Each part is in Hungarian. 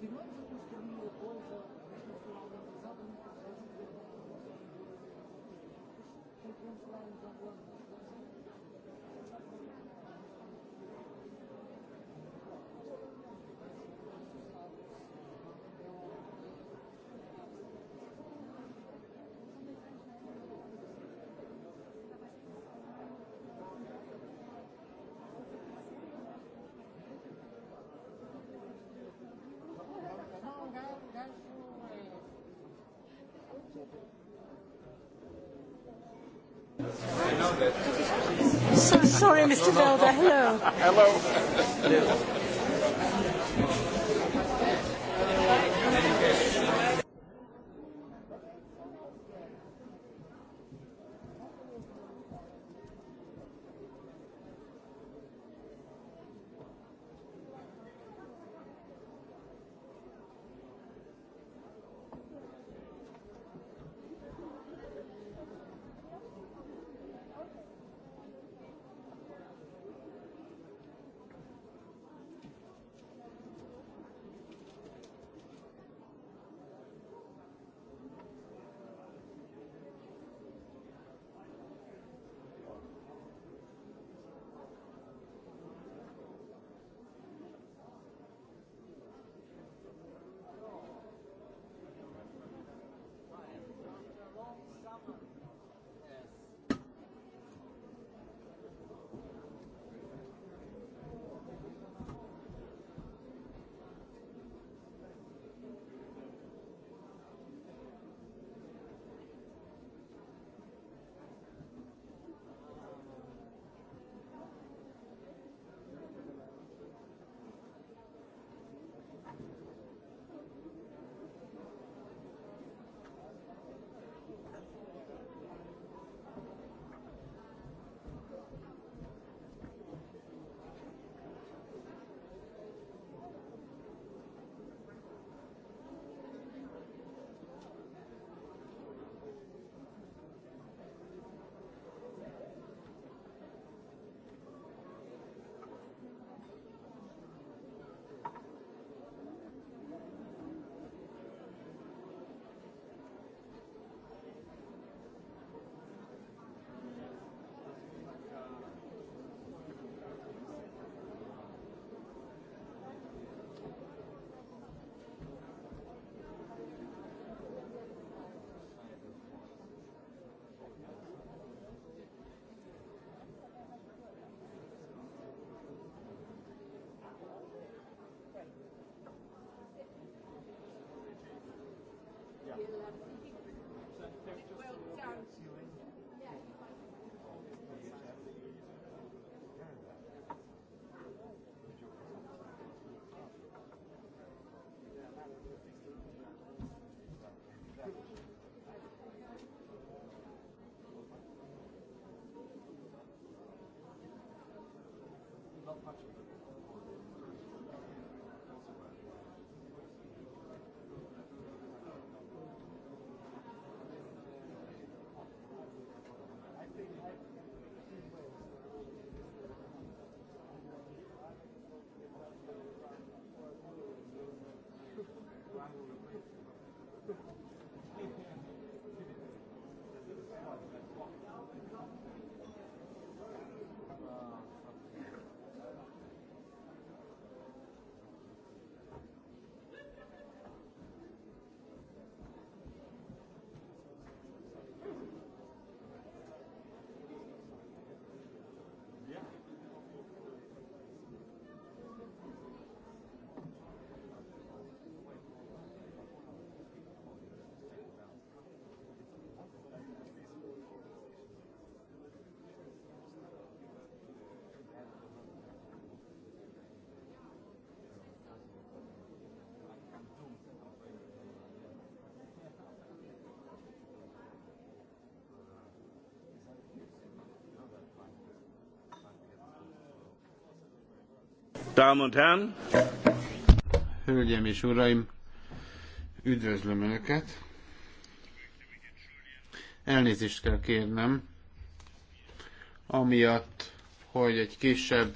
Thank you. sorry, Mr. Velda. Hello. Hello. Damen und Herren! Hölgyeim és Uraim! Üdvözlöm Önöket! Elnézést kell kérnem, amiatt, hogy egy kisebb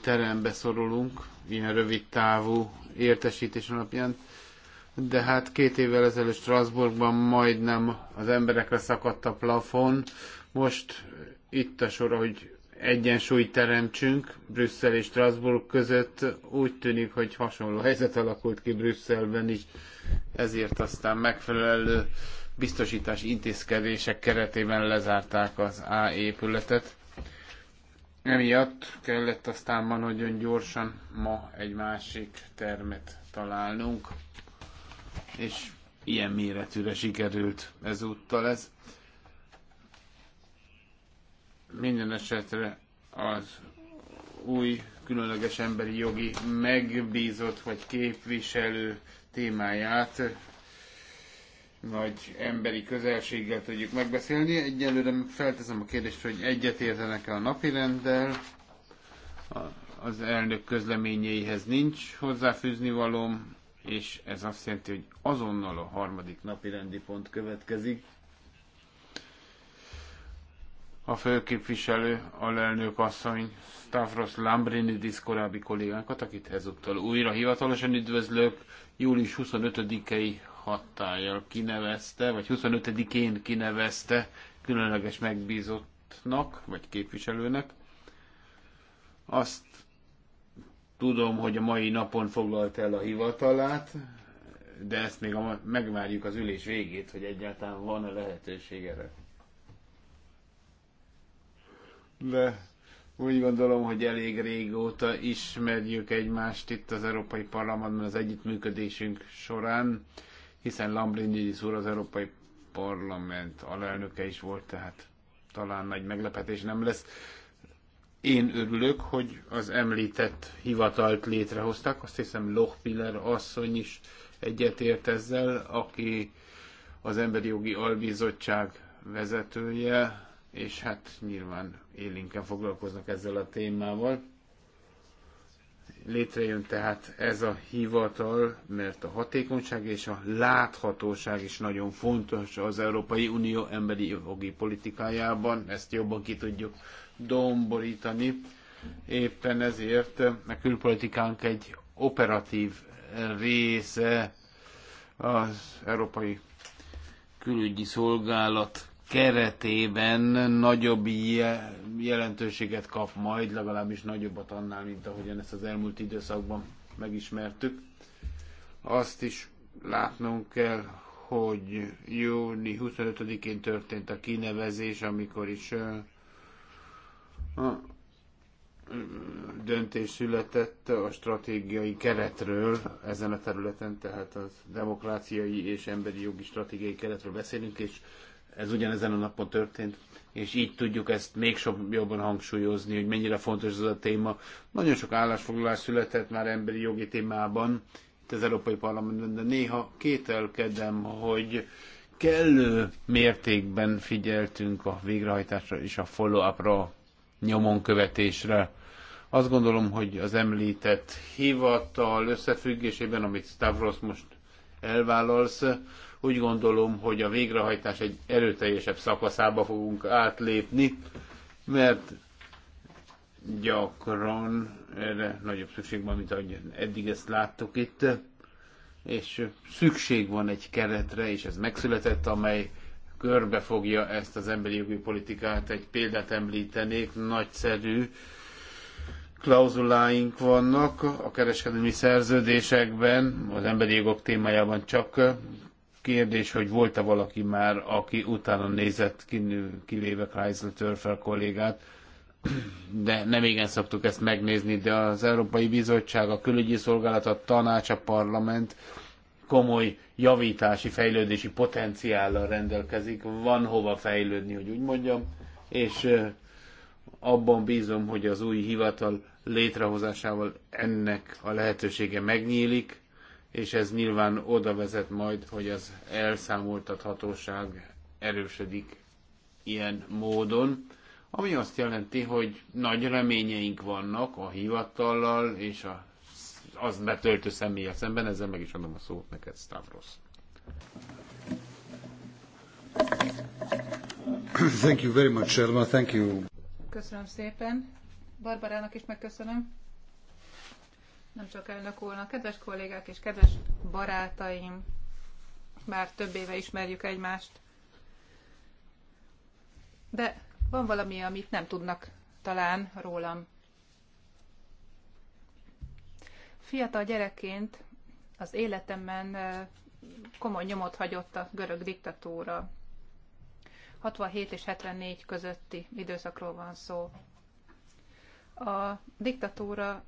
terembe szorulunk, ilyen rövid távú értesítés alapján, de hát két évvel ezelőtt Strasbourgban majdnem az emberekre szakadt a plafon, most itt a sor, hogy egyensúlyt teremtsünk Brüsszel és Strasbourg között. Úgy tűnik, hogy hasonló helyzet alakult ki Brüsszelben is, ezért aztán megfelelő biztosítás intézkedések keretében lezárták az A épületet. Emiatt kellett aztán ma nagyon gyorsan ma egy másik termet találnunk, és ilyen méretűre sikerült ezúttal ez. Minden esetre az új különleges emberi jogi megbízott vagy képviselő témáját nagy emberi közelséggel tudjuk megbeszélni. Egyelőre felteszem a kérdést, hogy egyetértenek-e a napirenddel. Az elnök közleményeihez nincs hozzáfűzni valóm, és ez azt jelenti, hogy azonnal a harmadik napirendi pont következik a főképviselő, alelnök asszony, Stavros Lambrinidis korábbi kollégánkat, akit ezúttal újra hivatalosan üdvözlök, július 25-i hatállyal kinevezte, vagy 25-én kinevezte különleges megbízottnak, vagy képviselőnek. Azt tudom, hogy a mai napon foglalt el a hivatalát, de ezt még a, megvárjuk az ülés végét, hogy egyáltalán van-e lehetőség erre de Úgy gondolom, hogy elég régóta ismerjük egymást itt az Európai Parlamentben az együttműködésünk során, hiszen Lambrinidis úr az Európai Parlament alelnöke is volt, tehát talán nagy meglepetés nem lesz. Én örülök, hogy az említett hivatalt létrehozták, azt hiszem Lochpiller asszony is egyetért ezzel, aki az Emberi Jogi Albizottság vezetője, és hát nyilván élinken foglalkoznak ezzel a témával. Létrejön tehát ez a hivatal, mert a hatékonyság és a láthatóság is nagyon fontos az Európai Unió emberi jogi politikájában, ezt jobban ki tudjuk domborítani. Éppen ezért a külpolitikánk egy operatív része az Európai Külügyi Szolgálat keretében nagyobb jelentőséget kap majd, legalábbis nagyobbat annál, mint ahogyan ezt az elmúlt időszakban megismertük. Azt is látnunk kell, hogy júni 25-én történt a kinevezés, amikor is döntés született a stratégiai keretről ezen a területen, tehát a demokráciai és emberi jogi stratégiai keretről beszélünk, és ez ugyanezen a napon történt, és így tudjuk ezt még sok jobban hangsúlyozni, hogy mennyire fontos ez a téma. Nagyon sok állásfoglalás született már emberi jogi témában itt az Európai Parlamentben, de néha kételkedem, hogy kellő mértékben figyeltünk a végrehajtásra és a follow-upra, nyomon követésre. Azt gondolom, hogy az említett hivatal összefüggésében, amit Stavros most elvállalsz, úgy gondolom, hogy a végrehajtás egy erőteljesebb szakaszába fogunk átlépni, mert gyakran erre nagyobb szükség van, mint ahogy eddig ezt láttuk itt, és szükség van egy keretre, és ez megszületett, amely körbe fogja ezt az emberi jogi politikát. Egy példát említenék, nagyszerű klauzuláink vannak a kereskedelmi szerződésekben, az emberi jogok témájában csak kérdés, hogy volt-e valaki már, aki utána nézett, kivéve Chrysler Törfer kollégát, de nem igen szoktuk ezt megnézni, de az Európai Bizottság, a külügyi szolgálat, a tanács, a parlament komoly javítási, fejlődési potenciállal rendelkezik, van hova fejlődni, hogy úgy mondjam, és abban bízom, hogy az új hivatal létrehozásával ennek a lehetősége megnyílik, és ez nyilván oda vezet majd, hogy az elszámoltathatóság erősödik ilyen módon, ami azt jelenti, hogy nagy reményeink vannak a hivatallal és a, az betöltő személye szemben, ezzel meg is adom a szót neked, Stavros. Thank you very much, Sherma. Thank you. Köszönöm szépen. Barbarának is megköszönöm nem csak elnök úrnak, kedves kollégák és kedves barátaim, bár több éve ismerjük egymást, de van valami, amit nem tudnak talán rólam. Fiatal gyerekként az életemben komoly nyomot hagyott a görög diktatúra. 67 és 74 közötti időszakról van szó. A diktatúra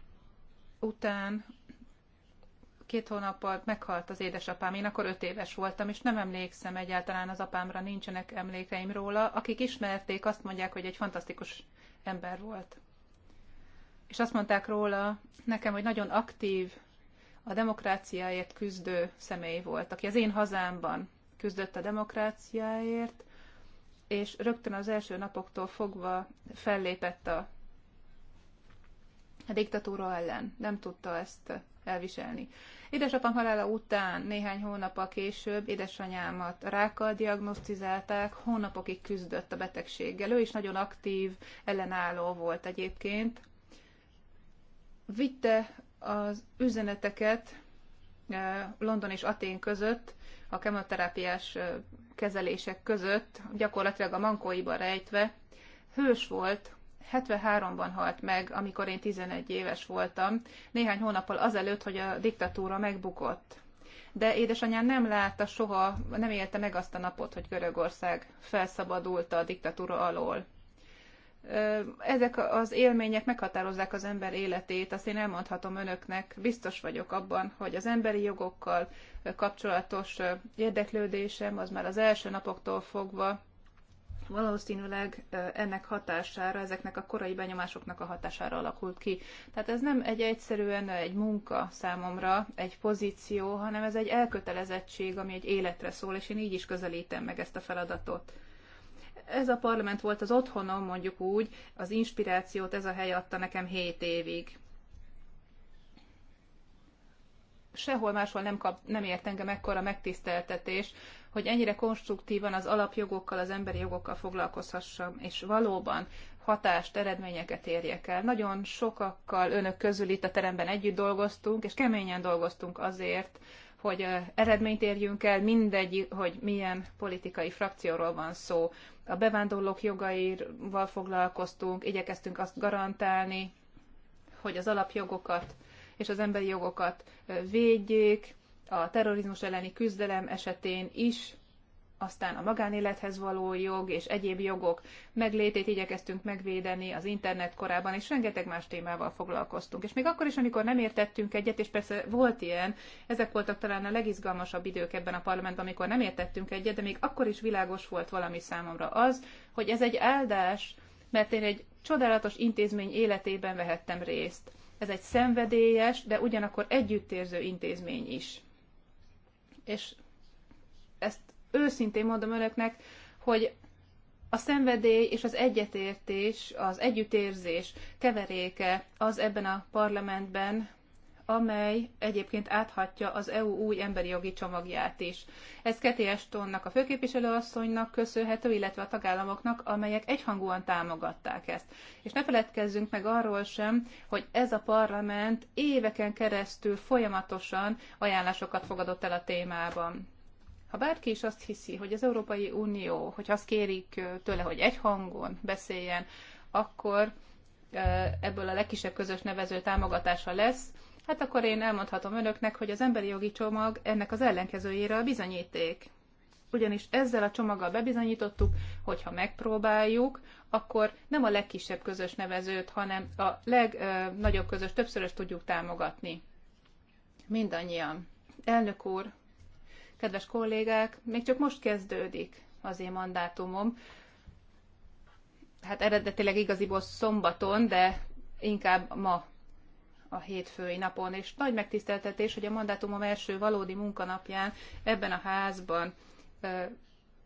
után két hónappal meghalt az édesapám, én akkor öt éves voltam, és nem emlékszem egyáltalán az apámra, nincsenek emlékeim róla. Akik ismerték, azt mondják, hogy egy fantasztikus ember volt. És azt mondták róla nekem, hogy nagyon aktív, a demokráciáért küzdő személy volt, aki az én hazámban küzdött a demokráciáért, és rögtön az első napoktól fogva fellépett a a diktatúra ellen. Nem tudta ezt elviselni. Édesapám halála után néhány a később édesanyámat rákkal diagnosztizálták, hónapokig küzdött a betegséggel. Ő is nagyon aktív, ellenálló volt egyébként. Vitte az üzeneteket eh, London és Atén között, a kemoterápiás eh, kezelések között, gyakorlatilag a mankóiba rejtve. Hős volt, 73-ban halt meg, amikor én 11 éves voltam, néhány hónappal azelőtt, hogy a diktatúra megbukott. De édesanyám nem látta soha, nem élte meg azt a napot, hogy Görögország felszabadult a diktatúra alól. Ezek az élmények meghatározzák az ember életét, azt én elmondhatom önöknek, biztos vagyok abban, hogy az emberi jogokkal kapcsolatos érdeklődésem az már az első napoktól fogva valószínűleg ennek hatására, ezeknek a korai benyomásoknak a hatására alakult ki. Tehát ez nem egy egyszerűen egy munka számomra, egy pozíció, hanem ez egy elkötelezettség, ami egy életre szól, és én így is közelítem meg ezt a feladatot ez a parlament volt az otthonom, mondjuk úgy, az inspirációt ez a hely adta nekem 7 évig. Sehol máshol nem, kap, nem ért engem ekkora megtiszteltetés, hogy ennyire konstruktívan az alapjogokkal, az emberi jogokkal foglalkozhassam, és valóban hatást, eredményeket érjek el. Nagyon sokakkal önök közül itt a teremben együtt dolgoztunk, és keményen dolgoztunk azért, hogy eredményt érjünk el, mindegy, hogy milyen politikai frakcióról van szó. A bevándorlók jogaival foglalkoztunk, igyekeztünk azt garantálni, hogy az alapjogokat és az emberi jogokat védjék, a terrorizmus elleni küzdelem esetén is, aztán a magánélethez való jog és egyéb jogok meglétét igyekeztünk megvédeni az internet korában, és rengeteg más témával foglalkoztunk. És még akkor is, amikor nem értettünk egyet, és persze volt ilyen, ezek voltak talán a legizgalmasabb idők ebben a parlamentben, amikor nem értettünk egyet, de még akkor is világos volt valami számomra az, hogy ez egy áldás, mert én egy csodálatos intézmény életében vehettem részt. Ez egy szenvedélyes, de ugyanakkor együttérző intézmény is és ezt őszintén mondom önöknek, hogy a szenvedély és az egyetértés, az együttérzés keveréke az ebben a parlamentben amely egyébként áthatja az EU új emberi jogi csomagját is. Ez Keti Estonnak, a főképviselőasszonynak köszönhető, illetve a tagállamoknak, amelyek egyhangúan támogatták ezt. És ne feledkezzünk meg arról sem, hogy ez a parlament éveken keresztül folyamatosan ajánlásokat fogadott el a témában. Ha bárki is azt hiszi, hogy az Európai Unió, hogy azt kérik tőle, hogy egy hangon beszéljen, akkor ebből a legkisebb közös nevező támogatása lesz, hát akkor én elmondhatom önöknek, hogy az emberi jogi csomag ennek az ellenkezőjére a bizonyíték. Ugyanis ezzel a csomaggal bebizonyítottuk, hogy ha megpróbáljuk, akkor nem a legkisebb közös nevezőt, hanem a legnagyobb közös többszörös tudjuk támogatni. Mindannyian. Elnök úr, kedves kollégák, még csak most kezdődik az én mandátumom. Hát eredetileg igaziból szombaton, de inkább ma a hétfői napon, és nagy megtiszteltetés, hogy a mandátumom első valódi munkanapján ebben a házban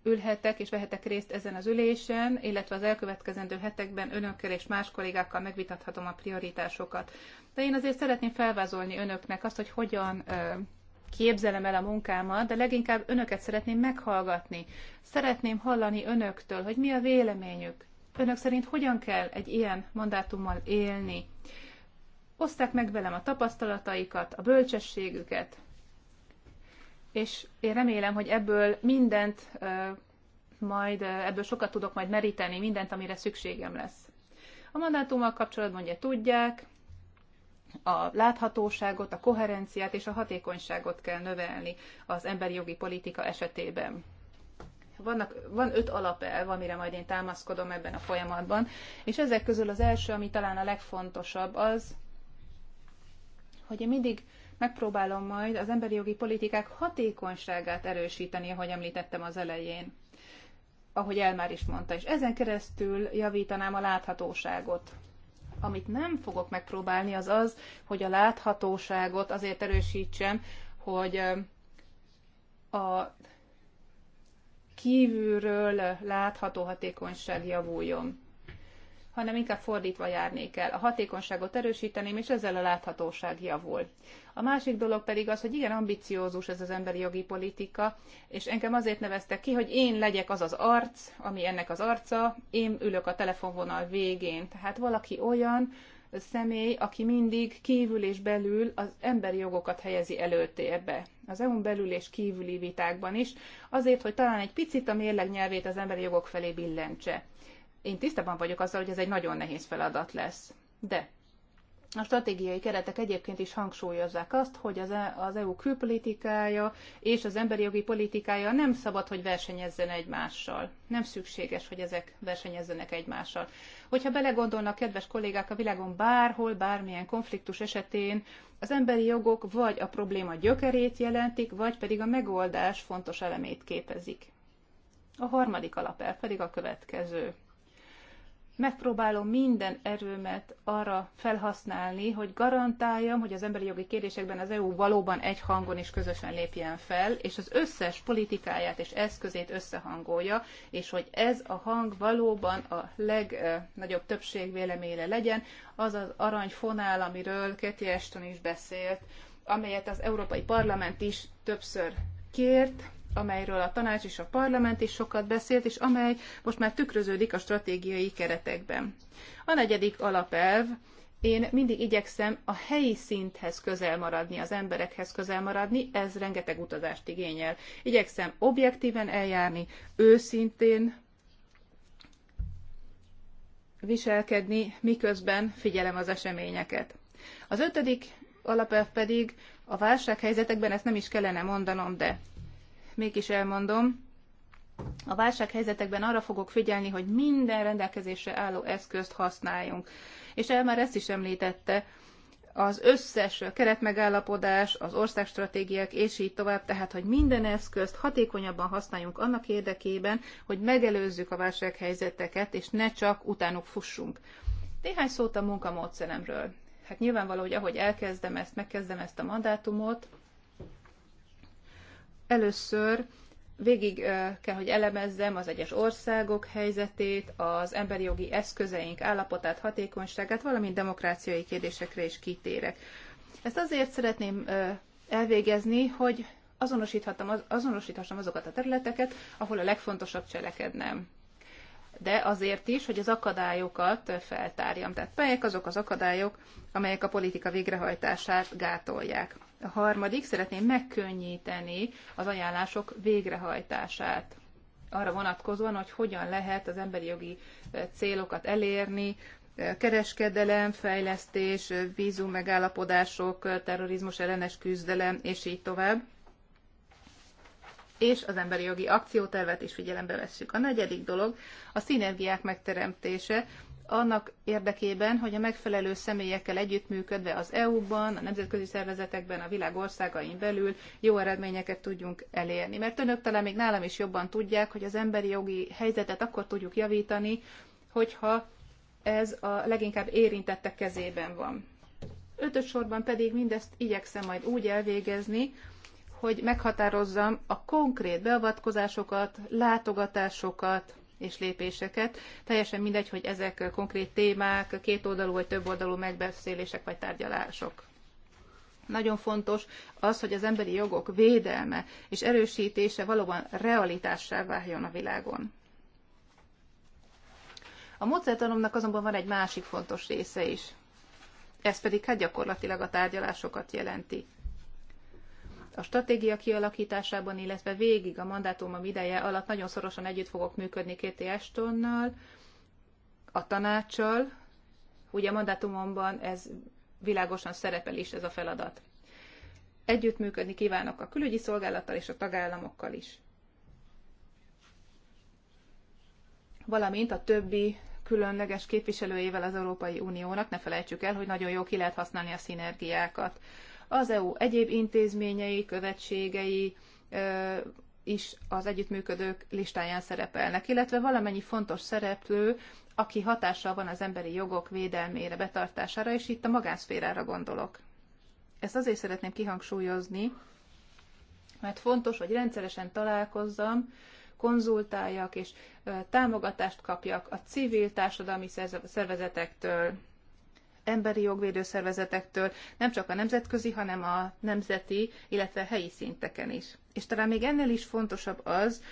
ülhetek és vehetek részt ezen az ülésen, illetve az elkövetkezendő hetekben önökkel és más kollégákkal megvitathatom a prioritásokat. De én azért szeretném felvázolni önöknek azt, hogy hogyan képzelem el a munkámat, de leginkább önöket szeretném meghallgatni. Szeretném hallani önöktől, hogy mi a véleményük. Önök szerint hogyan kell egy ilyen mandátummal élni? oszták meg velem a tapasztalataikat, a bölcsességüket, és én remélem, hogy ebből mindent majd, ebből sokat tudok majd meríteni, mindent, amire szükségem lesz. A mandátummal kapcsolatban ugye tudják, a láthatóságot, a koherenciát és a hatékonyságot kell növelni az emberi jogi politika esetében. Vannak, van öt alapelv, amire majd én támaszkodom ebben a folyamatban, és ezek közül az első, ami talán a legfontosabb, az, hogy én mindig megpróbálom majd az emberi jogi politikák hatékonyságát erősíteni, ahogy említettem az elején, ahogy el már is mondta, és ezen keresztül javítanám a láthatóságot. Amit nem fogok megpróbálni, az az, hogy a láthatóságot azért erősítsem, hogy a kívülről látható hatékonyság javuljon hanem inkább fordítva járnék el. A hatékonyságot erősíteném, és ezzel a láthatóság javul. A másik dolog pedig az, hogy igen ambiciózus ez az emberi jogi politika, és engem azért neveztek ki, hogy én legyek az az arc, ami ennek az arca, én ülök a telefonvonal végén. Tehát valaki olyan, személy, aki mindig kívül és belül az emberi jogokat helyezi előtérbe. Az EU-n belül és kívüli vitákban is, azért, hogy talán egy picit a mérleg nyelvét az emberi jogok felé billentse. Én tisztában vagyok azzal, hogy ez egy nagyon nehéz feladat lesz. De a stratégiai keretek egyébként is hangsúlyozzák azt, hogy az EU e külpolitikája és az emberi jogi politikája nem szabad, hogy versenyezzen egymással. Nem szükséges, hogy ezek versenyezzenek egymással. Hogyha belegondolnak, kedves kollégák, a világon bárhol, bármilyen konfliktus esetén az emberi jogok vagy a probléma gyökerét jelentik, vagy pedig a megoldás fontos elemét képezik. A harmadik alapelv pedig a következő – megpróbálom minden erőmet arra felhasználni, hogy garantáljam, hogy az emberi jogi kérdésekben az EU valóban egy hangon is közösen lépjen fel, és az összes politikáját és eszközét összehangolja, és hogy ez a hang valóban a legnagyobb többség véleményre legyen, az az aranyfonál, amiről Keti Eston is beszélt, amelyet az Európai Parlament is többször kért, amelyről a tanács és a parlament is sokat beszélt, és amely most már tükröződik a stratégiai keretekben. A negyedik alapelv, én mindig igyekszem a helyi szinthez közel maradni, az emberekhez közel maradni, ez rengeteg utazást igényel. Igyekszem objektíven eljárni, őszintén viselkedni, miközben figyelem az eseményeket. Az ötödik alapelv pedig a válsághelyzetekben ezt nem is kellene mondanom, de mégis elmondom. A válsághelyzetekben arra fogok figyelni, hogy minden rendelkezésre álló eszközt használjunk. És el már ezt is említette, az összes keretmegállapodás, az országstratégiák, és így tovább, tehát, hogy minden eszközt hatékonyabban használjunk annak érdekében, hogy megelőzzük a válsághelyzeteket, és ne csak utánuk fussunk. Néhány szót a munkamódszeremről. Hát nyilvánvaló, hogy ahogy elkezdem ezt, megkezdem ezt a mandátumot, Először végig kell, hogy elemezzem az egyes országok helyzetét, az emberi jogi eszközeink állapotát, hatékonyságát, valamint demokráciai kérdésekre is kitérek. Ezt azért szeretném elvégezni, hogy azonosíthatom, azonosíthassam azokat a területeket, ahol a legfontosabb cselekednem. De azért is, hogy az akadályokat feltárjam. Tehát melyek azok az akadályok, amelyek a politika végrehajtását gátolják. A harmadik, szeretném megkönnyíteni az ajánlások végrehajtását arra vonatkozóan, hogy hogyan lehet az emberi jogi célokat elérni, kereskedelem, fejlesztés, vízum megállapodások, terrorizmus ellenes küzdelem, és így tovább. És az emberi jogi akciótervet is figyelembe vesszük. A negyedik dolog a szinergiák megteremtése annak érdekében, hogy a megfelelő személyekkel együttműködve az EU-ban, a nemzetközi szervezetekben, a világ országain belül jó eredményeket tudjunk elérni. Mert önök talán még nálam is jobban tudják, hogy az emberi jogi helyzetet akkor tudjuk javítani, hogyha ez a leginkább érintettek kezében van. Ötös sorban pedig mindezt igyekszem majd úgy elvégezni, hogy meghatározzam a konkrét beavatkozásokat, látogatásokat, és lépéseket. Teljesen mindegy, hogy ezek konkrét témák, kétoldalú vagy többoldalú megbeszélések vagy tárgyalások. Nagyon fontos az, hogy az emberi jogok védelme és erősítése valóban realitássá váljon a világon. A módszertanomnak azonban van egy másik fontos része is. Ez pedig hát gyakorlatilag a tárgyalásokat jelenti a stratégia kialakításában, illetve végig a mandátumom ideje alatt nagyon szorosan együtt fogok működni Kéti Estonnal, a tanácssal. Ugye a mandátumomban ez világosan szerepel is ez a feladat. Együttműködni kívánok a külügyi szolgálattal és a tagállamokkal is. Valamint a többi különleges képviselőjével az Európai Uniónak, ne felejtsük el, hogy nagyon jó ki lehet használni a szinergiákat az EU egyéb intézményei, követségei is az együttműködők listáján szerepelnek, illetve valamennyi fontos szereplő, aki hatással van az emberi jogok védelmére, betartására, és itt a magánszférára gondolok. Ezt azért szeretném kihangsúlyozni, mert fontos, hogy rendszeresen találkozzam, konzultáljak és támogatást kapjak a civil társadalmi szervezetektől, emberi jogvédő szervezetektől, nem csak a nemzetközi, hanem a nemzeti, illetve helyi szinteken is. És talán még ennél is fontosabb az,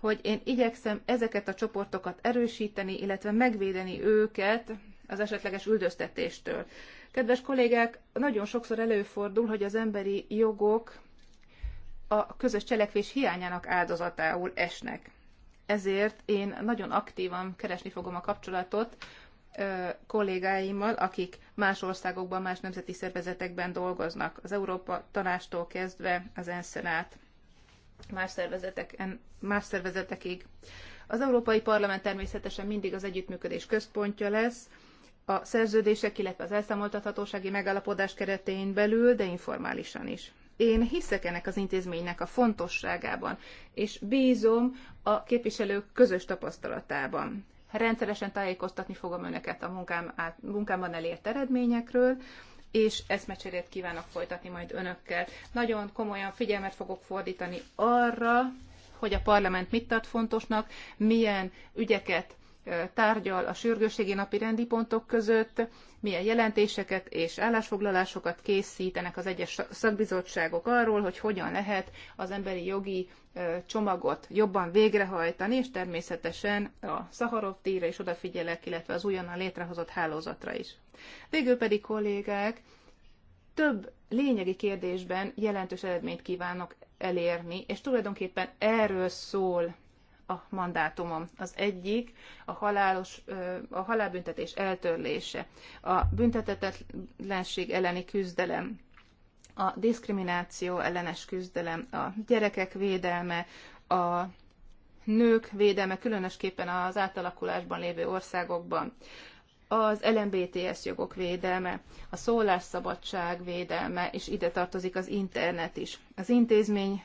hogy én igyekszem ezeket a csoportokat erősíteni, illetve megvédeni őket az esetleges üldöztetéstől. Kedves kollégák, nagyon sokszor előfordul, hogy az emberi jogok a közös cselekvés hiányának áldozatául esnek. Ezért én nagyon aktívan keresni fogom a kapcsolatot kollégáimmal, akik más országokban, más nemzeti szervezetekben dolgoznak, az Európa Tanástól kezdve az ENSZ-en át más, szervezeteken, más szervezetekig. Az Európai Parlament természetesen mindig az együttműködés központja lesz, a szerződések, illetve az elszámoltathatósági megállapodás keretein belül, de informálisan is. Én hiszek ennek az intézménynek a fontosságában, és bízom a képviselők közös tapasztalatában. Rendszeresen tájékoztatni fogom önöket a munkám át, munkámban elért eredményekről, és eszmecserét kívánok folytatni majd önökkel. Nagyon komolyan figyelmet fogok fordítani arra, hogy a parlament mit tart fontosnak, milyen ügyeket tárgyal a sürgőségi napi rendi pontok között, milyen jelentéseket és állásfoglalásokat készítenek az egyes szakbizottságok arról, hogy hogyan lehet az emberi jogi csomagot jobban végrehajtani, és természetesen a Szaharov díjra is odafigyelek, illetve az újonnan létrehozott hálózatra is. Végül pedig kollégák, több lényegi kérdésben jelentős eredményt kívánok elérni, és tulajdonképpen erről szól a mandátumom. Az egyik a, halálos, a halálbüntetés eltörlése, a büntetetlenség elleni küzdelem, a diszkrimináció ellenes küzdelem, a gyerekek védelme, a nők védelme, különösképpen az átalakulásban lévő országokban, az LMBTS jogok védelme, a szólásszabadság védelme, és ide tartozik az internet is. Az intézmény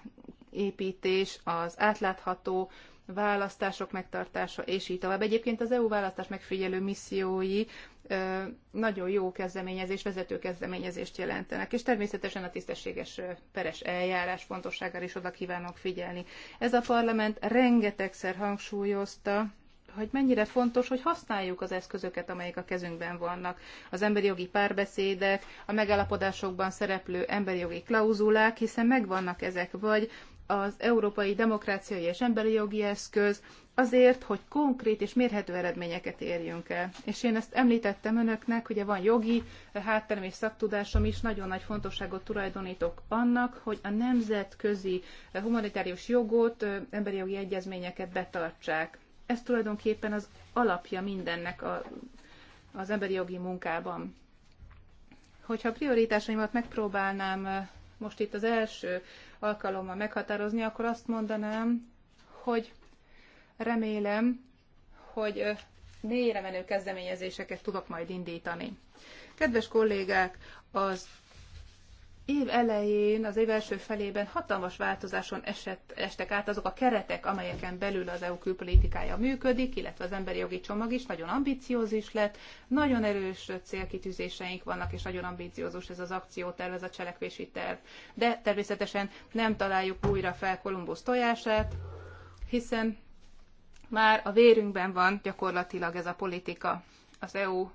építés, az átlátható választások megtartása, és így tovább. Egyébként az EU választás megfigyelő missziói nagyon jó kezdeményezés, vezető kezdeményezést jelentenek, és természetesen a tisztességes peres eljárás fontosságára is oda kívánok figyelni. Ez a parlament rengetegszer hangsúlyozta, hogy mennyire fontos, hogy használjuk az eszközöket, amelyek a kezünkben vannak. Az emberi jogi párbeszédek, a megállapodásokban szereplő emberi jogi klauzulák, hiszen megvannak ezek, vagy az Európai Demokráciai és Emberi Jogi Eszköz, azért, hogy konkrét és mérhető eredményeket érjünk el. És én ezt említettem önöknek, ugye van jogi hátterem és szaktudásom is, nagyon nagy fontosságot tulajdonítok annak, hogy a nemzetközi humanitárius jogot, emberi jogi egyezményeket betartsák. Ez tulajdonképpen az alapja mindennek a, az emberi jogi munkában. Hogyha prioritásaimat megpróbálnám most itt az első alkalommal meghatározni, akkor azt mondanám, hogy remélem, hogy mélyre menő kezdeményezéseket tudok majd indítani. Kedves kollégák, az év elején, az év első felében hatalmas változáson esett, estek át azok a keretek, amelyeken belül az EU külpolitikája működik, illetve az emberi jogi csomag is nagyon ambiciózis lett, nagyon erős célkitűzéseink vannak, és nagyon ambiciózus ez az akcióterv, ez a cselekvési terv. De természetesen nem találjuk újra fel Kolumbusz tojását, hiszen már a vérünkben van gyakorlatilag ez a politika. Az EU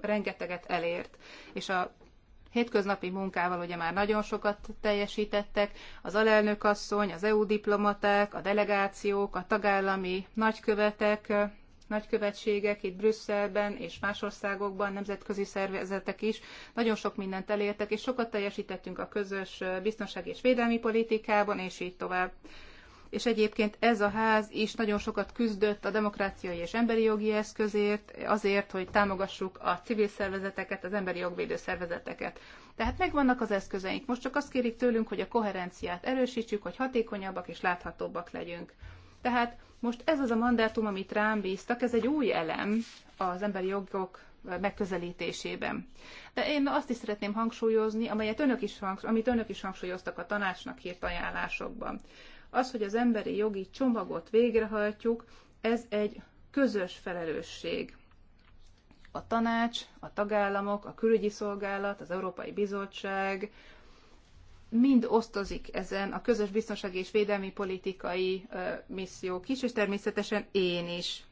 rengeteget elért, és a hétköznapi munkával ugye már nagyon sokat teljesítettek, az alelnökasszony, az EU diplomaták, a delegációk, a tagállami nagykövetek, nagykövetségek itt Brüsszelben és más országokban, nemzetközi szervezetek is nagyon sok mindent elértek, és sokat teljesítettünk a közös biztonsági és védelmi politikában, és így tovább és egyébként ez a ház is nagyon sokat küzdött a demokráciai és emberi jogi eszközért, azért, hogy támogassuk a civil szervezeteket, az emberi jogvédő szervezeteket. Tehát megvannak az eszközeink. Most csak azt kérik tőlünk, hogy a koherenciát erősítsük, hogy hatékonyabbak és láthatóbbak legyünk. Tehát most ez az a mandátum, amit rám bíztak, ez egy új elem az emberi jogok megközelítésében. De én azt is szeretném hangsúlyozni, amelyet önök is amit önök is hangsúlyoztak a tanácsnak írt ajánlásokban. Az, hogy az emberi jogi csomagot végrehajtjuk, ez egy közös felelősség. A tanács, a tagállamok, a külügyi szolgálat, az Európai Bizottság mind osztozik ezen a közös biztonsági és védelmi politikai missziók is, és természetesen én is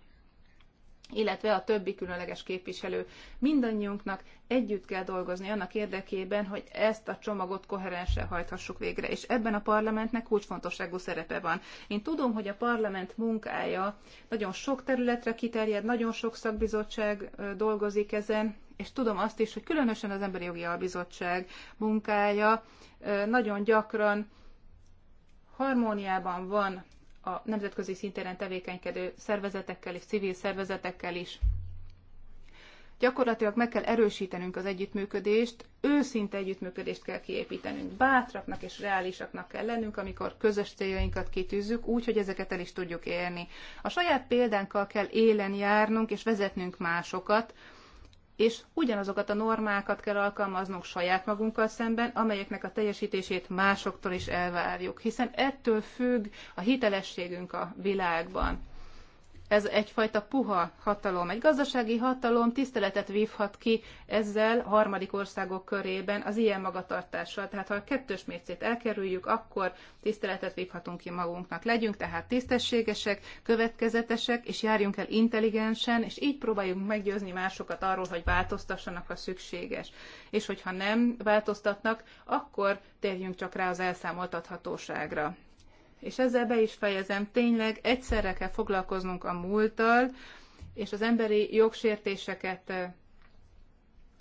illetve a többi különleges képviselő. Mindannyiunknak együtt kell dolgozni annak érdekében, hogy ezt a csomagot koherensre hajthassuk végre, és ebben a parlamentnek kulcsfontosságú szerepe van. Én tudom, hogy a parlament munkája nagyon sok területre kiterjed, nagyon sok szakbizottság dolgozik ezen, és tudom azt is, hogy különösen az Emberi Jogi Albizottság munkája nagyon gyakran harmóniában van a nemzetközi szintéren tevékenykedő szervezetekkel és civil szervezetekkel is. Gyakorlatilag meg kell erősítenünk az együttműködést, őszinte együttműködést kell kiépítenünk, bátraknak és reálisaknak kell lennünk, amikor közös céljainkat kitűzzük, úgy, hogy ezeket el is tudjuk érni. A saját példánkkal kell élen járnunk és vezetnünk másokat, és ugyanazokat a normákat kell alkalmaznunk saját magunkkal szemben, amelyeknek a teljesítését másoktól is elvárjuk, hiszen ettől függ a hitelességünk a világban ez egyfajta puha hatalom. Egy gazdasági hatalom tiszteletet vívhat ki ezzel harmadik országok körében az ilyen magatartással. Tehát ha a kettős mércét elkerüljük, akkor tiszteletet vívhatunk ki magunknak. Legyünk tehát tisztességesek, következetesek, és járjunk el intelligensen, és így próbáljunk meggyőzni másokat arról, hogy változtassanak, ha szükséges. És hogyha nem változtatnak, akkor térjünk csak rá az elszámoltathatóságra. És ezzel be is fejezem, tényleg egyszerre kell foglalkoznunk a múlttal, és az emberi jogsértéseket eh,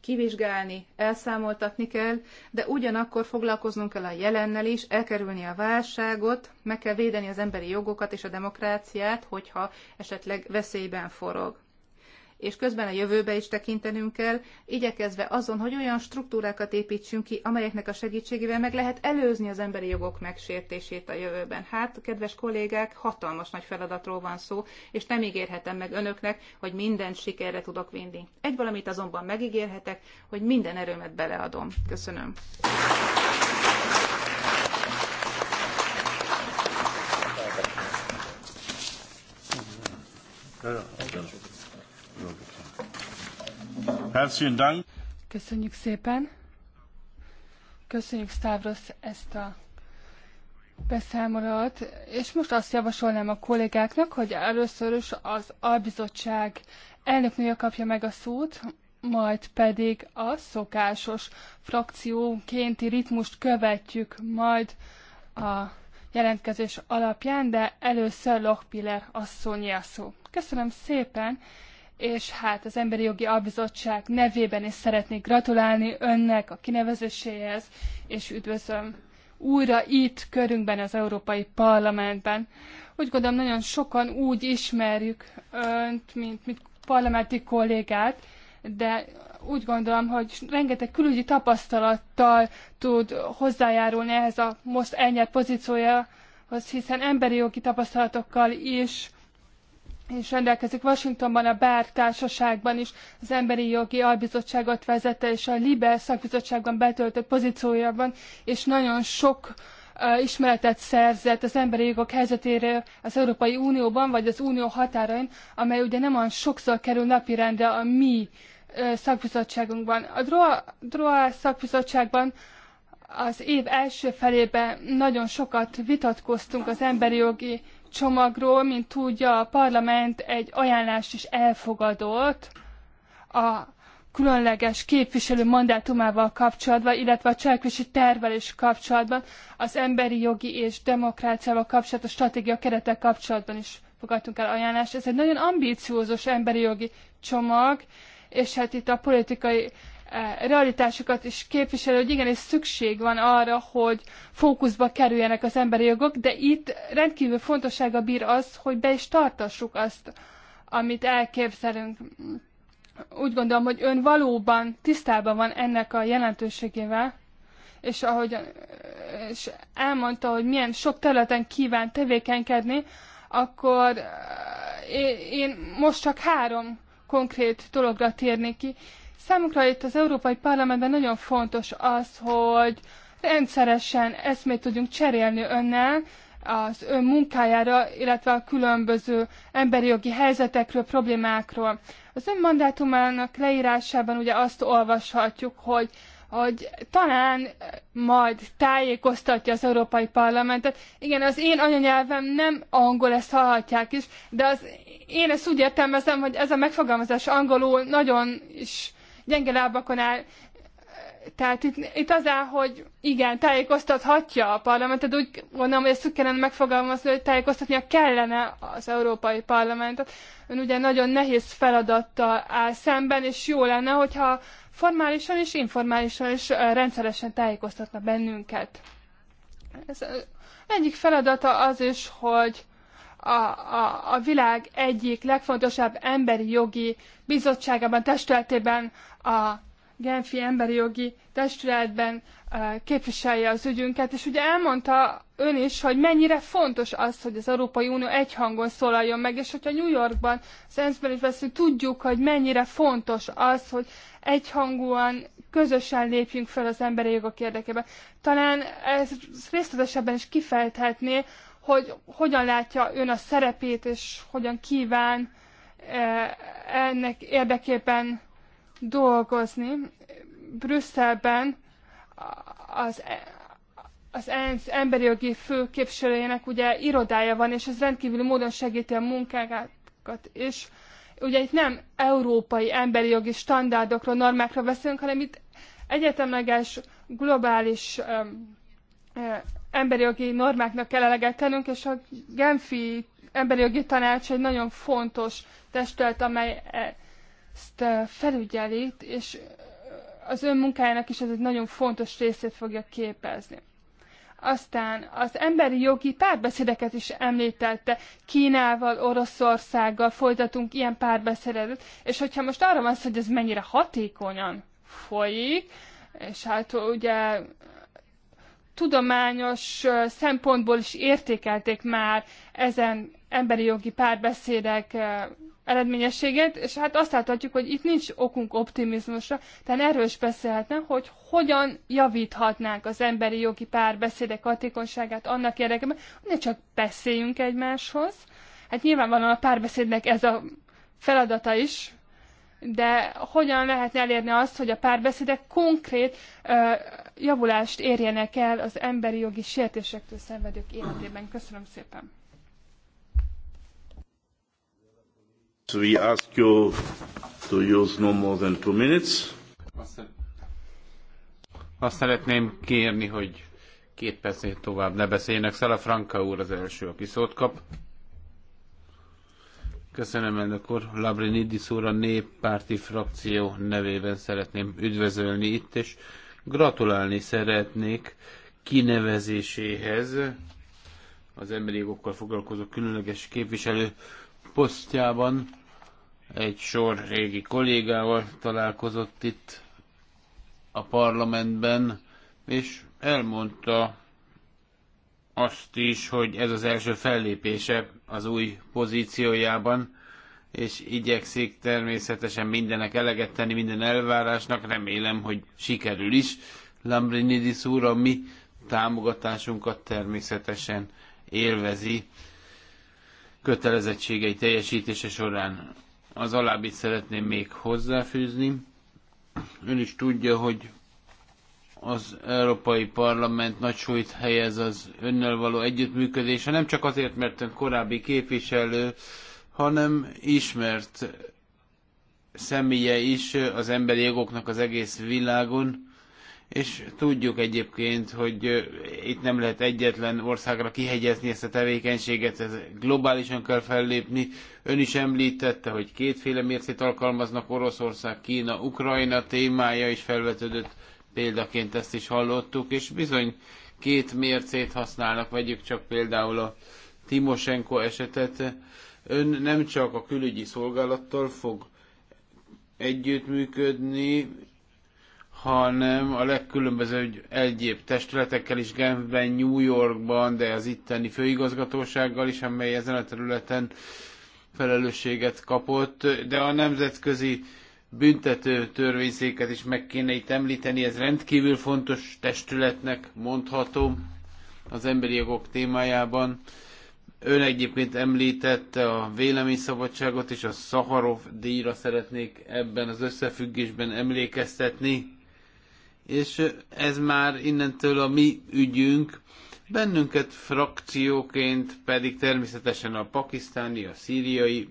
kivizsgálni, elszámoltatni kell, de ugyanakkor foglalkoznunk kell a jelennel is, elkerülni a válságot, meg kell védeni az emberi jogokat és a demokráciát, hogyha esetleg veszélyben forog és közben a jövőbe is tekintenünk kell, igyekezve azon, hogy olyan struktúrákat építsünk ki, amelyeknek a segítségével meg lehet előzni az emberi jogok megsértését a jövőben. Hát, kedves kollégák, hatalmas nagy feladatról van szó, és nem ígérhetem meg önöknek, hogy mindent sikerre tudok vinni. Egy valamit azonban megígérhetek, hogy minden erőmet beleadom. Köszönöm. Köszönjük szépen. Köszönjük Stavros ezt a beszámolót, és most azt javasolnám a kollégáknak, hogy először is az albizottság elnöknője kapja meg a szót, majd pedig a szokásos frakciókénti ritmust követjük majd a jelentkezés alapján, de először Lochpiller asszonyi a szó. Köszönöm szépen, és hát az Emberi Jogi Albizottság nevében is szeretnék gratulálni önnek a kinevezéséhez, és üdvözlöm újra itt körünkben az Európai Parlamentben. Úgy gondolom, nagyon sokan úgy ismerjük önt, mint, mint parlamenti kollégát, de úgy gondolom, hogy rengeteg külügyi tapasztalattal tud hozzájárulni ehhez a most elnyert pozíciójához, hiszen emberi jogi tapasztalatokkal is és rendelkezik Washingtonban, a Bár társaságban is az Emberi Jogi Albizottságot vezette, és a Libe szakbizottságban betöltött pozíciója van, és nagyon sok uh, ismeretet szerzett az emberi jogok helyzetére az Európai Unióban, vagy az Unió határain, amely ugye nem olyan sokszor kerül napirendre a mi uh, szakbizottságunkban. A DROA, DROA szakbizottságban az év első felében nagyon sokat vitatkoztunk az emberi jogi csomagról, mint tudja, a parlament egy ajánlást is elfogadott a különleges képviselő mandátumával kapcsolatban, illetve a cselekvési is kapcsolatban, az emberi jogi és demokráciával kapcsolatos stratégia keretek kapcsolatban is fogadtunk el ajánlást. Ez egy nagyon ambíciózus emberi jogi csomag, és hát itt a politikai realitásokat is képviselő, hogy igenis szükség van arra, hogy fókuszba kerüljenek az emberi jogok, de itt rendkívül fontossága bír az, hogy be is tartassuk azt, amit elképzelünk. Úgy gondolom, hogy ön valóban tisztában van ennek a jelentőségével, és ahogy és elmondta, hogy milyen sok területen kíván tevékenykedni, akkor én most csak három konkrét dologra térnék ki, Számunkra itt az Európai Parlamentben nagyon fontos az, hogy rendszeresen eszmét tudjunk cserélni önnel, az ön munkájára, illetve a különböző emberi jogi helyzetekről, problémákról. Az ön mandátumának leírásában ugye azt olvashatjuk, hogy hogy talán majd tájékoztatja az Európai Parlamentet. Igen, az én anyanyelvem nem angol, ezt hallhatják is, de az, én ezt úgy értelmezem, hogy ez a megfogalmazás angolul nagyon is gyenge lábakon áll. Tehát itt, itt az áll, hogy igen, tájékoztathatja a parlamentet, úgy gondolom, hogy ezt úgy kellene megfogalmazni, hogy tájékoztatnia kellene az Európai Parlamentet. Ön ugye nagyon nehéz feladattal áll szemben, és jó lenne, hogyha formálisan és informálisan és rendszeresen tájékoztatna bennünket. Ez egyik feladata az is, hogy a, a, a világ egyik legfontosabb emberi jogi bizottságában, testületében, a Genfi Emberi Jogi Testületben eh, képviselje az ügyünket, és ugye elmondta ön is, hogy mennyire fontos az, hogy az Európai Unió egyhangon szólaljon meg, és hogyha New Yorkban, az ENSZ-ben is beszélünk, tudjuk, hogy mennyire fontos az, hogy egyhangúan, közösen lépjünk fel az emberi jogok érdekében. Talán ez részletesebben is kifejthetné, hogy hogyan látja ön a szerepét, és hogyan kíván e, ennek érdekében dolgozni. Brüsszelben az, e, az ENSZ emberi jogi főképviselőjének ugye irodája van, és ez rendkívüli módon segíti a munkákat is. Ugye itt nem európai emberi jogi standardokról, normákról beszélünk, hanem itt egyetemleges globális um, emberi jogi normáknak kell eleget tennünk, és a Genfi emberi jogi tanács egy nagyon fontos testület, amely ezt e, felügyeli, és az ön munkájának is ez egy nagyon fontos részét fogja képezni. Aztán az emberi jogi párbeszédeket is említette. Kínával, Oroszországgal folytatunk ilyen párbeszédet, és hogyha most arra van szó, hogy ez mennyire hatékonyan folyik, és hát ugye tudományos szempontból is értékelték már ezen emberi jogi párbeszédek eredményességét, és hát azt láthatjuk, hogy itt nincs okunk optimizmusra, tehát erről is beszélhetne, hogy hogyan javíthatnánk az emberi jogi párbeszédek hatékonyságát annak érdekében, hogy ne csak beszéljünk egymáshoz. Hát nyilvánvalóan a párbeszédnek ez a feladata is, de hogyan lehetne elérni azt, hogy a párbeszédek konkrét ö, javulást érjenek el az emberi jogi sértésektől szenvedők életében. Köszönöm szépen. We ask you to use no more than two minutes. Azt szeretném kérni, hogy két percét tovább ne beszéljenek. Szala Franka úr az első, aki szót kap. Köszönöm, elnök úr. Labrinidis úr a néppárti frakció nevében szeretném üdvözölni itt, és gratulálni szeretnék kinevezéséhez az emberi jogokkal foglalkozó különleges képviselő posztjában. Egy sor régi kollégával találkozott itt a parlamentben, és elmondta, azt is, hogy ez az első fellépése az új pozíciójában, és igyekszik természetesen mindenek eleget tenni, minden elvárásnak, remélem, hogy sikerül is. Lambrinidis úr, a mi támogatásunkat természetesen élvezi kötelezettségei teljesítése során. Az alábbit szeretném még hozzáfűzni. Ön is tudja, hogy az Európai Parlament nagy súlyt helyez az önnel való együttműködése, nem csak azért, mert ön korábbi képviselő, hanem ismert személye is az emberi jogoknak az egész világon, és tudjuk egyébként, hogy itt nem lehet egyetlen országra kihegyezni ezt a tevékenységet, ez globálisan kell fellépni. Ön is említette, hogy kétféle mércét alkalmaznak Oroszország, Kína, Ukrajna témája is felvetődött példaként ezt is hallottuk, és bizony két mércét használnak, vegyük csak például a Timosenko esetet. Ön nem csak a külügyi szolgálattal fog együttműködni, hanem a legkülönbözőbb egyéb testületekkel is Genfben, New Yorkban, de az itteni főigazgatósággal is, amely ezen a területen felelősséget kapott, de a nemzetközi büntető törvényszéket is meg kéne itt említeni, ez rendkívül fontos testületnek mondható az emberi jogok témájában. Ön egyébként említette a véleményszabadságot és a Szaharov díjra szeretnék ebben az összefüggésben emlékeztetni. És ez már innentől a mi ügyünk, bennünket frakcióként pedig természetesen a pakisztáni, a szíriai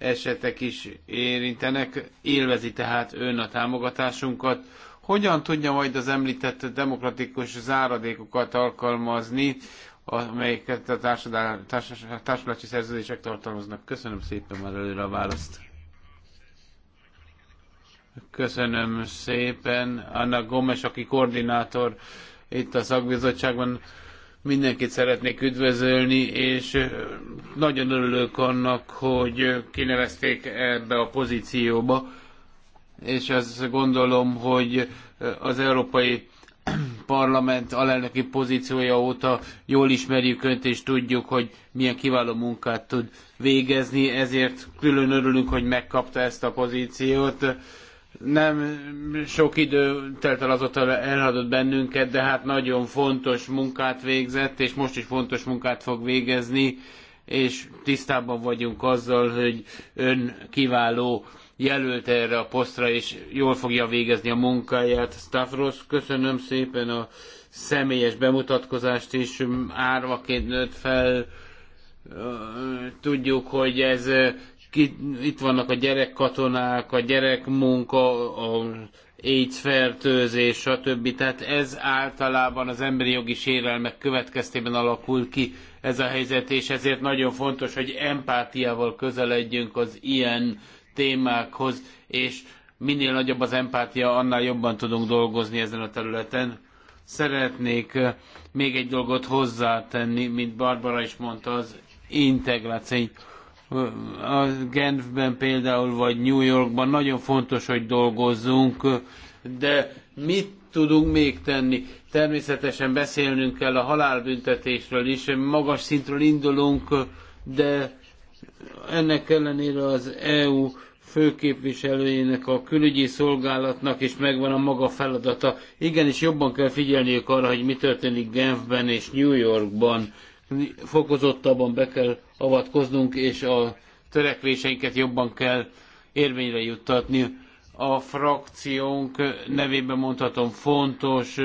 esetek is érintenek, élvezi tehát ön a támogatásunkat. Hogyan tudja majd az említett demokratikus záradékokat alkalmazni, amelyeket a társadalmi szerződések tartalmaznak? Köszönöm szépen már előre a választ. Köszönöm szépen. Anna Gomes, aki koordinátor itt a szakbizottságban, Mindenkit szeretnék üdvözölni, és nagyon örülök annak, hogy kinevezték ebbe a pozícióba, és azt gondolom, hogy az Európai Parlament alelnöki pozíciója óta jól ismerjük Önt, és tudjuk, hogy milyen kiváló munkát tud végezni, ezért külön örülünk, hogy megkapta ezt a pozíciót nem sok idő telt el azóta elhagyott bennünket, de hát nagyon fontos munkát végzett, és most is fontos munkát fog végezni, és tisztában vagyunk azzal, hogy ön kiváló jelölt erre a posztra, és jól fogja végezni a munkáját. Stavros, köszönöm szépen a személyes bemutatkozást is, árvaként nőtt fel, tudjuk, hogy ez itt vannak a gyerekkatonák, a gyerekmunka, a AIDS fertőzés, stb. Tehát ez általában az emberi jogi sérelmek következtében alakul ki ez a helyzet, és ezért nagyon fontos, hogy empátiával közeledjünk az ilyen témákhoz, és minél nagyobb az empátia, annál jobban tudunk dolgozni ezen a területen. Szeretnék eh, még egy dolgot hozzátenni, mint Barbara is mondta, az integráció a Genfben például, vagy New Yorkban nagyon fontos, hogy dolgozzunk, de mit tudunk még tenni? Természetesen beszélnünk kell a halálbüntetésről is, magas szintről indulunk, de ennek ellenére az EU főképviselőjének, a külügyi szolgálatnak is megvan a maga feladata. Igenis jobban kell figyelniük arra, hogy mi történik Genfben és New Yorkban, fokozottabban be kell avatkoznunk, és a törekvéseinket jobban kell érvényre juttatni. A frakciónk nevében mondhatom fontos,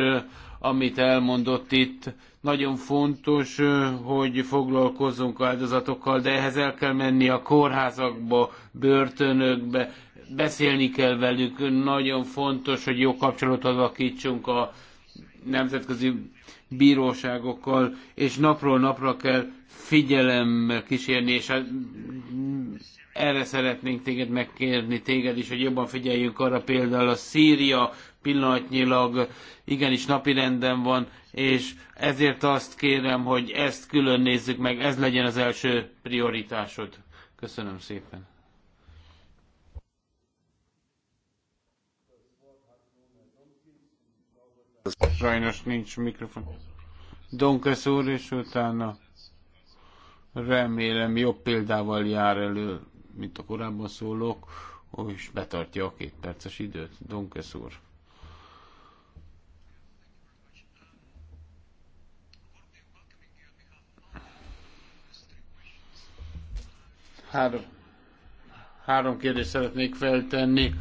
amit elmondott itt. Nagyon fontos, hogy foglalkozzunk áldozatokkal, de ehhez el kell menni a kórházakba, börtönökbe, beszélni kell velük. Nagyon fontos, hogy jó kapcsolatot alakítsunk a nemzetközi bíróságokkal, és napról napra kell figyelemmel kísérni, és hát erre szeretnénk téged megkérni, téged is, hogy jobban figyeljünk arra például a Szíria pillanatnyilag igenis napirenden van, és ezért azt kérem, hogy ezt külön nézzük meg, ez legyen az első prioritásod. Köszönöm szépen. Sajnos nincs mikrofon. Donkesz úr, és utána remélem jobb példával jár elő, mint a korábban szólók, és betartja a két perces időt. Donkesz úr. Három, három kérdést szeretnék feltenni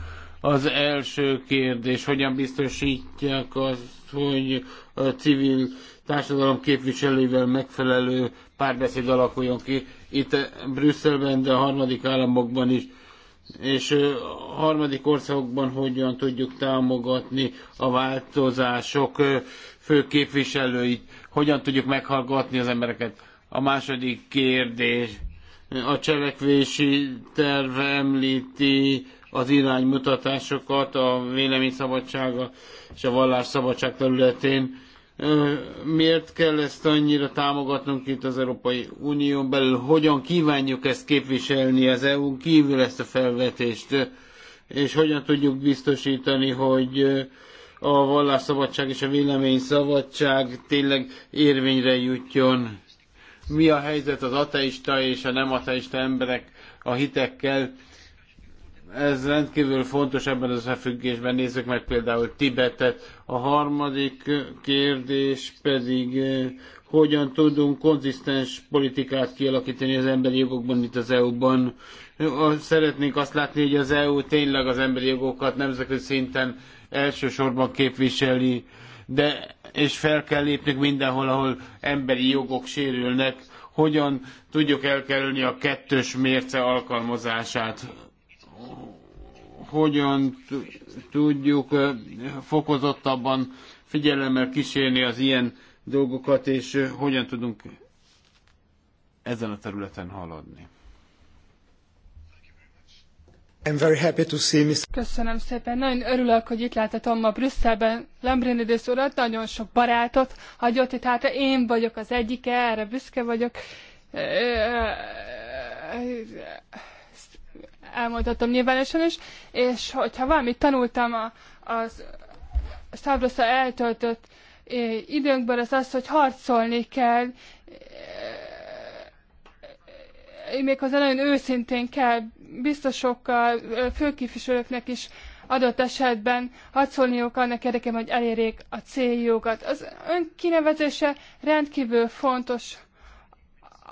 az első kérdés, hogyan biztosítják azt, hogy a civil társadalom képviselőivel megfelelő párbeszéd alakuljon ki itt Brüsszelben, de a harmadik államokban is és a harmadik országokban hogyan tudjuk támogatni a változások fő képviselőit, hogyan tudjuk meghallgatni az embereket. A második kérdés, a cselekvési terv említi az iránymutatásokat a véleményszabadsága és a vallásszabadság területén. Miért kell ezt annyira támogatnunk itt az Európai Unión belül? Hogyan kívánjuk ezt képviselni az EU-n kívül ezt a felvetést? És hogyan tudjuk biztosítani, hogy a vallásszabadság és a véleményszabadság tényleg érvényre jutjon? Mi a helyzet az ateista és a nem ateista emberek a hitekkel? Ez rendkívül fontos ebben az összefüggésben. Nézzük meg például Tibetet. A harmadik kérdés pedig, eh, hogyan tudunk konzisztens politikát kialakítani az emberi jogokban itt az EU-ban. Szeretnénk azt látni, hogy az EU tényleg az emberi jogokat nemzetközi szinten elsősorban képviseli, de és fel kell lépnünk mindenhol, ahol emberi jogok sérülnek, hogyan tudjuk elkerülni a kettős mérce alkalmazását hogyan tudjuk fokozottabban figyelemmel kísérni az ilyen dolgokat, és hogyan tudunk ezen a területen haladni. I'm very happy to see Mr. Köszönöm szépen. Nagyon örülök, hogy itt láthatom ma Brüsszelben Lambrinidis urat. Nagyon sok barátot hagyott itt. Hát én vagyok az egyike, erre büszke vagyok elmondhatom nyilvánosan is, és hogyha valamit tanultam a, az Stavrosa eltöltött eh, időnkből, az az, hogy harcolni kell, eh, még az nagyon őszintén kell biztosokkal, eh, főképviselőknek is adott esetben harcolniuk annak érdekében, hogy elérjék a céljukat. Az önkinevezése rendkívül fontos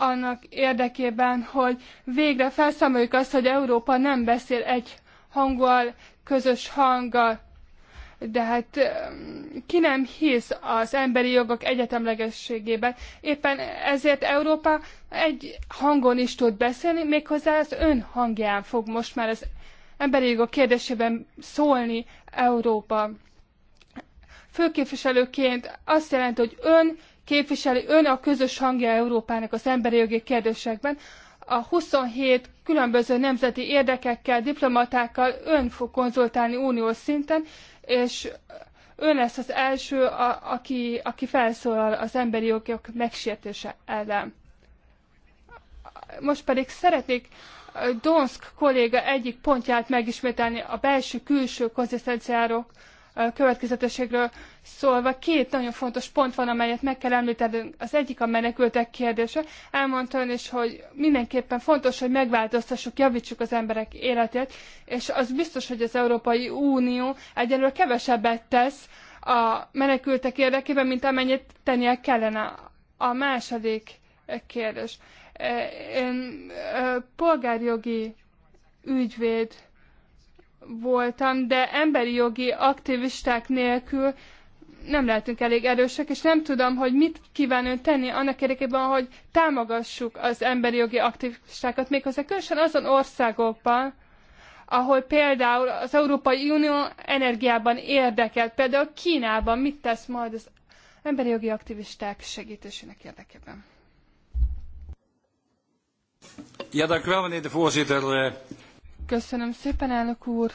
annak érdekében, hogy végre felszámoljuk azt, hogy Európa nem beszél egy hanggal, közös hanggal. De hát ki nem hisz az emberi jogok egyetemlegességében. Éppen ezért Európa egy hangon is tud beszélni, méghozzá az ön hangján fog most már az emberi jogok kérdésében szólni Európa. Főképviselőként azt jelenti, hogy ön képviseli, ön a közös hangja Európának az emberi jogi kérdésekben. A 27 különböző nemzeti érdekekkel, diplomatákkal ön fog konzultálni uniós szinten, és ön lesz az első, a, aki, aki felszólal az emberi jogok megsértése ellen. Most pedig szeretnék Donsk kolléga egyik pontját megismételni a belső-külső konzisztenciáról következetességről szólva két nagyon fontos pont van, amelyet meg kell említenünk. Az egyik a menekültek kérdése. Elmondta ön is, hogy mindenképpen fontos, hogy megváltoztassuk, javítsuk az emberek életét, és az biztos, hogy az Európai Unió egyelőre kevesebbet tesz a menekültek érdekében, mint amennyit tennie kellene. A második kérdés. Én polgárjogi ügyvéd voltam, de emberi jogi aktivisták nélkül nem lehetünk elég erősek, és nem tudom, hogy mit kíván ön tenni annak érdekében, hogy támogassuk az emberi jogi aktivistákat, méghozzá különösen azon országokban, ahol például az Európai Unió energiában érdekelt, például Kínában mit tesz majd az emberi jogi aktivisták segítésének érdekében. Ja, dank u wel, meneer de voorzitter. Eh, Köszönöm szépen, elnök úr.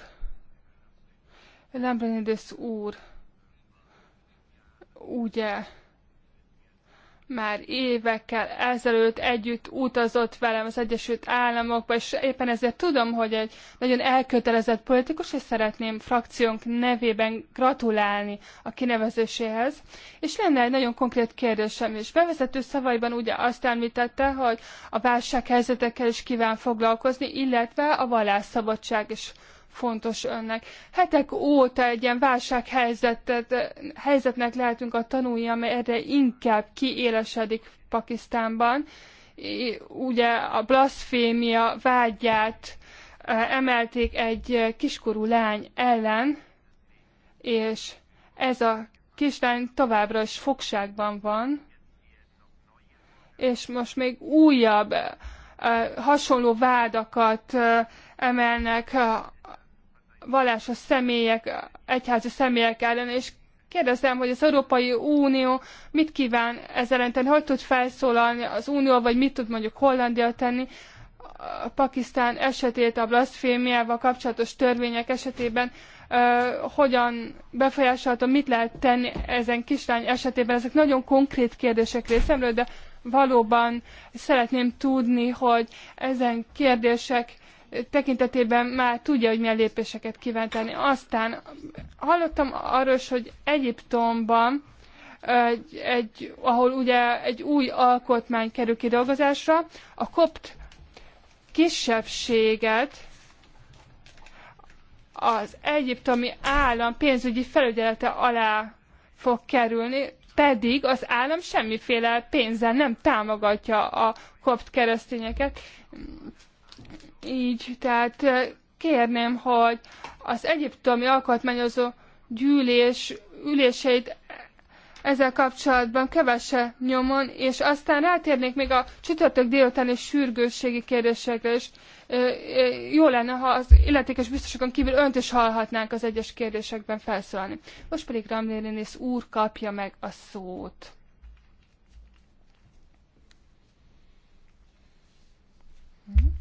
Lembrenidis úr, ugye már évekkel ezelőtt együtt utazott velem az Egyesült Államokba, és éppen ezért tudom, hogy egy nagyon elkötelezett politikus, és szeretném frakciónk nevében gratulálni a kinevezéséhez. És lenne egy nagyon konkrét kérdésem is. Bevezető szavaiban ugye azt említette, hogy a válsághelyzetekkel is kíván foglalkozni, illetve a vallásszabadság is fontos önnek. Hetek óta egy ilyen válsághelyzetet, helyzetnek lehetünk a tanulni, amely erre inkább kiélesedik Pakisztánban. Ugye a blasfémia vágyát e, emelték egy kiskorú lány ellen, és ez a kislány továbbra is fogságban van, és most még újabb e, e, hasonló vádakat emelnek vallásos személyek, egyházi személyek ellen, és kérdezem, hogy az Európai Unió mit kíván ezzel tenni, hogy tud felszólalni az Unió, vagy mit tud mondjuk Hollandia tenni, a Pakisztán esetét a blasfémiával kapcsolatos törvények esetében hogyan befolyásolhatom, mit lehet tenni ezen kislány esetében. Ezek nagyon konkrét kérdések részemről, de valóban szeretném tudni, hogy ezen kérdések tekintetében már tudja, hogy milyen lépéseket kíván tenni. Aztán hallottam arról is, hogy Egyiptomban, egy, egy, ahol ugye egy új alkotmány kerül kidolgozásra, a kopt kisebbséget az egyiptomi állam pénzügyi felügyelete alá fog kerülni, pedig az állam semmiféle pénzzel nem támogatja a kopt keresztényeket így, tehát kérném, hogy az egyiptomi alkotmányozó gyűlés üléseit ezzel kapcsolatban kevese nyomon, és aztán rátérnék még a csütörtök délutáni sürgősségi kérdésekre is. Jó lenne, ha az illetékes biztosokon kívül önt is hallhatnánk az egyes kérdésekben felszólalni. Most pedig Ramlérénész úr kapja meg a szót. Mm-hmm.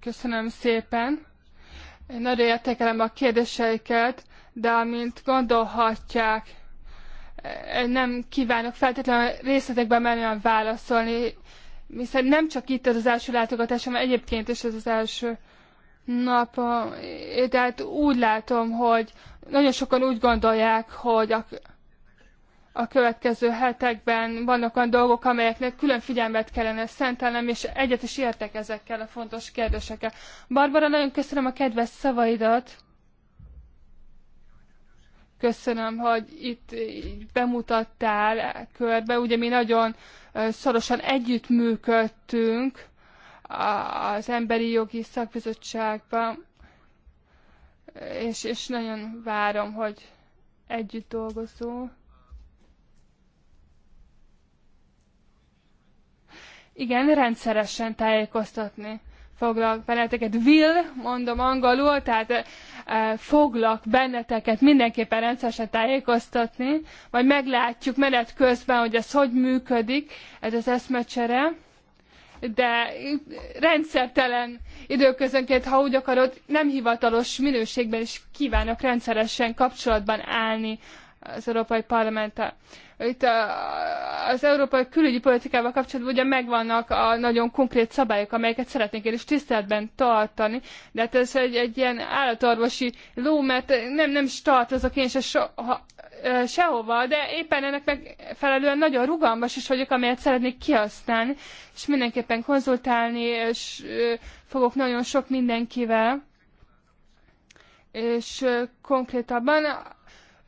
Köszönöm szépen. Én nagyon értékelem a kérdéseiket, de amint gondolhatják, eh, nem kívánok feltétlenül menni a válaszolni, hiszen nem csak itt az, az első látogatás, hanem egyébként is ez az első nap. Tehát úgy látom, hogy nagyon sokan úgy gondolják, hogy a a következő hetekben vannak olyan dolgok, amelyeknek külön figyelmet kellene szentelnem, és egyet is értek ezekkel a fontos kérdésekkel. Barbara, nagyon köszönöm a kedves szavaidat. Köszönöm, hogy itt bemutattál körbe. Ugye mi nagyon szorosan együttműködtünk az Emberi Jogi Szakbizottságban, és, és nagyon várom, hogy együtt dolgozunk igen, rendszeresen tájékoztatni foglak benneteket. Will, mondom angolul, tehát e, foglak benneteket mindenképpen rendszeresen tájékoztatni, vagy meglátjuk menet közben, hogy ez hogy működik, ez az eszmecsere. De rendszertelen időközönként, ha úgy akarod, nem hivatalos minőségben is kívánok rendszeresen kapcsolatban állni az Európai Parlamenttel itt a, az európai külügyi politikával kapcsolatban ugye megvannak a nagyon konkrét szabályok, amelyeket szeretnénk én is tiszteletben tartani, de hát ez egy, egy ilyen állatorvosi ló, mert nem, nem is tartozok én se soha, sehova, de éppen ennek megfelelően nagyon rugalmas is vagyok, amelyet szeretnék kihasználni, és mindenképpen konzultálni, és fogok nagyon sok mindenkivel, és konkrétabban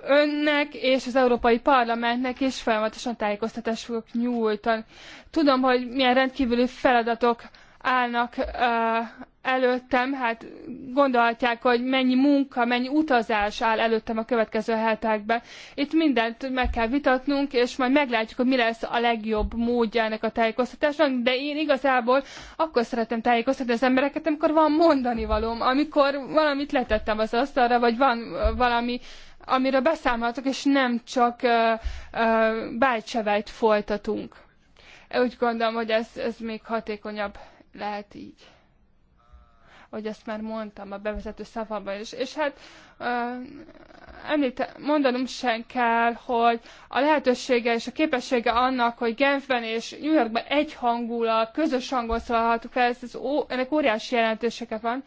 önnek és az Európai Parlamentnek is folyamatosan tájékoztatást fogok nyújtani. Tudom, hogy milyen rendkívüli feladatok állnak uh, előttem, hát gondolhatják, hogy mennyi munka, mennyi utazás áll előttem a következő hetekben. Itt mindent meg kell vitatnunk, és majd meglátjuk, hogy mi lesz a legjobb módja ennek a tájékoztatásnak, de én igazából akkor szeretem tájékoztatni az embereket, amikor van mondani valóm, amikor valamit letettem az asztalra, vagy van valami uh, amiről beszámoltok, és nem csak bájtsevejt folytatunk. Úgy gondolom, hogy ez, ez még hatékonyabb lehet így hogy ezt már mondtam a bevezető szavamban is. És hát uh, mondanom sem kell, hogy a lehetősége és a képessége annak, hogy Genfben és New Yorkban egyhangulag, közös hangon szólhatunk fel, ez, ez ó, ennek óriási jelentősége van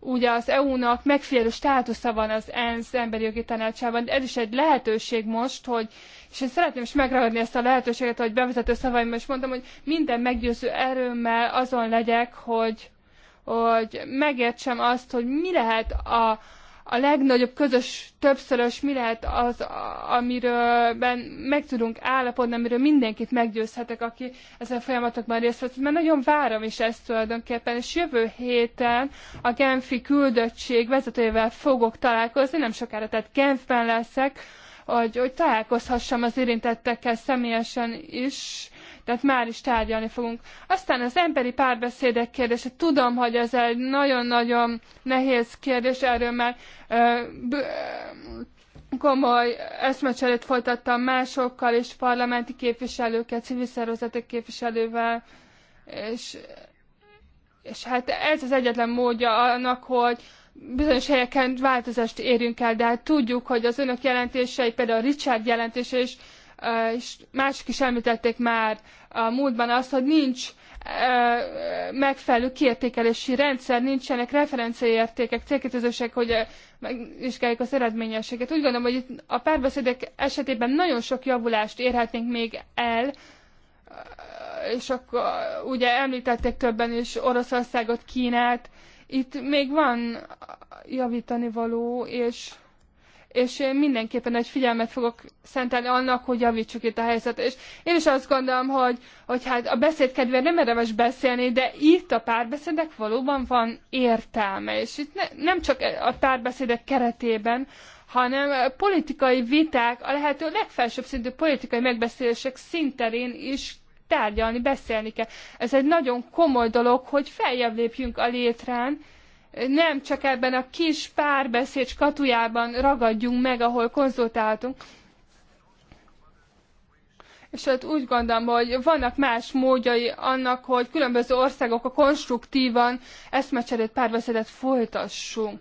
ugye az EU-nak megfigyelő státusza van az ENSZ emberi jogi tanácsában, de ez is egy lehetőség most, hogy, és én szeretném is megragadni ezt a lehetőséget, hogy bevezető szavaimban is mondtam, hogy minden meggyőző erőmmel azon legyek, hogy, hogy megértsem azt, hogy mi lehet a, a legnagyobb közös többszörös mi lehet az, amiről ben meg tudunk állapodni, amiről mindenkit meggyőzhetek, aki ezen folyamatokban részt vett. Mert nagyon várom is ezt tulajdonképpen, és jövő héten a Genfi küldöttség vezetőjével fogok találkozni, nem sokára, tehát Genfben leszek, hogy, hogy találkozhassam az érintettekkel személyesen is, tehát már is tárgyalni fogunk. Aztán az emberi párbeszédek kérdése. Tudom, hogy ez egy nagyon-nagyon nehéz kérdés, erről már komoly eszmecserét folytattam másokkal, és parlamenti képviselőkkel, civil szervezetek képviselővel, és, és hát ez az egyetlen módja annak, hogy bizonyos helyeken változást érjünk el, de hát tudjuk, hogy az önök jelentései, például a Richard jelentése is és mások is említették már a múltban azt, hogy nincs megfelelő kiértékelési rendszer, nincsenek referenciaértékek, célkitűzések, hogy megvizsgáljuk az eredményességet. Úgy gondolom, hogy itt a párbeszédek esetében nagyon sok javulást érhetnénk még el, és akkor ugye említették többen is Oroszországot, Kínát, itt még van javítani való, és és én mindenképpen egy figyelmet fogok szentelni annak, hogy javítsuk itt a helyzetet. És én is azt gondolom, hogy, hogy hát a beszéd kedvéért nem érdemes beszélni, de itt a párbeszédek valóban van értelme, és itt ne, nem csak a párbeszédek keretében, hanem politikai viták, a lehető legfelsőbb szintű politikai megbeszélések szinterén is tárgyalni, beszélni kell. Ez egy nagyon komoly dolog, hogy feljebb lépjünk a létrán, nem csak ebben a kis párbeszéd katujában ragadjunk meg, ahol konzultáltunk. És hát úgy gondolom, hogy vannak más módjai annak, hogy különböző országok a konstruktívan eszmecserét, párbeszédet folytassunk.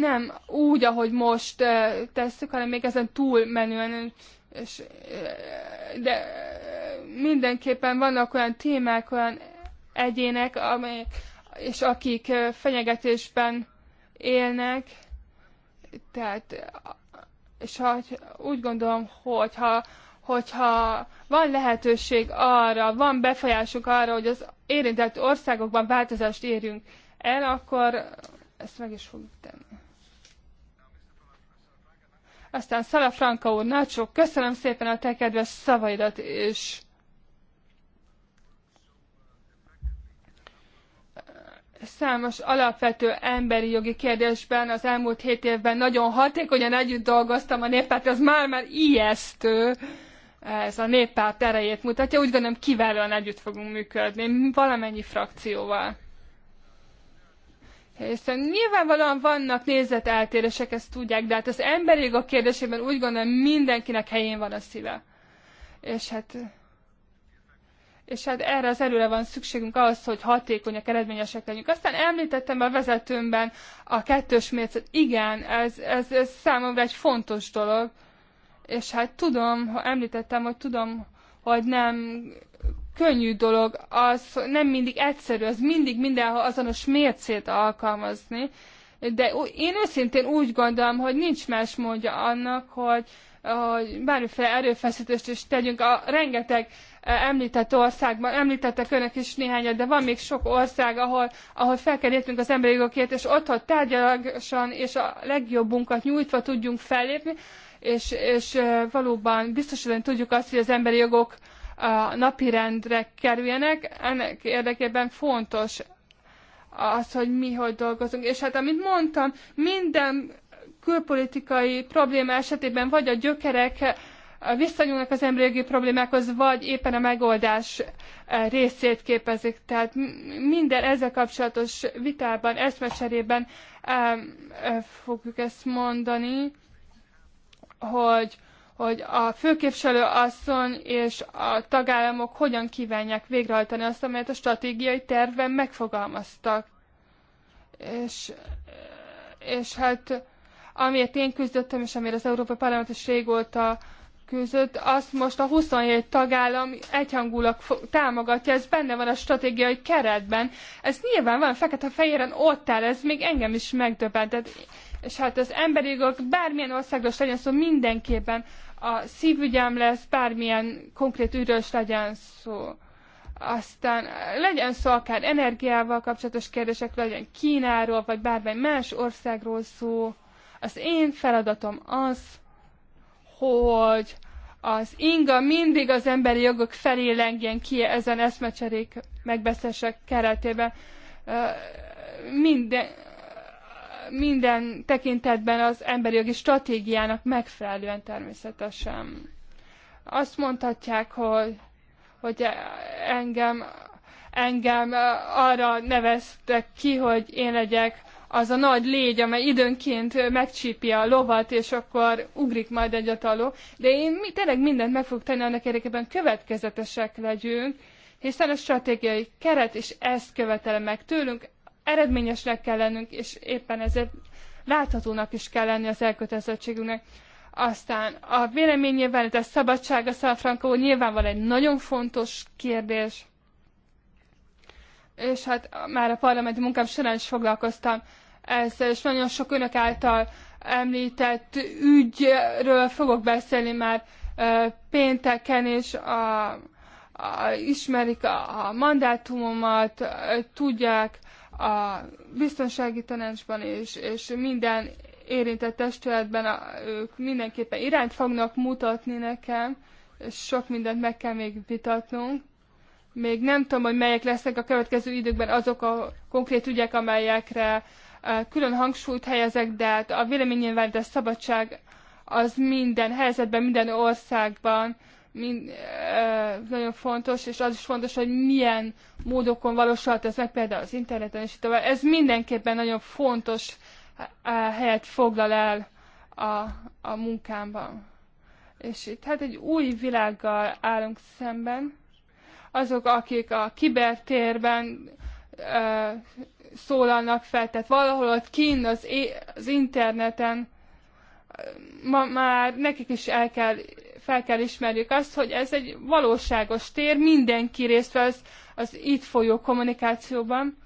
Nem úgy, ahogy most eh, tesszük, hanem még ezen túl menően. És, eh, de eh, mindenképpen vannak olyan témák, olyan egyének, amelyek és akik fenyegetésben élnek, tehát és ha, úgy gondolom, hogyha, hogyha van lehetőség arra, van befolyásuk arra, hogy az érintett országokban változást érjünk el, akkor ezt meg is fogjuk tenni. Aztán Szala Franka úr, sok, köszönöm szépen a te kedves szavaidat, és számos alapvető emberi jogi kérdésben az elmúlt hét évben nagyon hatékonyan együtt dolgoztam a néppárt, az már-már ijesztő, ez a néppárt erejét mutatja, úgy gondolom kiválóan együtt fogunk működni, valamennyi frakcióval. Hiszen nyilvánvalóan vannak nézeteltérések, ezt tudják, de hát az emberi jogok kérdésében úgy gondolom mindenkinek helyén van a szíve. És hát és hát erre az erőre van szükségünk ahhoz, hogy hatékonyak, eredményesek legyünk. Aztán említettem a vezetőmben a kettős mércet. Igen, ez, ez, ez számomra egy fontos dolog, és hát tudom, ha említettem, hogy tudom, hogy nem könnyű dolog, az nem mindig egyszerű, az mindig mindenhol azonos mércét alkalmazni, de én őszintén úgy gondolom, hogy nincs más módja annak, hogy, hogy bármiféle erőfeszítést is tegyünk. A rengeteg említett országban, említettek önök is néhányat, de van még sok ország, ahol, ahol fel kell lépnünk az emberi jogokért, és ott, hogy tárgyalagosan és a legjobbunkat nyújtva tudjunk fellépni, és, és valóban biztosítani tudjuk azt, hogy az emberi jogok a napirendre kerüljenek. Ennek érdekében fontos az, hogy mi hogy dolgozunk. És hát, amint mondtam, minden külpolitikai probléma esetében vagy a gyökerek visszanyúlnak az emberi problémákhoz, vagy éppen a megoldás eh, részét képezik. Tehát minden ezzel kapcsolatos vitában, eszmecserében eh, fogjuk ezt mondani, hogy, hogy a főképviselő asszony és a tagállamok hogyan kívánják végrehajtani azt, amelyet a stratégiai tervben megfogalmaztak. És, és hát amiért én küzdöttem, és amiért az Európai Parlament is régóta között, azt most a 27 tagállam egyhangulag támogatja, ez benne van a stratégiai keretben. Ez nyilván van fekete-fehéren ott áll, ez még engem is megdöbbentett. És hát az emberi jogok bármilyen országos legyen szó, mindenképpen a szívügyem lesz, bármilyen konkrét ügyös legyen szó. Aztán legyen szó akár energiával kapcsolatos kérdések, legyen Kínáról, vagy bármely más országról szó. Az én feladatom az, hogy az inga mindig az emberi jogok felé lengjen ki ezen eszmecserék megbeszések keretében. Minden, minden tekintetben az emberi jogi stratégiának megfelelően természetesen. Azt mondhatják, hogy, hogy engem, engem arra neveztek ki, hogy én legyek az a nagy légy, amely időnként megcsípi a lovat, és akkor ugrik majd egyet a ló. De én mi tényleg mindent meg fogok tenni annak érdekében, következetesek legyünk, hiszen a stratégiai keret, és ezt követelem meg tőlünk, eredményesnek kell lennünk, és éppen ezért láthatónak is kell lenni az elkötelezettségünknek. Aztán a szabadság szabadsága, Szalfrankó nyilvánvalóan egy nagyon fontos kérdés, és hát már a parlamenti munkám során is foglalkoztam ezzel, és nagyon sok önök által említett ügyről fogok beszélni már pénteken, és a, a, ismerik a, a mandátumomat, tudják a biztonsági tanácsban és, és minden érintett testületben a, ők mindenképpen irányt fognak mutatni nekem, és sok mindent meg kell még vitatnunk még nem tudom, hogy melyek lesznek a következő időkben azok a konkrét ügyek, amelyekre e, külön hangsúlyt helyezek, de hát a véleménynyilvánítás szabadság az minden helyzetben, minden országban mind, e, nagyon fontos, és az is fontos, hogy milyen módokon valósulhat ez meg, például az interneten és tovább. Szóval ez mindenképpen nagyon fontos e, helyet foglal el a, a munkámban. És itt hát egy új világgal állunk szemben, azok, akik a kibertérben ö, szólalnak fel, tehát valahol ott kín az, az interneten ma már nekik is el kell, fel kell ismerjük azt, hogy ez egy valóságos tér, mindenki részt vesz az itt folyó kommunikációban,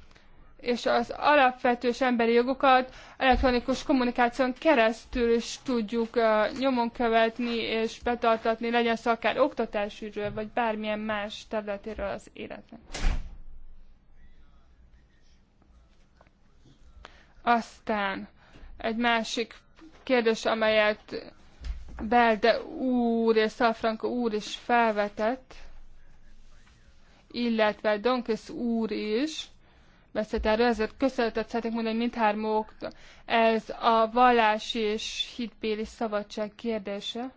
és az alapvető emberi jogokat elektronikus kommunikáción keresztül is tudjuk nyomon követni és betartatni, legyen szó akár oktatásügyről, vagy bármilyen más területéről az életnek. Aztán egy másik kérdés, amelyet Belde úr és Szafranka úr is felvetett, illetve Donkes úr is, beszélt erről, ezért köszönetet szeretnék mondani mindhármók. Ez a vallási és hitbéli szabadság kérdése.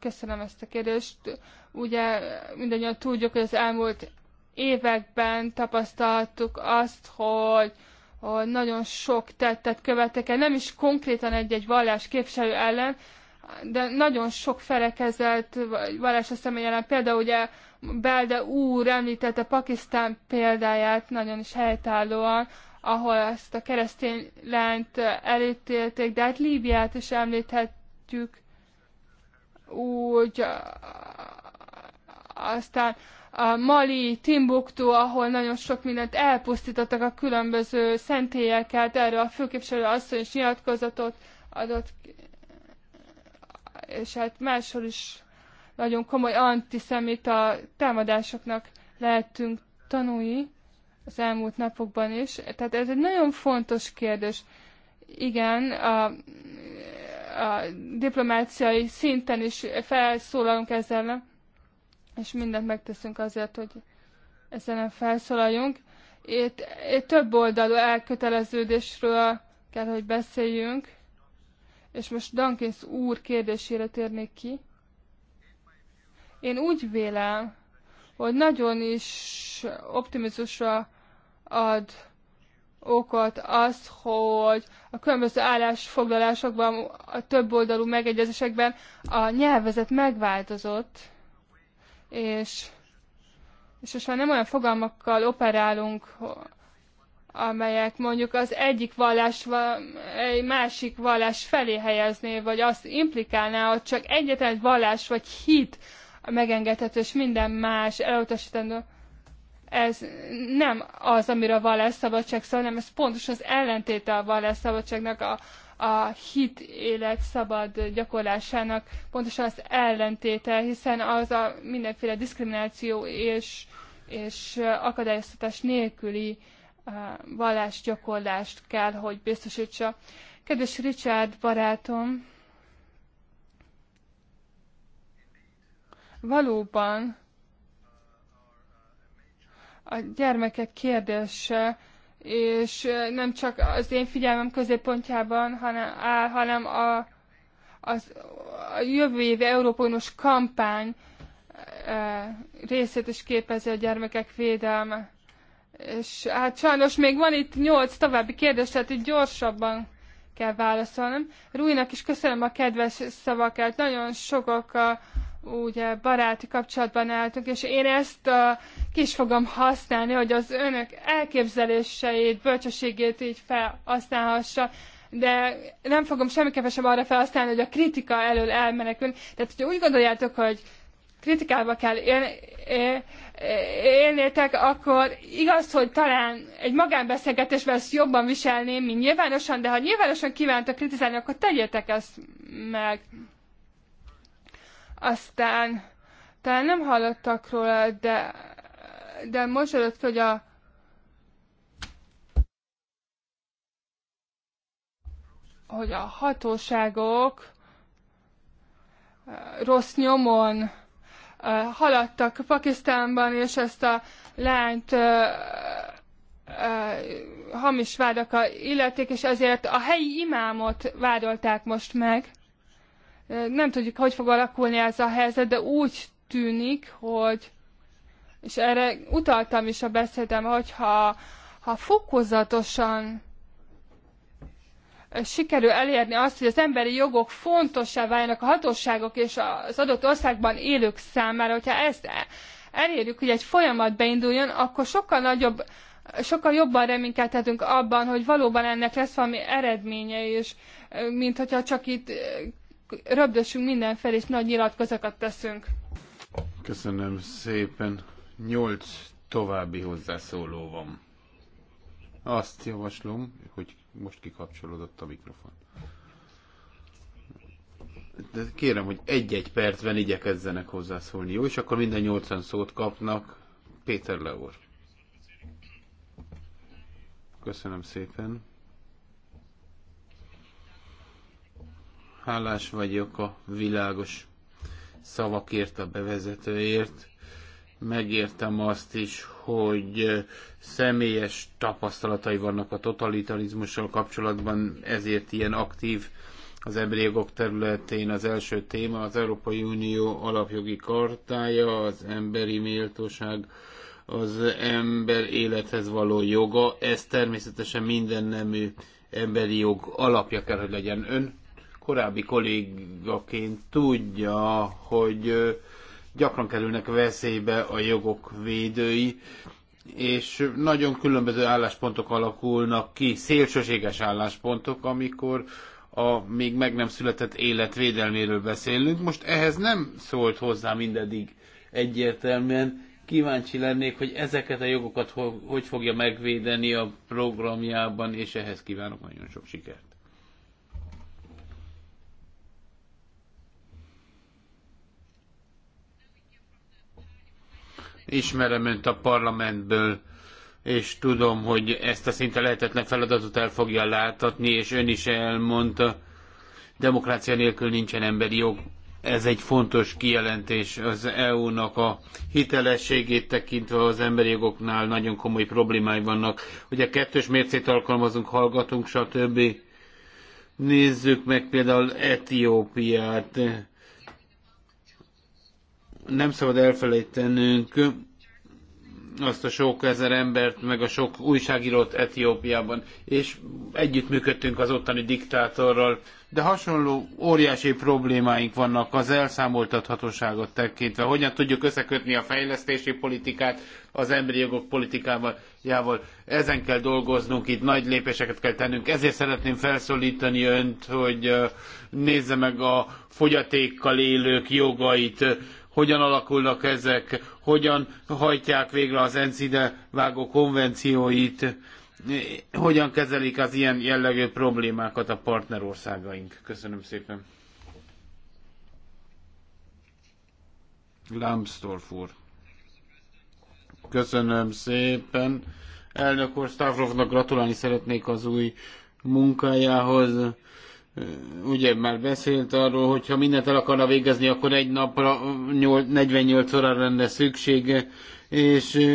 Köszönöm ezt a kérdést. Ugye mindannyian tudjuk, hogy az elmúlt években tapasztaltuk azt, hogy hogy nagyon sok tettet követtek el, nem is konkrétan egy-egy vallás képviselő ellen, de nagyon sok felekezett vallás személy ellen. Például ugye Belde úr említette Pakisztán példáját nagyon is helytállóan, ahol ezt a keresztény lányt elítélték, de hát Líbiát is említhetjük úgy, aztán a Mali, Timbuktu, ahol nagyon sok mindent elpusztítottak a különböző szentélyeket, erről a főképviselő asszony is nyilatkozatot adott, és hát máshol is nagyon komoly antiszemita támadásoknak lehetünk tanúi az elmúlt napokban is. Tehát ez egy nagyon fontos kérdés. Igen, a, a diplomáciai szinten is felszólalunk ezzel, és mindent megteszünk azért, hogy ezzel nem felszólaljunk. Itt, itt több oldalú elköteleződésről kell, hogy beszéljünk, és most Dankins úr kérdésére térnék ki. Én úgy vélem, hogy nagyon is optimizusra ad okot az, hogy a különböző állásfoglalásokban, a több oldalú megegyezésekben a nyelvezet megváltozott, és, és most már nem olyan fogalmakkal operálunk, amelyek mondjuk az egyik vallás egy másik vallás felé helyezné, vagy azt implikálná, hogy csak egyetlen vallás vagy hit megengedhető, és minden más elutasítandó, ez nem az, amire a szabadság szól, hanem ez pontosan az ellentéte a szabadságnak, a, a hit élet szabad gyakorlásának pontosan az ellentéte, hiszen az a mindenféle diszkrimináció és, és akadályoztatás nélküli vallásgyakorlást uh, kell, hogy biztosítsa. Kedves Richard barátom, valóban a gyermekek kérdése, és nem csak az én figyelmem középpontjában hanem, áll, hanem a, az, a jövő évi Európai Uniós kampány e, részét is képezi a gyermekek védelme. És hát sajnos még van itt nyolc további kérdés, tehát itt gyorsabban kell válaszolnom. Rújnak is köszönöm a kedves szavakat, nagyon sokak a, ugye baráti kapcsolatban álltunk, és én ezt a ki is fogom használni, hogy az önök elképzeléseit, bölcsességét így felhasználhassa, de nem fogom semmiképpen sem arra felhasználni, hogy a kritika elől elmenekül. Tehát, hogyha úgy gondoljátok, hogy kritikába kell él, élnétek, akkor igaz, hogy talán egy magánbeszélgetésben ezt jobban viselném, mint nyilvánosan, de ha nyilvánosan kívántok kritizálni, akkor tegyétek ezt meg. Aztán talán nem hallottak róla, de, de most előtt, hogy a hogy a hatóságok rossz nyomon haladtak Pakisztánban, és ezt a lányt hamis vádakkal illették, és ezért a helyi imámot vádolták most meg nem tudjuk, hogy fog alakulni ez a helyzet, de úgy tűnik, hogy, és erre utaltam is a beszédem, hogyha ha fokozatosan sikerül elérni azt, hogy az emberi jogok fontossá váljanak a hatóságok és az adott országban élők számára, hogyha ezt e, elérjük, hogy egy folyamat beinduljon, akkor sokkal nagyobb, sokkal jobban reménykedhetünk abban, hogy valóban ennek lesz valami eredménye is, mint hogyha csak itt röbdösünk mindenfelé, és nagy nyilatkozakat teszünk. Köszönöm szépen. Nyolc további hozzászóló van. Azt javaslom, hogy most kikapcsolódott a mikrofon. De kérem, hogy egy-egy percben igyekezzenek hozzászólni, jó? És akkor minden nyolcan szót kapnak. Péter Leor. Köszönöm szépen. Hálás vagyok a világos szavakért, a bevezetőért. Megértem azt is, hogy személyes tapasztalatai vannak a totalitarizmussal kapcsolatban, ezért ilyen aktív az emberi jogok területén az első téma az Európai Unió alapjogi kartája, az emberi méltóság, az ember élethez való joga. Ez természetesen minden nemű emberi jog alapja kell, hogy legyen. Ön korábbi kollégaként tudja, hogy gyakran kerülnek veszélybe a jogok védői, és nagyon különböző álláspontok alakulnak ki, szélsőséges álláspontok, amikor a még meg nem született élet védelméről beszélünk. Most ehhez nem szólt hozzá mindedig egyértelműen. Kíváncsi lennék, hogy ezeket a jogokat hogy fogja megvédeni a programjában, és ehhez kívánok nagyon sok sikert. Ismerem önt a parlamentből, és tudom, hogy ezt a szinte lehetetlen feladatot el fogja láthatni, és ön is elmondta, demokrácia nélkül nincsen emberi jog. Ez egy fontos kijelentés az EU-nak a hitelességét tekintve az emberi jogoknál nagyon komoly problémái vannak. Ugye kettős mércét alkalmazunk, hallgatunk, stb. Nézzük meg például Etiópiát nem szabad elfelejtenünk azt a sok ezer embert, meg a sok újságírót Etiópiában, és együttműködtünk az ottani diktátorral, de hasonló óriási problémáink vannak az elszámoltathatóságot tekintve. Hogyan tudjuk összekötni a fejlesztési politikát az emberi jogok politikájával? Ezen kell dolgoznunk, itt nagy lépéseket kell tennünk. Ezért szeretném felszólítani önt, hogy nézze meg a fogyatékkal élők jogait, hogyan alakulnak ezek, hogyan hajtják végre az ENSZ idevágó konvencióit, hogyan kezelik az ilyen jellegű problémákat a partnerországaink. Köszönöm szépen. Lambsdorff úr. Köszönöm szépen. Elnök úr Stavrovnak gratulálni szeretnék az új munkájához ugye már beszélt arról, hogy ha mindent el akarna végezni, akkor egy napra 48 órára lenne szüksége, és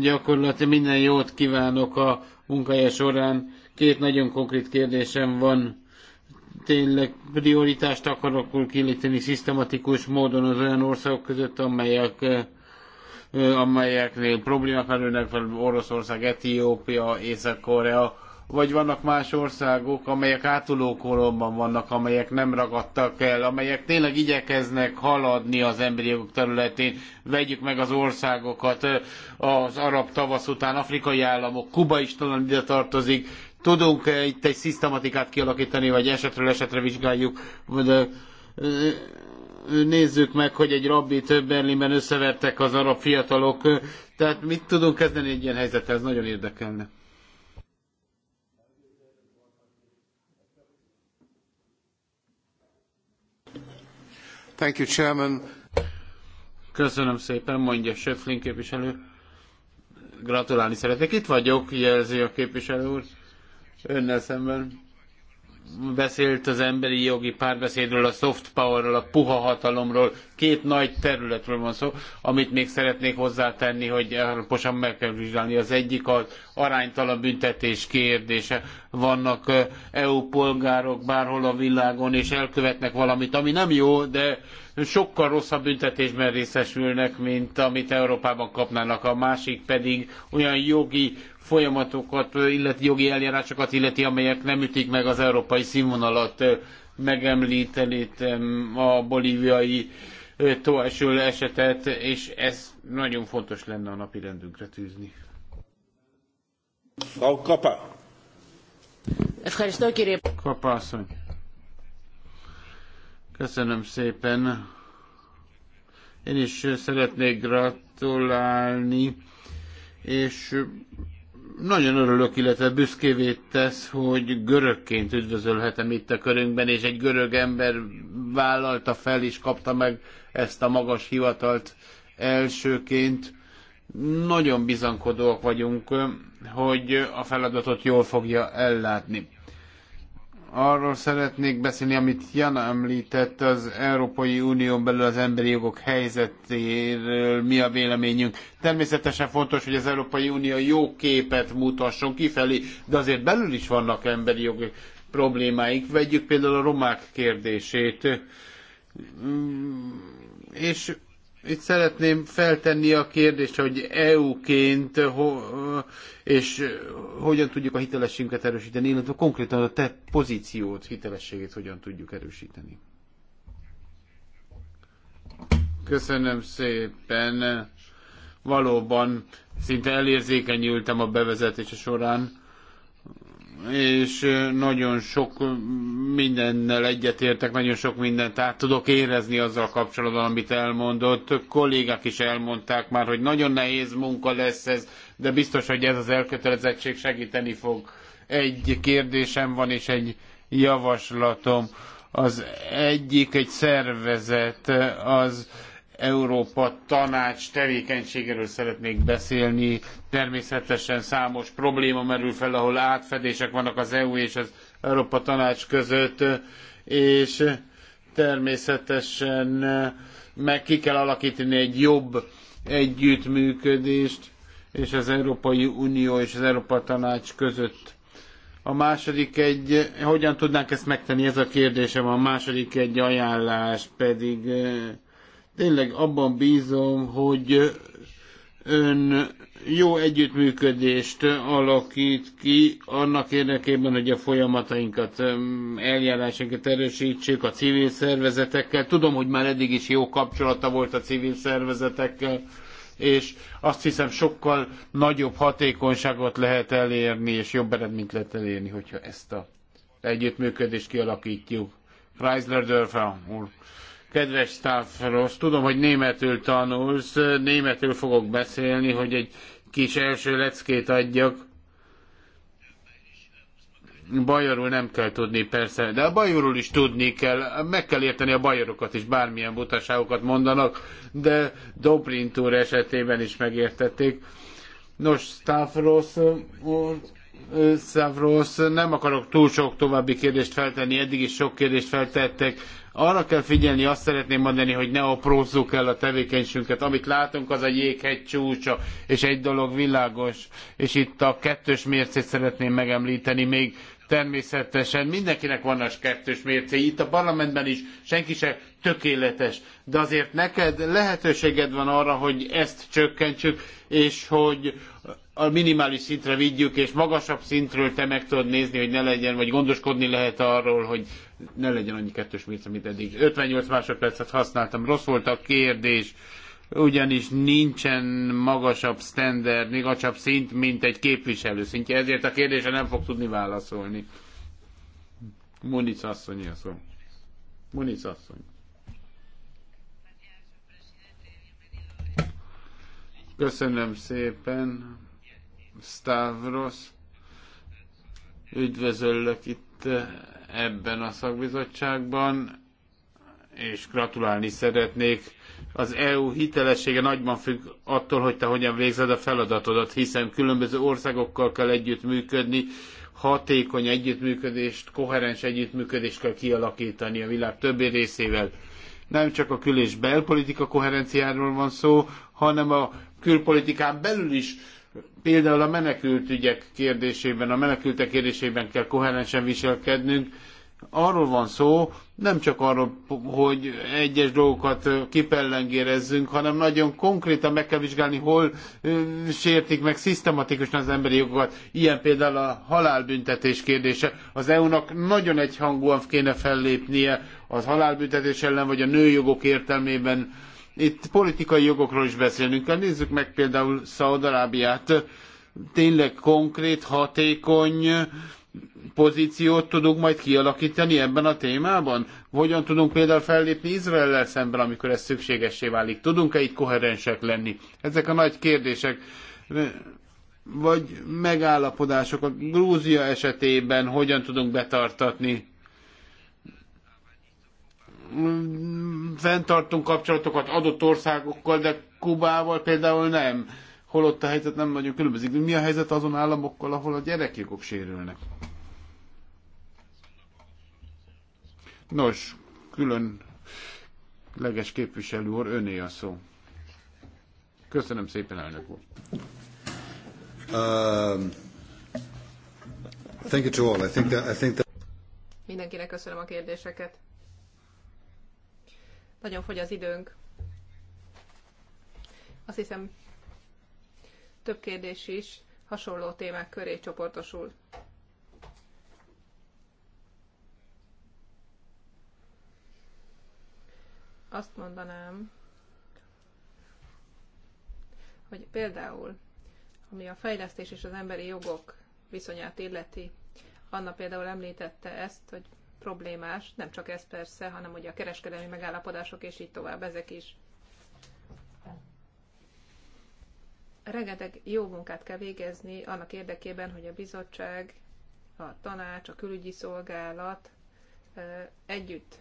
gyakorlatilag minden jót kívánok a munkája során. Két nagyon konkrét kérdésem van. Tényleg prioritást akarok kiléteni szisztematikus módon az olyan országok között, amelyek amelyeknél problémák merülnek fel, Oroszország, Etiópia, Észak-Korea, vagy vannak más országok, amelyek átulókoromban vannak, amelyek nem ragadtak el, amelyek tényleg igyekeznek haladni az emberi jogok területén. Vegyük meg az országokat az arab tavasz után, afrikai államok, Kuba is talán ide tartozik. Tudunk -e itt egy szisztematikát kialakítani, vagy esetről esetre vizsgáljuk, de nézzük meg, hogy egy rabbi több Berlinben összevertek az arab fiatalok. Tehát mit tudunk kezdeni egy ilyen helyzethez? Nagyon érdekelne. Köszönöm szépen, mondja Söflin képviselő. Gratulálni szeretnék. Itt vagyok, jelzi a képviselő úr. Önnel szemben beszélt az emberi jogi párbeszédről, a soft powerről, a puha hatalomról két nagy területről van szó, amit még szeretnék hozzátenni, hogy alaposan meg kell vizsgálni. Az egyik az aránytalan büntetés kérdése. Vannak EU polgárok bárhol a világon, és elkövetnek valamit, ami nem jó, de sokkal rosszabb büntetésben részesülnek, mint amit Európában kapnának. A másik pedig olyan jogi folyamatokat, illeti jogi eljárásokat illeti, amelyek nem ütik meg az európai színvonalat. Megemlítenítem a bolíviai tóesül esetet, és ez nagyon fontos lenne a napi rendünkre tűzni. Frau Kappa. Kappa asszony. Köszönöm szépen. Én is szeretnék gratulálni, és nagyon örülök, illetve büszkévé tesz, hogy görögként üdvözölhetem itt a körünkben, és egy görög ember vállalta fel és kapta meg ezt a magas hivatalt elsőként. Nagyon bizankodóak vagyunk, hogy a feladatot jól fogja ellátni. Arról szeretnék beszélni, amit Jan említett az Európai Unión belül az emberi jogok helyzetéről, mi a véleményünk. Természetesen fontos, hogy az Európai Unió jó képet mutasson kifelé, de azért belül is vannak emberi jogi problémáink. Vegyük például a romák kérdését. Mm, és itt szeretném feltenni a kérdést, hogy EU-ként és hogyan tudjuk a hitelességünket erősíteni, illetve konkrétan a te pozíciót, hitelességét hogyan tudjuk erősíteni. Köszönöm szépen. Valóban szinte elérzékenyültem a bevezetése során és nagyon sok mindennel egyetértek, nagyon sok mindent át tudok érezni azzal kapcsolatban, amit elmondott. Kollégák is elmondták már, hogy nagyon nehéz munka lesz ez, de biztos, hogy ez az elkötelezettség segíteni fog. Egy kérdésem van, és egy javaslatom. Az egyik, egy szervezet, az Európa Tanács tevékenységéről szeretnék beszélni. Természetesen számos probléma merül fel, ahol átfedések vannak az EU és az Európa Tanács között, és természetesen meg ki kell alakítani egy jobb együttműködést, és az Európai Unió és az Európa Tanács között. A második egy, hogyan tudnánk ezt megtenni, ez a kérdésem, a második egy ajánlás pedig eh, Tényleg abban bízom, hogy ön jó együttműködést alakít ki annak érdekében, hogy a folyamatainkat, eljárásainkat erősítsük a civil szervezetekkel. Tudom, hogy már eddig is jó kapcsolata volt a civil szervezetekkel, és azt hiszem sokkal nagyobb hatékonyságot lehet elérni, és jobb eredményt lehet elérni, hogyha ezt a együttműködést kialakítjuk. Chrysler Dörfer úr. Kedves Stavros, tudom, hogy németül tanulsz, németül fogok beszélni, hogy egy kis első leckét adjak. Bajorul nem kell tudni, persze, de a bajorul is tudni kell, meg kell érteni a bajorokat is, bármilyen butaságokat mondanak, de Dobrint úr esetében is megértették. Nos, Stavros úr, Stavros, nem akarok túl sok további kérdést feltenni, eddig is sok kérdést feltettek, arra kell figyelni, azt szeretném mondani, hogy ne aprózzuk el a tevékenységünket. Amit látunk, az a jéghegy csúcsa, és egy dolog világos, és itt a kettős mércét szeretném megemlíteni még, Természetesen mindenkinek vannak kettős mércéi, itt a parlamentben is senki se tökéletes, de azért neked lehetőséged van arra, hogy ezt csökkentsük, és hogy a minimális szintre vigyük, és magasabb szintről te meg tudod nézni, hogy ne legyen, vagy gondoskodni lehet arról, hogy ne legyen annyi kettős mérce, mint eddig. 58 másodpercet használtam, rossz volt a kérdés, ugyanis nincsen magasabb standard, magasabb szint, mint egy képviselő szintje, ezért a kérdése nem fog tudni válaszolni. Munic asszony, a szó. Munic asszony. Köszönöm szépen. Stavros. Üdvözöllök itt eh, ebben a szakbizottságban, és gratulálni szeretnék. Az EU hitelessége nagyban függ attól, hogy te hogyan végzed a feladatodat, hiszen különböző országokkal kell együttműködni, hatékony együttműködést, koherens együttműködést kell kialakítani a világ többi részével. Nem csak a kül- és belpolitika koherenciáról van szó, hanem a külpolitikán belül is Például a menekült ügyek kérdésében, a menekültek kérdésében kell koherensen viselkednünk. Arról van szó, nem csak arról, hogy egyes dolgokat kipellengérezzünk, hanem nagyon konkrétan meg kell vizsgálni, hol sértik meg szisztematikusan az emberi jogokat. Ilyen például a halálbüntetés kérdése. Az EU-nak nagyon egyhangúan kéne fellépnie az halálbüntetés ellen, vagy a nőjogok értelmében itt politikai jogokról is beszélnünk kell. Hát nézzük meg például Szaudarábiát. Tényleg konkrét, hatékony pozíciót tudunk majd kialakítani ebben a témában? Hogyan tudunk például fellépni Izraellel szemben, amikor ez szükségessé válik? Tudunk-e itt koherensek lenni? Ezek a nagy kérdések vagy megállapodások a Grúzia esetében hogyan tudunk betartatni Mm, fenntartunk kapcsolatokat adott országokkal, de Kubával például nem. Holott a helyzet nem nagyon különbözik. Mi a helyzet azon államokkal, ahol a gyerekjogok sérülnek? Nos, külön leges képviselő úr, öné a szó. Köszönöm szépen, elnök úr. Uh, thank you to all. I think that, I think that... Mindenkinek köszönöm a kérdéseket. Nagyon fogy az időnk. Azt hiszem, több kérdés is hasonló témák köré csoportosul. Azt mondanám, hogy például, ami a fejlesztés és az emberi jogok viszonyát illeti, Anna például említette ezt, hogy problémás, nem csak ez persze, hanem ugye a kereskedelmi megállapodások és így tovább, ezek is. Rengeteg jó munkát kell végezni annak érdekében, hogy a bizottság, a tanács, a külügyi szolgálat együtt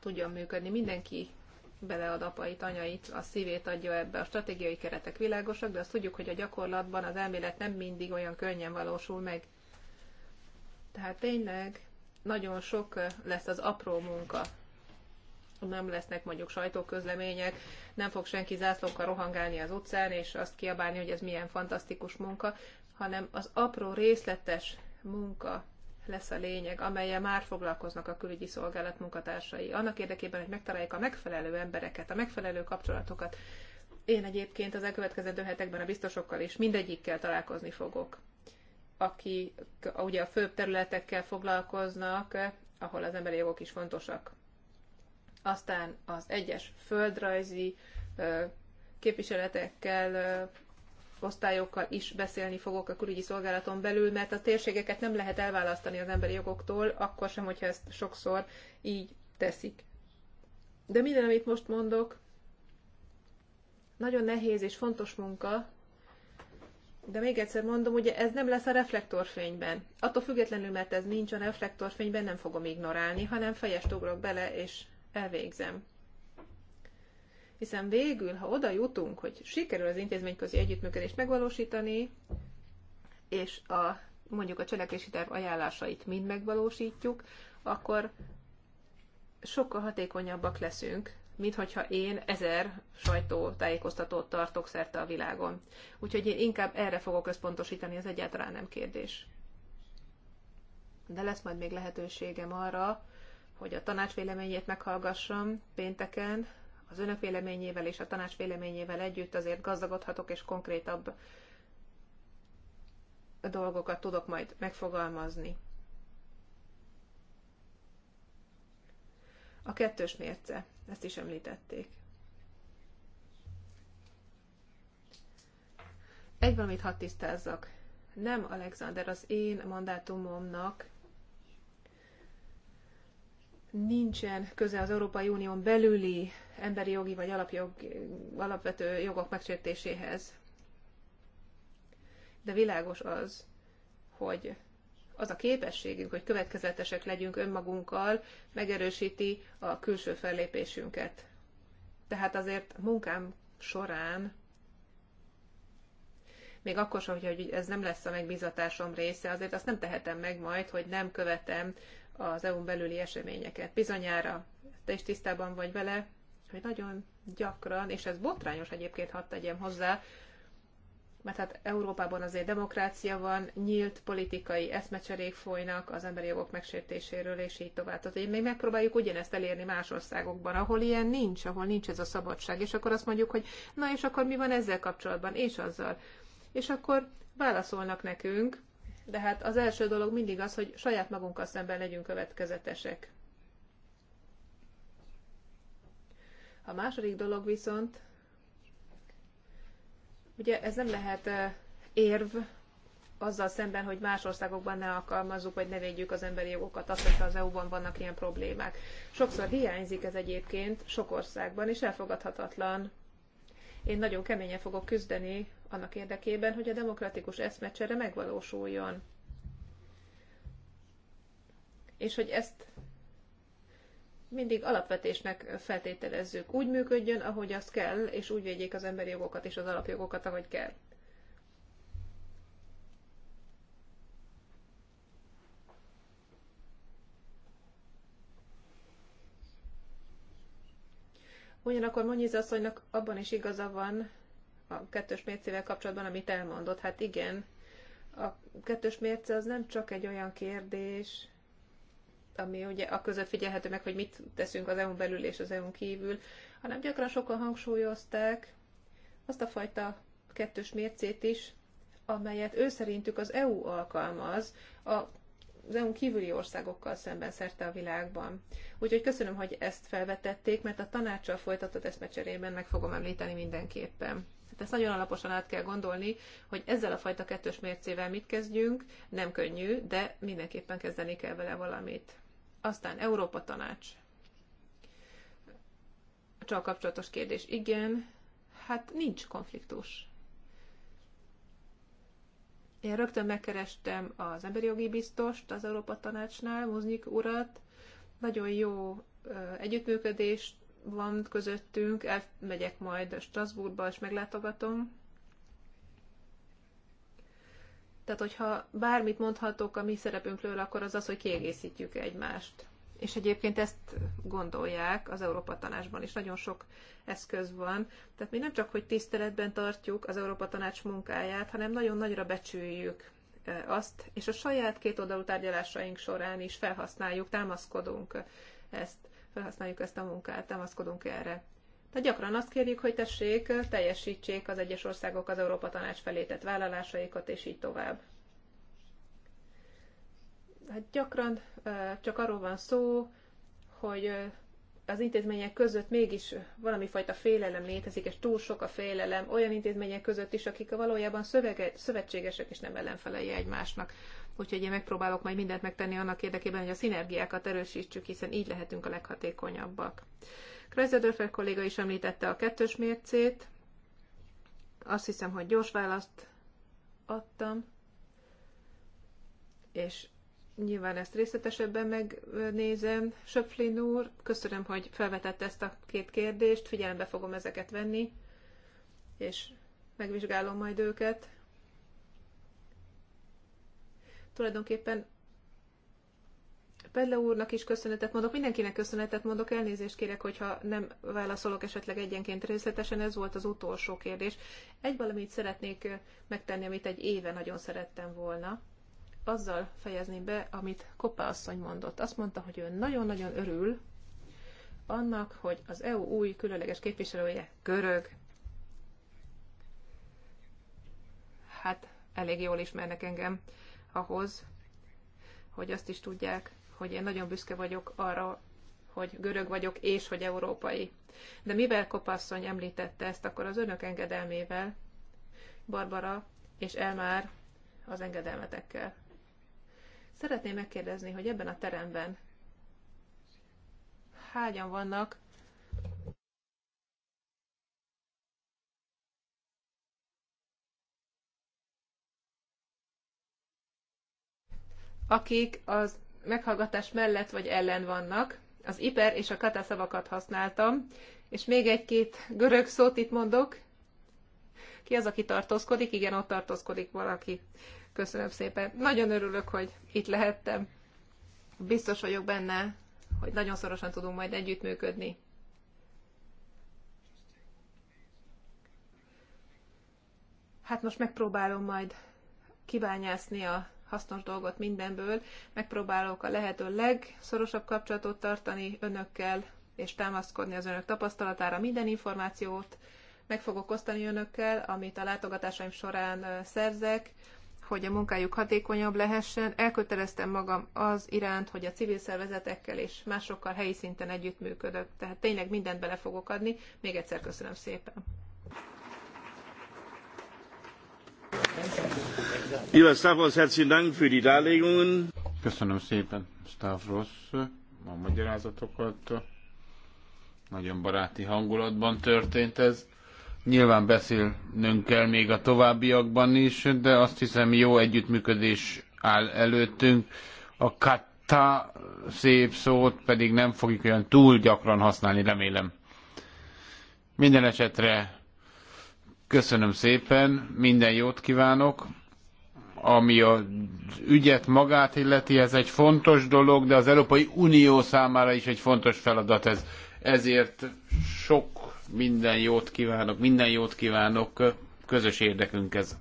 tudjon működni. Mindenki belead apait, anyait, a szívét adja ebbe. A stratégiai keretek világosak, de azt tudjuk, hogy a gyakorlatban az elmélet nem mindig olyan könnyen valósul meg. Tehát tényleg nagyon sok eh, lesz az apró munka. Nem lesznek mondjuk sajtóközlemények, nem fog senki zászlókkal rohangálni az utcán, és azt kiabálni, hogy ez milyen fantasztikus munka, hanem az apró részletes munka lesz a lényeg, amelyel már foglalkoznak a külügyi szolgálat munkatársai. Annak érdekében, hogy megtalálják a megfelelő embereket, a megfelelő kapcsolatokat. Én egyébként az elkövetkezendő hetekben a biztosokkal és mindegyikkel találkozni fogok aki ugye a főbb területekkel foglalkoznak, ahol az emberi jogok is fontosak. Aztán az egyes földrajzi képviseletekkel, osztályokkal is beszélni fogok a külügyi szolgálaton belül, mert a térségeket nem lehet elválasztani az emberi jogoktól, akkor sem, hogyha ezt sokszor így teszik. De minden, amit most mondok, nagyon nehéz és fontos munka, de még egyszer mondom, ugye ez nem lesz a reflektorfényben. Attól függetlenül, mert ez nincs a reflektorfényben, nem fogom ignorálni, hanem fejest ugrok bele, és elvégzem. Hiszen végül, ha oda jutunk, hogy sikerül az intézményközi együttműködést megvalósítani, és a, mondjuk a cselekvési terv ajánlásait mind megvalósítjuk, akkor sokkal hatékonyabbak leszünk, mint hogyha én ezer sajtótájékoztatót tartok szerte a világon. Úgyhogy én inkább erre fogok összpontosítani, ez egyáltalán nem kérdés. De lesz majd még lehetőségem arra, hogy a tanács véleményét meghallgassam pénteken, az önök véleményével és a tanács véleményével együtt azért gazdagodhatok és konkrétabb dolgokat tudok majd megfogalmazni. A kettős mérce, ezt is említették. Egy valamit hadd tisztázzak. Nem, Alexander, az én mandátumomnak nincsen köze az Európai Unión belüli emberi jogi vagy alapjog, alapvető jogok megsértéséhez. De világos az, hogy az a képességünk, hogy következetesek legyünk önmagunkkal, megerősíti a külső fellépésünket. Tehát azért munkám során, még akkor sem, hogy ez nem lesz a megbizatásom része, azért azt nem tehetem meg majd, hogy nem követem az EU-n belüli eseményeket. Bizonyára te is tisztában vagy vele, hogy nagyon gyakran, és ez botrányos egyébként, hadd tegyem hozzá, mert hát Európában azért demokrácia van, nyílt politikai eszmecserék folynak az emberi jogok megsértéséről, és így tovább. Tehát én még megpróbáljuk ugyanezt elérni más országokban, ahol ilyen nincs, ahol nincs ez a szabadság, és akkor azt mondjuk, hogy na és akkor mi van ezzel kapcsolatban, és azzal. És akkor válaszolnak nekünk, de hát az első dolog mindig az, hogy saját magunkkal szemben legyünk következetesek. A második dolog viszont, Ugye ez nem lehet érv azzal szemben, hogy más országokban ne alkalmazzuk, vagy ne védjük az emberi jogokat, azt, hogyha az EU-ban vannak ilyen problémák. Sokszor hiányzik ez egyébként sok országban, és elfogadhatatlan. Én nagyon keményen fogok küzdeni annak érdekében, hogy a demokratikus eszmecsere megvalósuljon. És hogy ezt mindig alapvetésnek feltételezzük. Úgy működjön, ahogy azt kell, és úgy védjék az emberi jogokat és az alapjogokat, ahogy kell. Ugyanakkor Monyiz asszonynak abban is igaza van a kettős mércével kapcsolatban, amit elmondott. Hát igen, a kettős mérce az nem csak egy olyan kérdés, ami ugye a között figyelhető meg, hogy mit teszünk az EU-n belül és az EU-n kívül, hanem gyakran sokan hangsúlyozták azt a fajta kettős mércét is, amelyet ő szerintük az EU alkalmaz a az EU kívüli országokkal szemben szerte a világban. Úgyhogy köszönöm, hogy ezt felvetették, mert a tanácssal folytatott eszmecserében meg fogom említeni mindenképpen. Tehát ezt nagyon alaposan át kell gondolni, hogy ezzel a fajta kettős mércével mit kezdjünk, nem könnyű, de mindenképpen kezdeni kell vele valamit. Aztán Európa Tanács. Csak kapcsolatos kérdés. Igen, hát nincs konfliktus. Én rögtön megkerestem az emberi jogi biztost az Európa Tanácsnál, Muznik urat. Nagyon jó együttműködés van közöttünk, elmegyek majd Strasbourgba, és meglátogatom tehát, hogyha bármit mondhatok a mi szerepünkről, akkor az az, hogy kiegészítjük egymást. És egyébként ezt gondolják az Európa Tanácsban is. Nagyon sok eszköz van. Tehát mi nem csak, hogy tiszteletben tartjuk az Európa Tanács munkáját, hanem nagyon nagyra becsüljük e, azt, és a saját két oldalú tárgyalásaink során is felhasználjuk, támaszkodunk ezt, felhasználjuk ezt a munkát, támaszkodunk erre. Tehát gyakran azt kérjük, hogy tessék, teljesítsék az egyes országok az Európa Tanács felé tett vállalásaikat, és így tovább. Hát gyakran csak arról van szó, hogy az intézmények között mégis valami fajta félelem létezik, és túl sok a félelem olyan intézmények között is, akik valójában szövege, szövetségesek és nem ellenfelei egymásnak. Úgyhogy én megpróbálok majd mindent megtenni annak érdekében, hogy a szinergiákat erősítsük, hiszen így lehetünk a leghatékonyabbak. Kreuzedörfer kolléga is említette a kettős mércét. Azt hiszem, hogy gyors választ adtam, és nyilván ezt részletesebben megnézem. Söpflin úr, köszönöm, hogy felvetett ezt a két kérdést, figyelembe fogom ezeket venni, és megvizsgálom majd őket. Tulajdonképpen Pedle úrnak is köszönetet mondok, mindenkinek köszönetet mondok, elnézést kérek, hogyha nem válaszolok esetleg egyenként részletesen, ez volt az utolsó kérdés. Egy valamit szeretnék megtenni, amit egy éve nagyon szerettem volna. Azzal fejezni be, amit Koppa asszony mondott. Azt mondta, hogy ő nagyon-nagyon örül annak, hogy az EU új különleges képviselője görög. Hát elég jól ismernek engem ahhoz, hogy azt is tudják, hogy én nagyon büszke vagyok arra, hogy görög vagyok, és hogy európai. De mivel Kopasszony említette ezt, akkor az önök engedelmével, Barbara és Elmár az engedelmetekkel. Szeretném megkérdezni, hogy ebben a teremben hányan vannak akik az meghallgatás mellett vagy ellen vannak. Az iper és a kata szavakat használtam, és még egy-két görög szót itt mondok. Ki az, aki tartózkodik? Igen, ott tartózkodik valaki. Köszönöm szépen. Nagyon örülök, hogy itt lehettem. Biztos vagyok benne, hogy nagyon szorosan tudunk majd együttműködni. Hát most megpróbálom majd kibányászni a hasznos dolgot mindenből. Megpróbálok a lehető legszorosabb kapcsolatot tartani önökkel, és támaszkodni az önök tapasztalatára minden információt. Meg fogok osztani önökkel, amit a látogatásaim során szerzek, hogy a munkájuk hatékonyabb lehessen. Elköteleztem magam az iránt, hogy a civil szervezetekkel és másokkal helyi szinten együttműködök. Tehát tényleg mindent bele fogok adni. Még egyszer köszönöm szépen. Lieber Stavros, herzlichen Dank für die Darlegungen. Köszönöm szépen, Stavros, a magyarázatokat. Nagyon baráti hangulatban történt ez. Nyilván beszélnünk kell még a továbbiakban is, de azt hiszem jó együttműködés áll előttünk. A katta szép szót pedig nem fogjuk olyan túl gyakran használni, remélem. Minden esetre köszönöm szépen, minden jót kívánok ami az ügyet magát illeti, ez egy fontos dolog, de az Európai Unió számára is egy fontos feladat ez. Ezért sok minden jót kívánok, minden jót kívánok, közös érdekünk ez.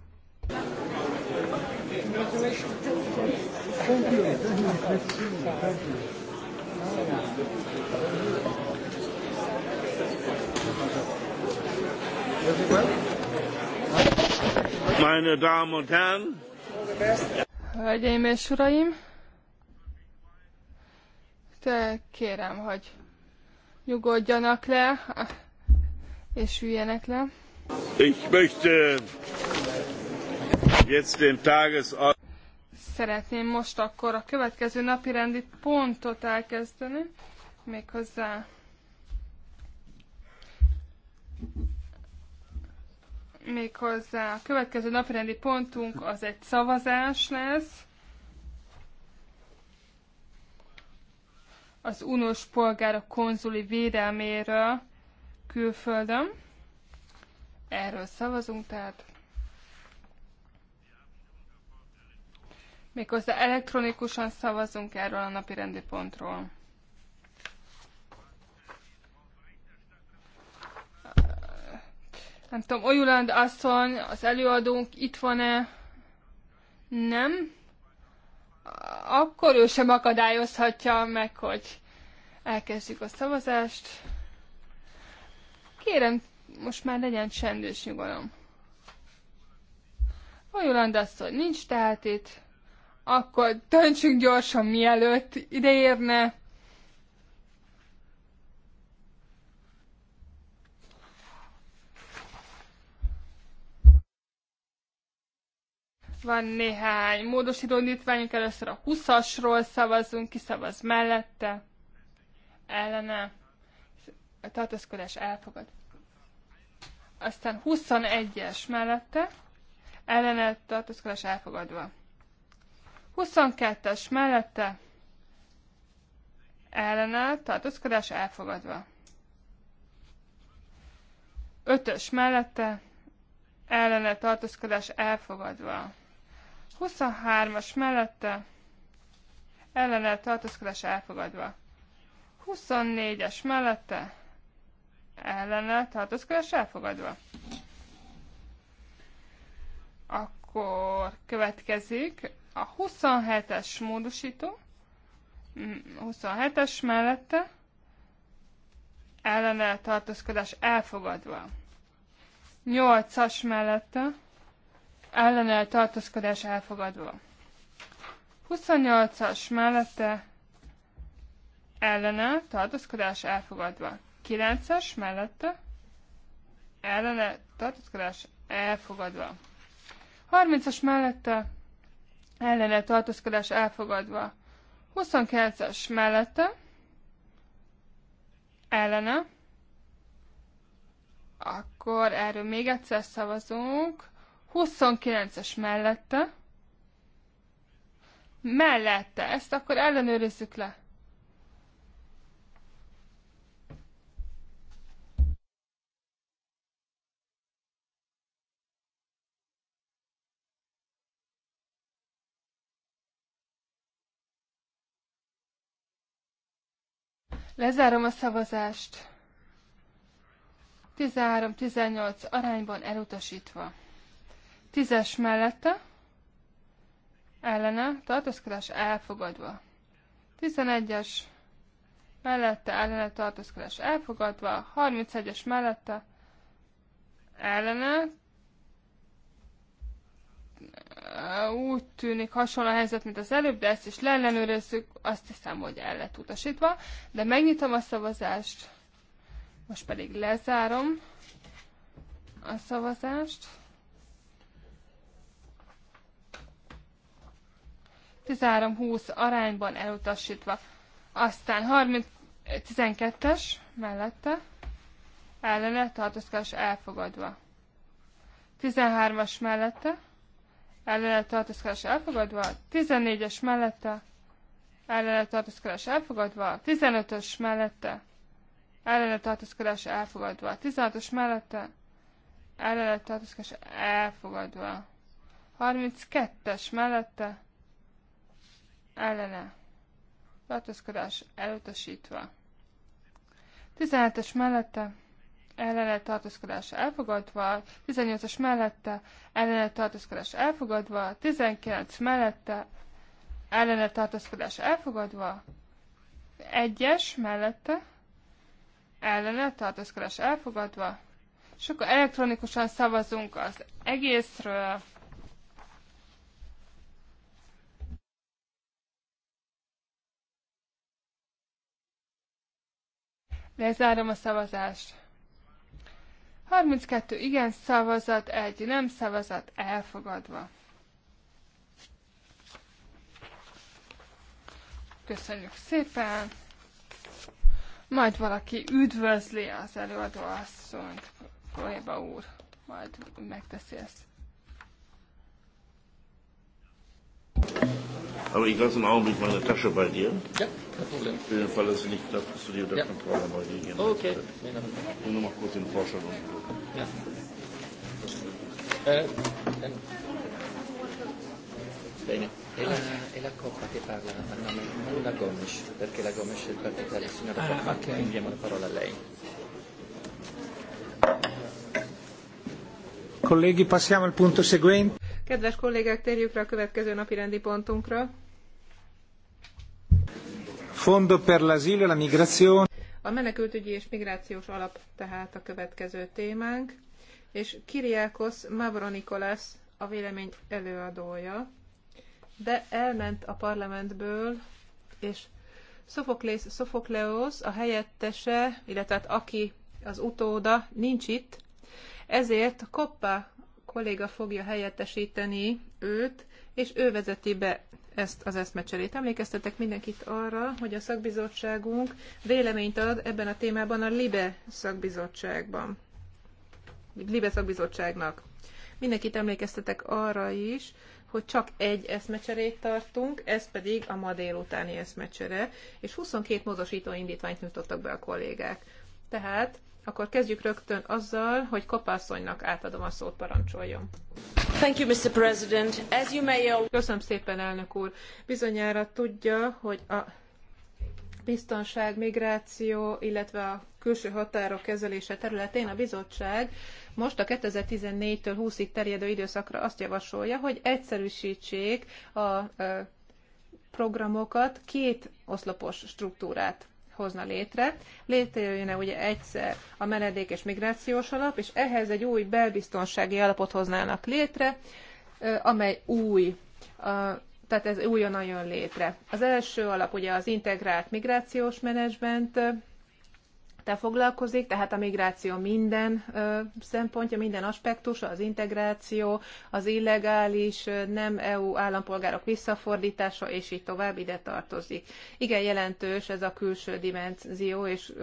Meine Damen und Herren, Hölgyeim és uraim, te kérem, hogy nyugodjanak le, és üljenek le. Ich möchte jetzt den Tagesordnung szeretném most akkor a következő napi rendi pontot elkezdeni, méghozzá méghozzá a következő napirendi pontunk az egy szavazás lesz. Az uniós polgárok konzuli védelméről külföldön. Erről szavazunk tehát. Méghozzá elektronikusan szavazunk erről a napi rendi pontról. Nem tudom, Ojuland asszony, az előadónk itt van-e? Nem? Akkor ő sem akadályozhatja meg, hogy elkezdjük a szavazást. Kérem, most már legyen csendős nyugalom. Ojuland asszony nincs tehát itt. Akkor döntsünk gyorsan, mielőtt ideérne. van néhány módosító indítványunk, először a 20-asról szavazunk, ki szavaz mellette, ellene, a tartózkodás elfogad. Aztán 21-es mellette, ellene, tartózkodás elfogadva. 22-es mellette, ellene, tartózkodás elfogadva. 5-ös mellette, ellene tartózkodás elfogadva. 23-as mellette ellene tartózkodás elfogadva. 24-es mellette ellene tartózkodás elfogadva. Akkor következik a 27-es módosító. 27-es mm, mellette ellene tartózkodás elfogadva. 8-as mellette ellene tartózkodás elfogadva. 28-as mellette ellene tartózkodás elfogadva. 9 as mellette ellene tartózkodás elfogadva. 30-as mellette ellene tartózkodás elfogadva. 29 as mellette ellene. Akkor erről még egyszer szavazunk. 29-es mellette, mellette, ezt akkor ellenőrizzük le. Lezárom a szavazást. 13-18 arányban elutasítva. Tízes mellette ellene tartózkodás elfogadva. Tizenegyes mellette ellene tartózkodás elfogadva. Harmincegyes es mellette ellene úgy tűnik hasonló helyzet, mint az előbb, de ezt is leellenőrizzük, azt hiszem, hogy el lett utasítva. De megnyitom a szavazást, most pedig lezárom a szavazást. 13-20 arányban elutasítva. Aztán 30, 12-es mellette ellene tartózkodás elfogadva. 13-as mellette ellene tartózkodás elfogadva. 14-es mellette ellene tartózkodás elfogadva. 15-ös mellette ellene tartózkodás elfogadva. 16-os mellette ellene tartózkodás elfogadva. 32-es mellette ellene tartózkodás elutasítva. 17-es mellette ellene tartózkodás elfogadva, 18-as mellette ellene tartózkodás elfogadva, 19 mellette ellene tartózkodás elfogadva, 1-es mellette ellene tartózkodás elfogadva, és akkor elektronikusan szavazunk az egészről. Lezárom a szavazást. 32 igen szavazat, egy nem szavazat elfogadva. Köszönjük szépen! Majd valaki üdvözli az előadó asszonyt, Kolyba úr, majd megteszi ezt. Aber ich lasse einen Augenblick meine Tasche bei dir. Ja, kein Problem. Für den Fall, dass ich nicht klappt, dass du dir das ja. Kontrolle mal gegeben hast. Okay. Ich will Nur mal kurz den Vorstand Ja. Eh, Bene. e la, e la Coppa che parla a nome non la Gomes, perché la Gomes è il partito della signora ah, Coppa, okay. quindi la parola a lei. Colleghi, passiamo al punto seguente. Kedves kollégák, térjük rá a következő napi rendi pontunkra. Fondo per l'asilo e la migrazione. A menekültügyi és migrációs alap tehát a következő témánk, és Kiriákos Mavronikolas a vélemény előadója, de elment a parlamentből, és Sofoklész Sophokleos a helyettese, illetve hát aki az utóda nincs itt, ezért Koppa kolléga fogja helyettesíteni őt, és ő vezeti be ezt az eszmecserét. Emlékeztetek mindenkit arra, hogy a szakbizottságunk véleményt ad ebben a témában a LIBE szakbizottságban. LIBE szakbizottságnak. Mindenkit emlékeztetek arra is, hogy csak egy eszmecserét tartunk, ez pedig a ma délutáni eszmecsere, és 22 mozosító indítványt nyújtottak be a kollégák. Tehát akkor kezdjük rögtön azzal, hogy kopászonynak átadom a szót, parancsoljon. Thank you, Mr. President. As you may Köszönöm szépen, elnök úr. Bizonyára tudja, hogy a biztonság, migráció, illetve a külső határok kezelése területén a bizottság most a 2014-től 20-ig terjedő időszakra azt javasolja, hogy egyszerűsítsék a programokat, két oszlopos struktúrát hozna létre, létrejönne ugye egyszer a menedék és migrációs alap, és ehhez egy új belbiztonsági alapot hoznának létre, amely új, tehát ez újonnan jön létre. Az első alap ugye az integrált migrációs menedzsment területtel foglalkozik, tehát a migráció minden szempontja, minden aspektusa, az integráció, az illegális, nem EU állampolgárok visszafordítása, és így tovább ide tartozik. Igen, jelentős ez a külső dimenzió, és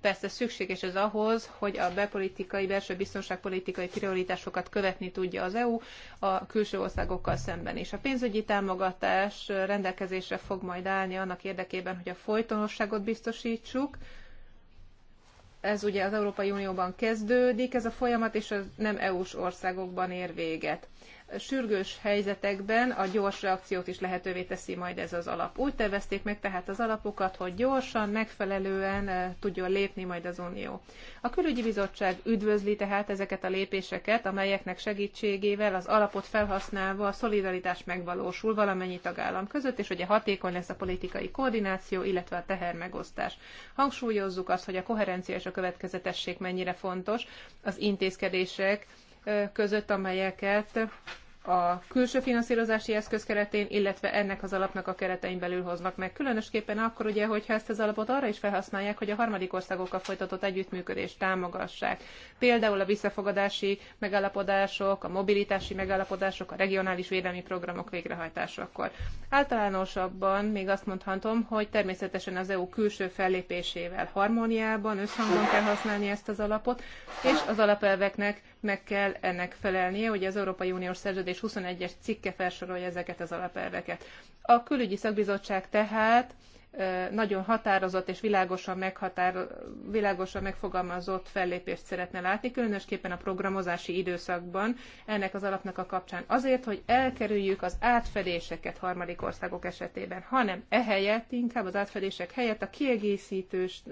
persze szükséges ez ahhoz, hogy a bepolitikai, belső biztonságpolitikai prioritásokat követni tudja az EU a külső országokkal szemben is. A pénzügyi támogatás rendelkezésre fog majd állni annak érdekében, hogy a folytonosságot biztosítsuk, ez ugye az Európai Unióban kezdődik ez a folyamat, és az nem EU-s országokban ér véget sürgős helyzetekben a gyors reakciót is lehetővé teszi majd ez az alap. Úgy tervezték meg tehát az alapokat, hogy gyorsan, megfelelően eh, tudjon lépni majd az Unió. A külügyi bizottság üdvözli tehát ezeket a lépéseket, amelyeknek segítségével az alapot felhasználva a szolidaritás megvalósul valamennyi tagállam között, és ugye hatékony lesz a politikai koordináció, illetve a tehermegosztás. Hangsúlyozzuk azt, hogy a koherencia és a következetesség mennyire fontos az intézkedések, között, amelyeket a külső finanszírozási eszköz keretén, illetve ennek az alapnak a keretein belül hoznak meg. Különösképpen akkor ugye, hogyha ezt az alapot arra is felhasználják, hogy a harmadik országokkal folytatott együttműködést támogassák. Például a visszafogadási megállapodások, a mobilitási megállapodások, a regionális védelmi programok végrehajtásakor. Általánosabban még azt mondhatom, hogy természetesen az EU külső fellépésével harmóniában, összhangban kell használni ezt az alapot, és az alapelveknek meg kell ennek felelnie, hogy az Európai Uniós Szerződés 21-es cikke felsorolja ezeket az alapelveket. A külügyi szakbizottság tehát nagyon határozott és világosan, meghatár, világosan megfogalmazott fellépést szeretne látni, különösképpen a programozási időszakban ennek az alapnak a kapcsán. Azért, hogy elkerüljük az átfedéseket harmadik országok esetében, hanem ehelyett inkább az átfedések helyett a kiegészítős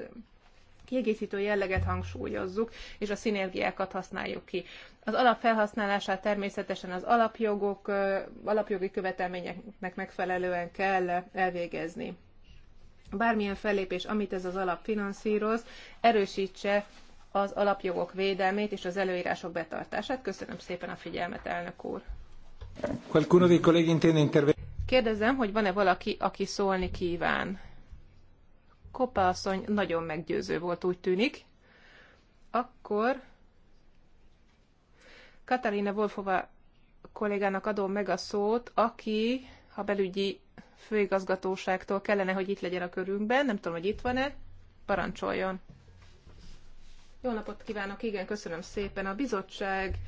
kiegészítő jelleget hangsúlyozzuk, és a szinergiákat használjuk ki. Az alap felhasználását természetesen az alapjogok, alapjogi követelményeknek megfelelően kell elvégezni. Bármilyen fellépés, amit ez az alap finanszíroz, erősítse az alapjogok védelmét és az előírások betartását. Köszönöm szépen a figyelmet, elnök úr! Kérdezem, hogy van-e valaki, aki szólni kíván? Kopa asszony nagyon meggyőző volt, úgy tűnik. Akkor Katalina Wolfova kollégának adom meg a szót, aki a belügyi főigazgatóságtól kellene, hogy itt legyen a körünkben. Nem tudom, hogy itt van-e. Parancsoljon. Jó napot kívánok, igen, köszönöm szépen. A bizottság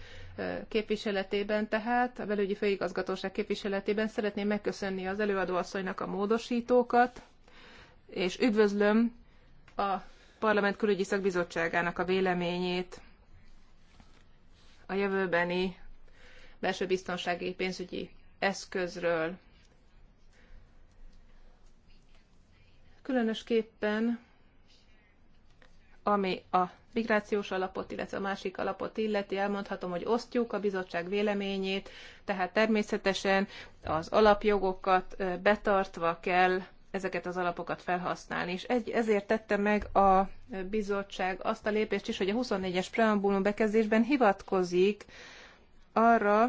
képviseletében tehát, a belügyi főigazgatóság képviseletében szeretném megköszönni az előadóasszonynak a módosítókat, és üdvözlöm a Parlament Külügyi Szakbizottságának a véleményét a jövőbeni belső biztonsági pénzügyi eszközről. Különösképpen ami a migrációs alapot, illetve a másik alapot illeti, elmondhatom, hogy osztjuk a bizottság véleményét, tehát természetesen az alapjogokat betartva kell ezeket az alapokat felhasználni. És egy, ezért tette meg a bizottság azt a lépést is, hogy a 24-es preambulum bekezdésben hivatkozik arra,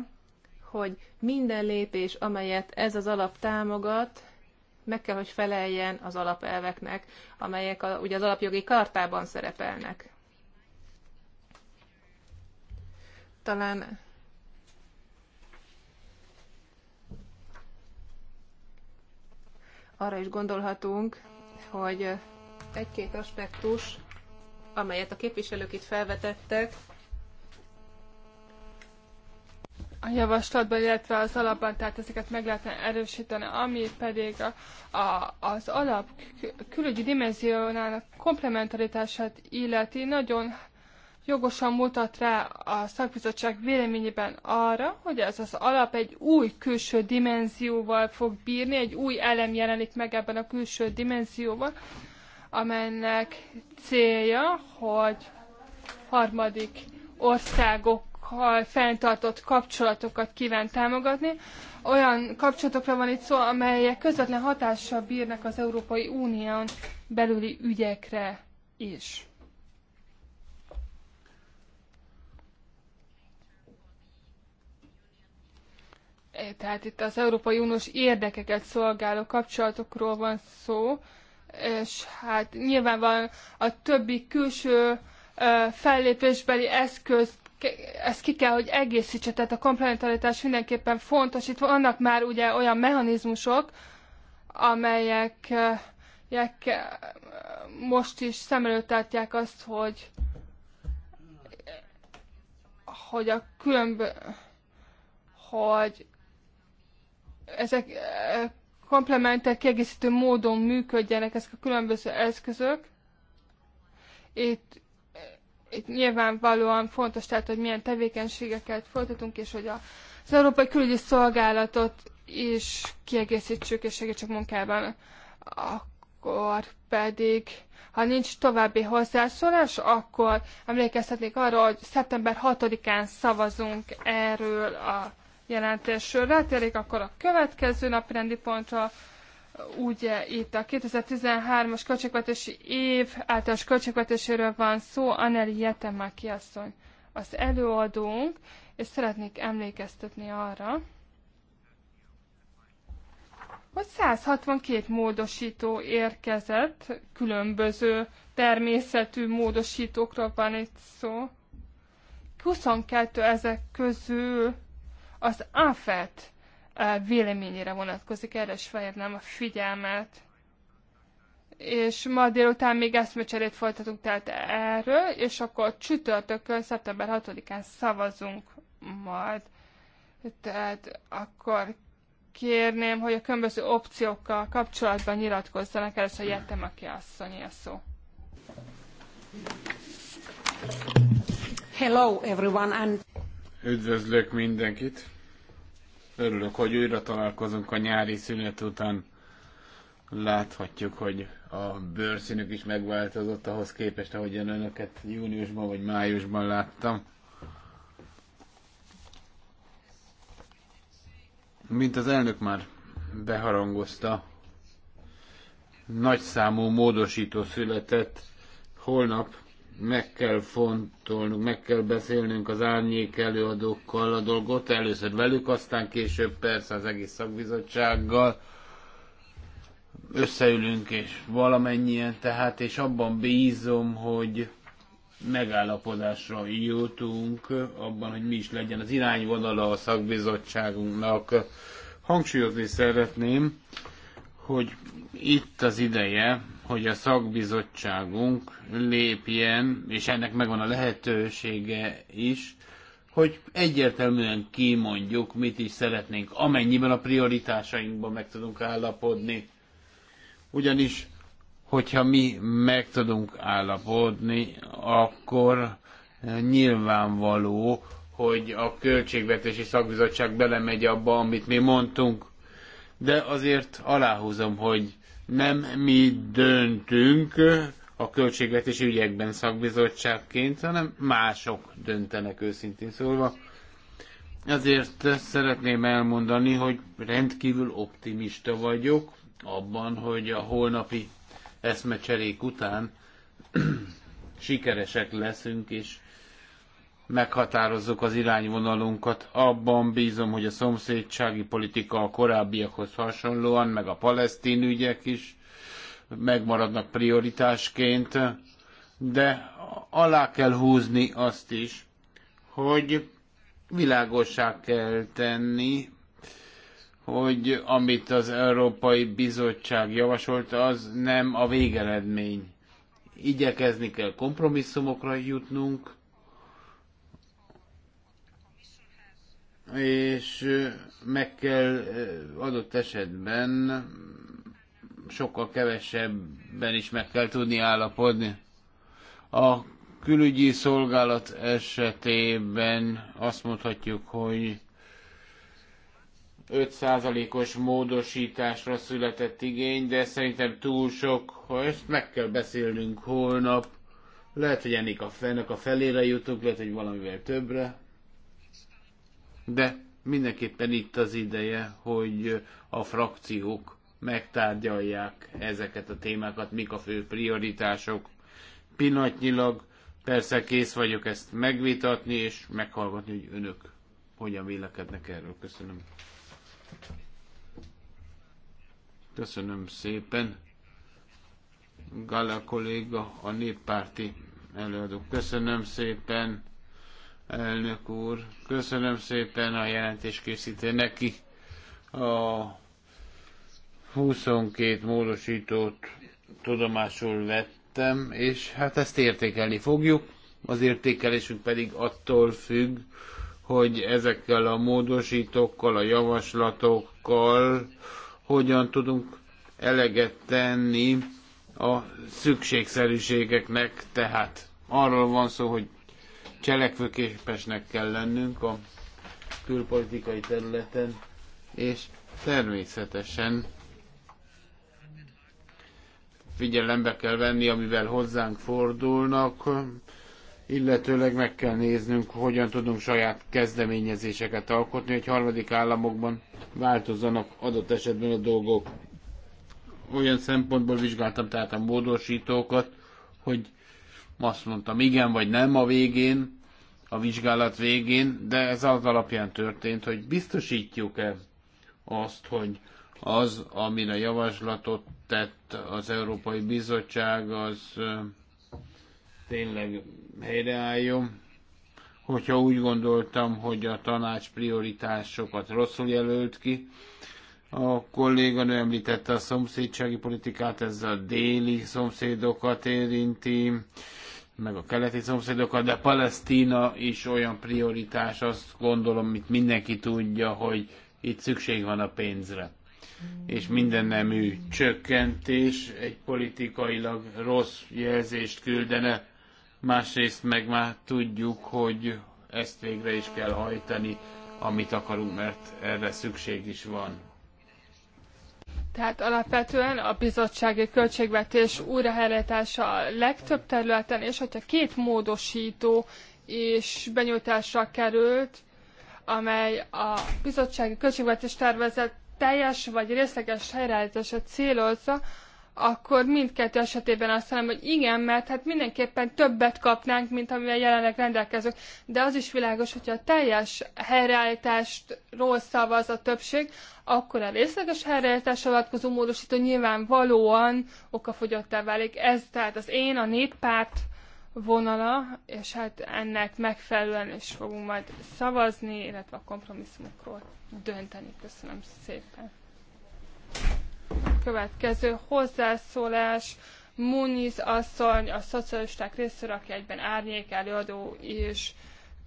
hogy minden lépés, amelyet ez az alap támogat, meg kell, hogy feleljen az alapelveknek, amelyek a, ugye az alapjogi kartában szerepelnek. Talán arra is gondolhatunk, hogy egy-két aspektus, amelyet a képviselők itt felvetettek, a javaslatban, illetve az alapban, tehát ezeket meg lehetne erősíteni, ami pedig a, a, az alap külügyi dimenziónának komplementaritását illeti, nagyon jogosan mutat rá a szakbizottság véleményében arra, hogy ez az alap egy új külső dimenzióval fog bírni, egy új elem jelenik meg ebben a külső dimenzióban, amelynek célja, hogy harmadik országokkal fenntartott kapcsolatokat kíván támogatni. Olyan kapcsolatokra van itt szó, amelyek közvetlen hatással bírnak az Európai Unión belüli ügyekre is. tehát itt az Európai Uniós érdekeket szolgáló kapcsolatokról van szó, és hát nyilvánvalóan a többi külső fellépésbeli eszköz ezt ki kell, hogy egészítse, tehát a komplementaritás mindenképpen fontos. Itt vannak már ugye olyan mechanizmusok, amelyek most is szem előtt tartják azt, hogy hogy a különböző hogy ezek eh, komplementer, kiegészítő módon működjenek ezek a különböző eszközök. Itt, eh, itt nyilvánvalóan fontos, tehát, hogy milyen tevékenységeket folytatunk, és hogy a, az Európai Külügyi Szolgálatot is kiegészítsük és segítsük munkában. Akkor pedig, ha nincs további hozzászólás, akkor emlékeztetnék arra, hogy szeptember 6-án szavazunk erről a jelentésről. Rátérjék akkor a következő naprendi pontra, ugye itt a 2013-as költségvetési év általános költségvetéséről van szó, Anneli Jetemáki asszony az előadónk, és szeretnék emlékeztetni arra, hogy 162 módosító érkezett, különböző természetű módosítókra van itt szó. 22 ezek közül az AFET eh, véleményére vonatkozik, erre is felhívnám a figyelmet. És ma délután még eszmecserét folytatunk tehát erről, és akkor csütörtökön, szeptember 6-án szavazunk majd. Tehát akkor kérném, hogy a különböző opciókkal kapcsolatban nyilatkozzanak. a jettem, aki asszony a szó. Hello everyone and... Üdvözlök mindenkit! Örülök, hogy újra találkozunk a nyári szünet után. Láthatjuk, hogy a bőrszínük is megváltozott ahhoz képest, ahogyan önöket júniusban vagy májusban láttam. Mint az elnök már beharangozta, nagy számú módosító született. Holnap meg kell fontolnunk, meg kell beszélnünk az árnyék előadókkal a dolgot, először velük, aztán később persze az egész szakbizottsággal összeülünk, és valamennyien tehát, és abban bízom, hogy megállapodásra jutunk, abban, hogy mi is legyen az irányvonala a szakbizottságunknak. Hangsúlyozni szeretném, hogy itt az ideje hogy a szakbizottságunk lépjen, és ennek megvan a lehetősége is, hogy egyértelműen kimondjuk, mit is szeretnénk, amennyiben a prioritásainkban meg tudunk állapodni. Ugyanis, hogyha mi meg tudunk állapodni, akkor nyilvánvaló, hogy a költségvetési szakbizottság belemegy abba, amit mi mondtunk, de azért aláhúzom, hogy nem mi döntünk a költségvetési ügyekben szakbizottságként, hanem mások döntenek őszintén szólva. Ezért szeretném elmondani, hogy rendkívül optimista vagyok abban, hogy a holnapi eszmecserék után sikeresek leszünk, és meghatározzuk az irányvonalunkat. Abban bízom, hogy a szomszédsági politika a korábbiakhoz hasonlóan, meg a palesztin ügyek is megmaradnak prioritásként, de alá kell húzni azt is, hogy világossá kell tenni, hogy amit az Európai Bizottság javasolt, az nem a végeredmény. Igyekezni kell kompromisszumokra jutnunk, és meg kell adott esetben sokkal kevesebben is meg kell tudni állapodni. A külügyi szolgálat esetében azt mondhatjuk, hogy 5%-os módosításra született igény, de szerintem túl sok, ha ezt meg kell beszélnünk holnap. Lehet, hogy ennek a, a felére jutunk, lehet, hogy valamivel többre de mindenképpen itt az ideje, hogy a frakciók megtárgyalják ezeket a témákat, mik a fő prioritások. Pillanatnyilag persze kész vagyok ezt megvitatni és meghallgatni, hogy önök hogyan vélekednek erről. Köszönöm. Köszönöm szépen. Gala kolléga, a néppárti előadó. Köszönöm szépen elnök úr. Köszönöm szépen a jelentés készítő neki. A 22 módosítót tudomásul vettem, és hát ezt értékelni fogjuk. Az értékelésünk pedig attól függ, hogy ezekkel a módosítókkal, a javaslatokkal hogyan tudunk eleget tenni a szükségszerűségeknek. Tehát arról van szó, hogy cselekvőképesnek kell lennünk a külpolitikai területen, és természetesen figyelembe kell venni, amivel hozzánk fordulnak, illetőleg meg kell néznünk, hogyan tudunk saját kezdeményezéseket alkotni, hogy harmadik államokban változzanak adott esetben a dolgok. Olyan szempontból vizsgáltam tehát a módosítókat, hogy azt mondtam igen vagy nem a végén, a vizsgálat végén, de ez az alapján történt, hogy biztosítjuk-e azt, hogy az, amire a javaslatot tett az Európai Bizottság, az tényleg helyreálljon. Hogyha úgy gondoltam, hogy a tanács prioritásokat rosszul jelölt ki, a kolléganő említette a szomszédsági politikát, ez a déli szomszédokat érinti, meg a keleti szomszédokkal, de Palesztina is olyan prioritás, azt gondolom, mint mindenki tudja, hogy itt szükség van a pénzre. És minden nemű csökkentés egy politikailag rossz jelzést küldene, másrészt meg már tudjuk, hogy ezt végre is kell hajtani, amit akarunk, mert erre szükség is van. Tehát alapvetően a bizottsági költségvetés újrahelyetása a legtöbb területen, és hogyha két módosító is benyújtásra került, amely a bizottsági költségvetés tervezet teljes vagy részleges helyreállítását célozza, akkor mindkettő esetében azt mondom, hogy igen, mert hát mindenképpen többet kapnánk, mint amivel jelenleg rendelkezünk. De az is világos, hogyha a teljes helyreállítástról szavaz a többség, akkor a részleges helyreállításra vonatkozó módosító nyilvánvalóan okafogyottá válik. Ez tehát az én, a néppárt vonala, és hát ennek megfelelően is fogunk majd szavazni, illetve a kompromisszumokról dönteni. Köszönöm szépen! Következő hozzászólás Muniz asszony, a szocialisták részéről, aki egyben árnyék előadó is.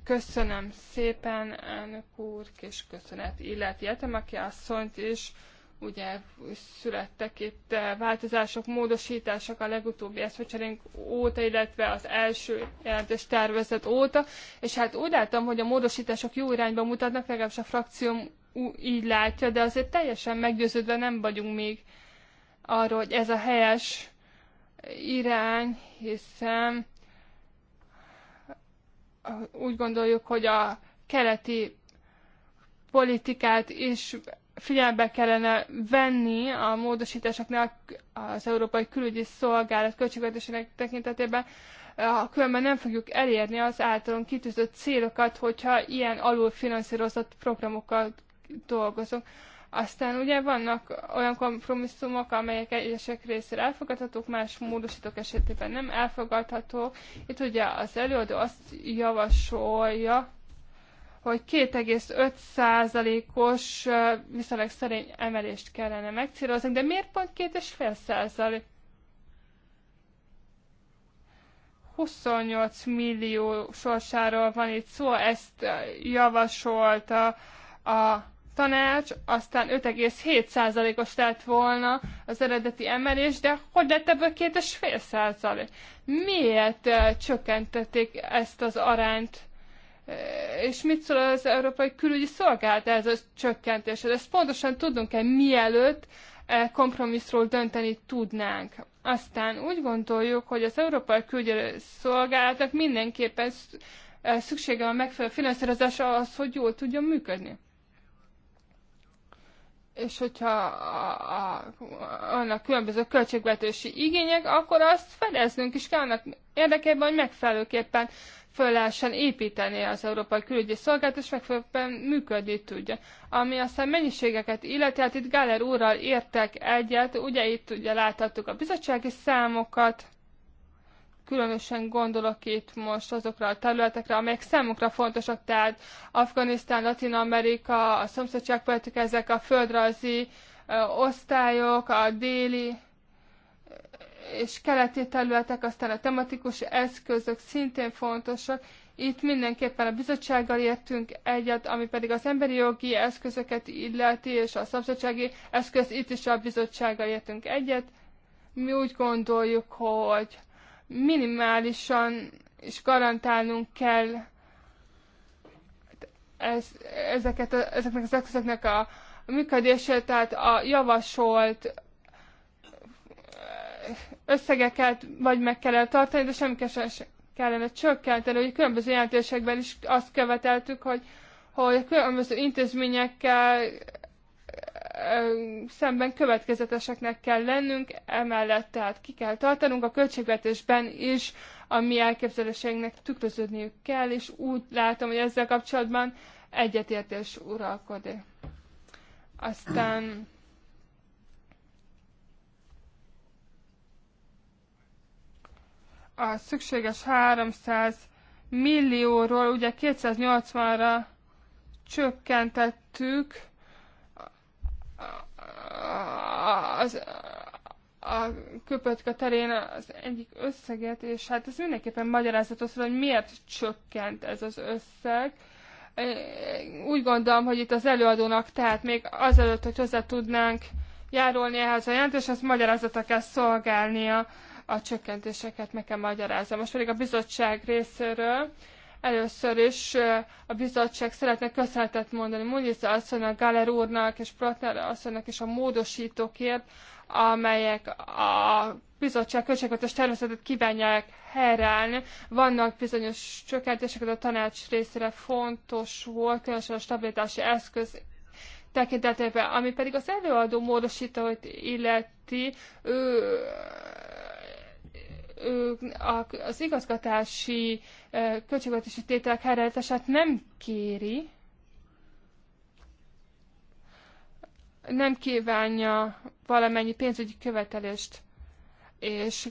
Köszönöm szépen, elnök úr, és köszönet illeti aki asszonyt is. Ugye születtek itt eh, változások, módosítások a legutóbbi eszmecserénk óta, illetve az első jelentés tervezet óta, és hát úgy láttam, hogy a módosítások jó irányba mutatnak, legalábbis a frakcióm így látja, de azért teljesen meggyőződve nem vagyunk még arról, hogy ez a helyes irány, hiszen úgy gondoljuk, hogy a keleti politikát is figyelembe kellene venni a módosításoknak az Európai Külügyi Szolgálat költségvetésének tekintetében, különben nem fogjuk elérni az általunk kitűzött célokat, hogyha ilyen alulfinanszírozott programokat dolgozunk. Aztán ugye vannak olyan kompromisszumok, amelyek egyesek részére elfogadhatók, más módosítók esetében nem elfogadhatók. Itt ugye az előadó azt javasolja, hogy 2,5%-os viszonylag szerény emelést kellene megcélozni, de miért pont 2,5%? 28 millió sorsáról van itt szó, ezt javasolta a, a tanács, aztán 5,7%-os lett volna az eredeti emelés, de hogy lett ebből 2,5%? Miért csökkentették ezt az arányt? És mit szól az Európai Külügyi Szolgálat ez a csökkentés? Ezt pontosan tudnunk-e mielőtt kompromisszról dönteni tudnánk. Aztán úgy gondoljuk, hogy az Európai Külügyi Szolgálatnak mindenképpen szüksége van megfelelő finanszírozásra ahhoz, hogy jól tudjon működni és hogyha a, a, annak különböző költségvetési igények, akkor azt fedeznünk is kell annak érdekében, hogy megfelelőképpen föl lehessen építeni az Európai Külügyi Szolgált, és megfelelően működni tudja. Ami aztán mennyiségeket illeti, hát itt Gáler úrral értek egyet, ugye itt ugye láthattuk a bizottsági számokat, Különösen gondolok itt most azokra a területekre, amelyek számunkra fontosak, tehát Afganisztán, Latin Amerika, a szomszédságpolitik, ezek a földrajzi osztályok, a déli és keleti területek, aztán a tematikus eszközök szintén fontosak. Itt mindenképpen a bizottsággal értünk egyet, ami pedig az emberi jogi eszközöket illeti, és a szomszédsági eszköz, itt is a bizottsággal értünk egyet. Mi úgy gondoljuk, hogy minimálisan is garantálnunk kell ez, ezeket a, ezeknek az eszközöknek a, a működését, tehát a javasolt összegeket vagy meg kellene tartani, de semmiképpen kellene csökkenteni. hogy különböző jelentésekben is azt követeltük, hogy, hogy a különböző intézményekkel szemben következeteseknek kell lennünk, emellett tehát ki kell tartanunk a költségvetésben is, a mi elképzeléseinknek tükröződniük kell, és úgy látom, hogy ezzel kapcsolatban egyetértés uralkodik. Aztán a szükséges 300 millióról ugye 280-ra csökkentettük az, a köpötka terén az egyik összeget, és hát ez mindenképpen magyarázatos, hogy miért csökkent ez az összeg. Úgy gondolom, hogy itt az előadónak, tehát még azelőtt, hogy hozzá tudnánk járulni ehhez a jelentés, az magyarázata kell szolgálnia a csökkentéseket, meg kell magyarázni. Most pedig a bizottság részéről Először is a bizottság szeretne köszönetet mondani Munisza asszonynak, Galer úrnak és Protner asszonynak és a módosítókért, amelyek a bizottság költségvetés tervezetet kívánják helyreállni. Vannak bizonyos csökkentések, a tanács részére fontos volt, különösen a stabilitási eszköz tekintetében, ami pedig az előadó módosítóit illeti, ő az igazgatási költségvetési tételek helyreállítását nem kéri, nem kívánja valamennyi pénzügyi követelést és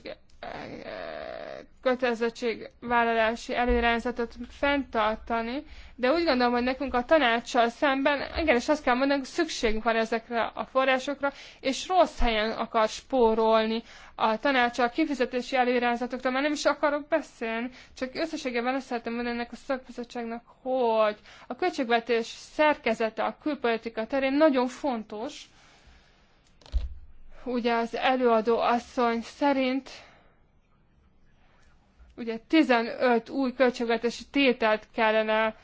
kötelezettségvállalási előirányzatot fenntartani, de úgy gondolom, hogy nekünk a tanácssal szemben, és azt kell mondanunk, szükségünk van ezekre a forrásokra, és rossz helyen akar spórolni a tanácssal, a kifizetési előirányzatokra, mert nem is akarok beszélni, csak összességében azt szeretném mondani ennek a szakbizottságnak, hogy a költségvetés szerkezete a külpolitika terén nagyon fontos, ugye az előadó asszony szerint ugye 15 új költségvetési tételt kellene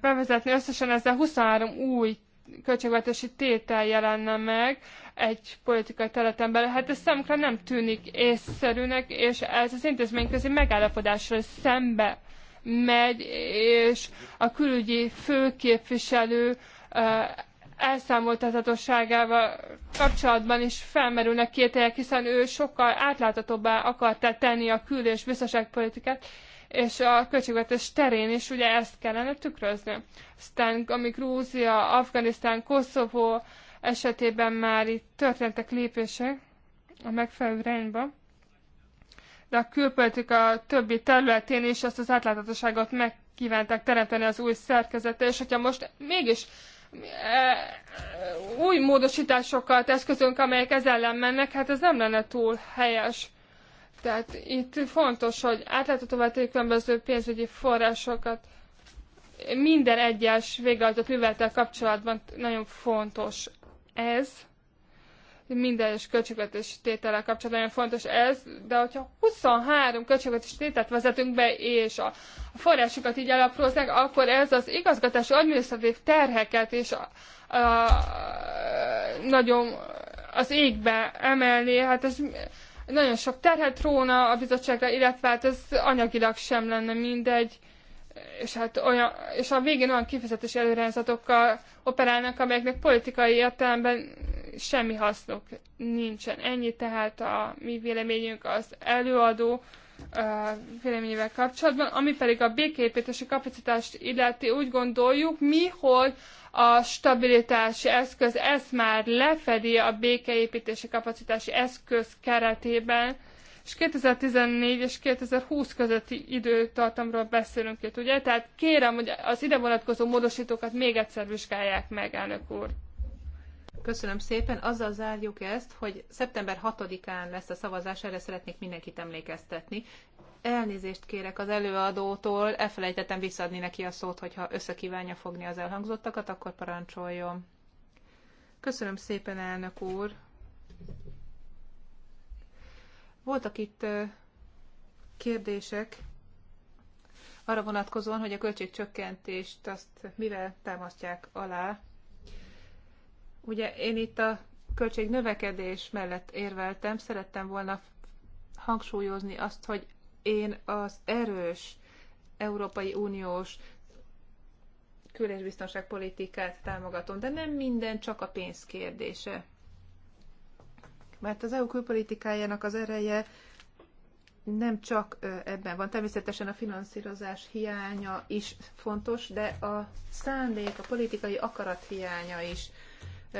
bevezetni, összesen ezzel 23 új költségvetési tétel jelenne meg egy politikai területen belül. Hát ez számukra nem tűnik észszerűnek, és ez az intézményközi megállapodásra szembe megy, és a külügyi főképviselő elszámoltathatóságával kapcsolatban is felmerülnek kételyek, hiszen ő sokkal átláthatóbbá akarta tenni a kül- és biztonságpolitikát, és a költségvetés terén is ugye ezt kellene tükrözni. Aztán ami Grúzia, Afganisztán, Koszovó esetében már itt történtek lépések a megfelelő irányba, de a külpolitika többi területén is azt az átláthatóságot meg kívánták teremteni az új szerkezetre, és hogyha most mégis Eh, új módosításokat eszközünk, amelyek ez ellen mennek, hát ez nem lenne túl helyes. Tehát itt fontos, hogy átláthatóvá tegyük különböző pénzügyi forrásokat. Minden egyes végrehajtott művelettel kapcsolatban nagyon fontos ez minden egyes költségvetés tétellel kapcsolatban nagyon fontos ez, de hogyha 23 költségvetési tételt vezetünk be, és a, a forrásokat így elaprózzák, akkor ez az igazgatási adminisztratív terheket is a, a, a, nagyon az égbe emelni. Hát ez nagyon sok terhet róna a bizottságra, illetve hát ez anyagilag sem lenne mindegy és, hát olyan, és a végén olyan kifizetési előrehajzatokkal operálnak, amelyeknek politikai értelemben semmi hasznuk nincsen. Ennyi tehát a mi véleményünk az előadó véleményével kapcsolatban, ami pedig a békéépítési kapacitást illeti úgy gondoljuk mi, hogy a stabilitási eszköz ezt már lefedi a békeépítési kapacitási eszköz keretében, és 2014 és 2020 közötti időtartamról beszélünk itt, ugye? Tehát kérem, hogy az ide vonatkozó módosítókat még egyszer vizsgálják meg, elnök úr. Köszönöm szépen. Azzal zárjuk ezt, hogy szeptember 6-án lesz a szavazás, erre szeretnék mindenkit emlékeztetni. Elnézést kérek az előadótól, elfelejtettem visszadni neki a szót, hogyha összekívánja fogni az elhangzottakat, akkor parancsoljon. Köszönöm szépen, elnök úr. Voltak itt kérdések arra vonatkozóan, hogy a költségcsökkentést azt mivel támasztják alá, Ugye én itt a költség növekedés mellett érveltem, szerettem volna hangsúlyozni azt, hogy én az erős Európai Uniós kül- és biztonságpolitikát támogatom, de nem minden csak a pénz kérdése. Mert az EU külpolitikájának az ereje nem csak ebben van. Természetesen a finanszírozás hiánya is fontos, de a szándék, a politikai akarat hiánya is